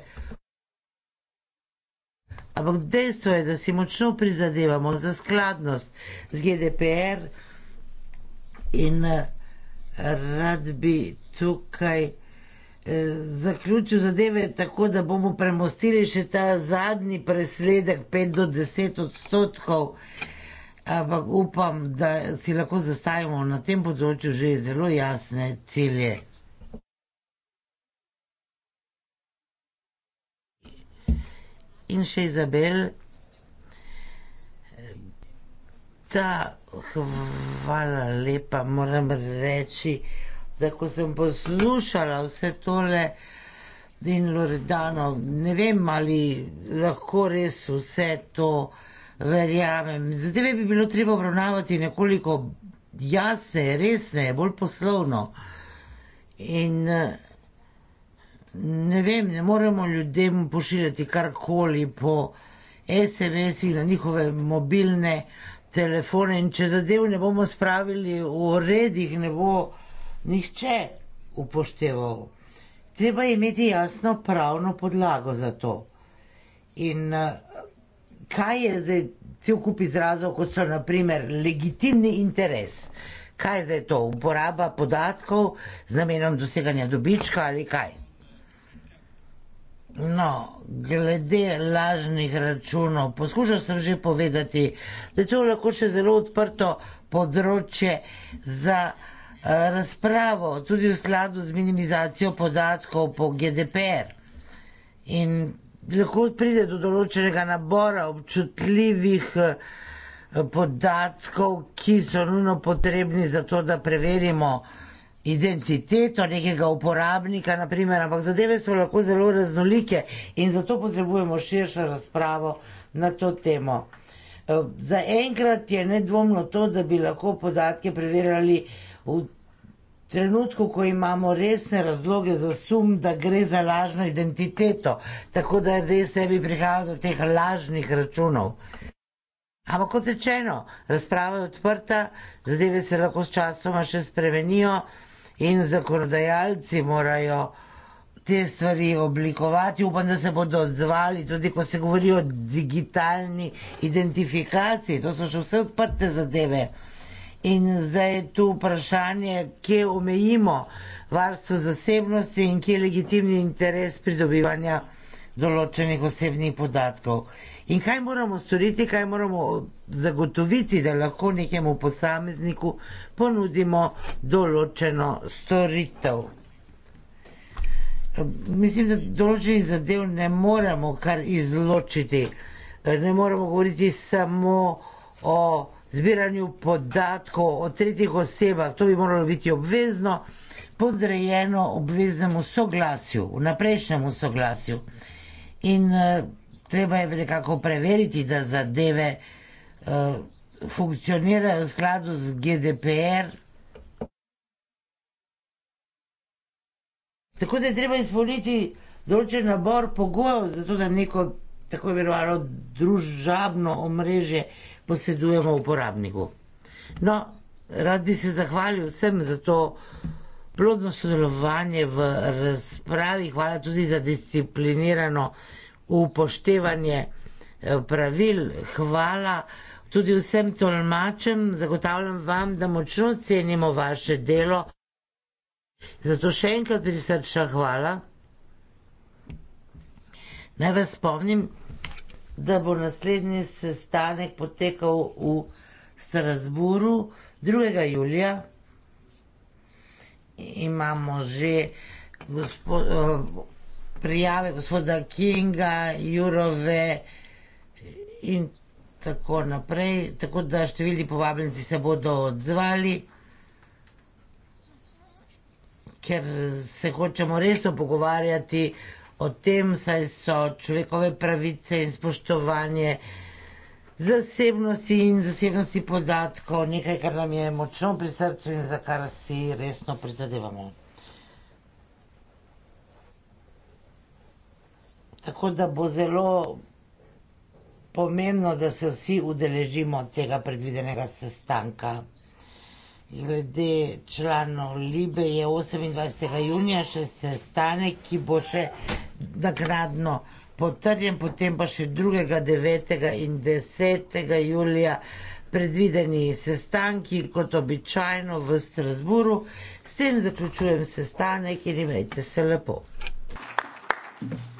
S1: ampak dejstvo je, da si močno prizadevamo za skladnost z GDPR in eh, rad bi tukaj eh, zaključil zadeve tako, da bomo premostili še ta zadnji presledek 5 do 10 odstotkov, ampak upam, da si lahko zastavimo na tem področju že zelo jasne cilje. in še Izabel. Ta hvala lepa, moram reči, da ko sem poslušala vse tole in Loredano, ne vem ali lahko res vse to verjamem. Zadeve bi bilo treba obravnavati nekoliko jasneje, resneje, bolj poslovno. In uh, ne vem, ne moremo ljudem pošiljati karkoli po SMS-ih na njihove mobilne telefone in če zadev ne bomo spravili v redih, ne bo nihče upošteval. Treba imeti jasno pravno podlago za to. In eh, kaj je zdaj cel kup izrazov, kot so naprimer legitimni interes? Kaj je zdaj to? Uporaba podatkov z namenom doseganja dobička ali kaj? No, glede lažnih računov, poskušal sem že povedati, da je to lahko še zelo odprto področje za eh, razpravo, tudi v skladu z minimizacijo podatkov po GDPR. In lahko pride do določenega nabora občutljivih eh, podatkov, ki so nujno potrebni za to, da preverimo, identiteto nekega uporabnika, naprimer, ampak zadeve so lahko zelo raznolike in zato potrebujemo širšo razpravo na to temo. Eh, za enkrat je nedvomno to, da bi lahko podatke preverjali v trenutku, ko imamo resne razloge za sum, da gre za lažno identiteto, tako da res ne bi prihajalo do teh lažnih računov. Ampak kot rečeno, razprava je odprta, zadeve se lahko s časoma še spremenijo in zakonodajalci morajo te stvari oblikovati. Upam, da se bodo odzvali tudi, ko se govori o digitalni identifikaciji. To so še vse odprte zadeve. In zdaj je tu vprašanje, kje omejimo varstvo zasebnosti in kje je legitimni interes pridobivanja določenih osebnih podatkov. In kaj moramo storiti, kaj moramo eh, zagotoviti, da lahko nekemu posamezniku ponudimo določeno storitev? Mislim, da določenih zadev ne moremo kar izločiti. Ne moramo govoriti samo o zbiranju podatkov o tretjih osebah. To bi moralo biti obvezno, podrejeno obveznemu soglasju, vnaprejšnjemu soglasju. In eh, treba je nekako preveriti, da zadeve uh, funkcionirajo v skladu z GDPR. Tako da je treba izpolniti določen nabor pogojev, zato da neko tako imenovano družabno omrežje posedujemo uporabniku. No, rad bi se zahvalil vsem za to plodno sodelovanje v razpravi. Hvala tudi za disciplinirano upoštevanje eh, pravil. Hvala tudi vsem tolmačem, zagotavljam vam, da močno cenimo vaše delo. Zato še enkrat prisrča hvala. Naj vas spomnim, da bo naslednji sestanek potekal v Strasburu 2. julija. Imamo že gospod, uh, eh, prijave gospoda Kinga, Jurove in tako naprej, tako da številni povabljenci se bodo odzvali, ker se hočemo resno pogovarjati o tem, saj so človekove pravice in spoštovanje zasebnosti in zasebnosti podatkov nekaj, kar nam je močno pri srcu in za kar si resno prizadevamo. Tako da bo zelo pomembno, da se vsi udeležimo tega predvidenega sestanka. Glede članov Libe je 28. junija še sestanek, ki bo še nagradno potrjen, potem pa še 2., 9. in 10. julija predvideni sestanki, kot običajno v Strasburu. S tem zaključujem sestanek in imejte se lepo. Thank
S6: you.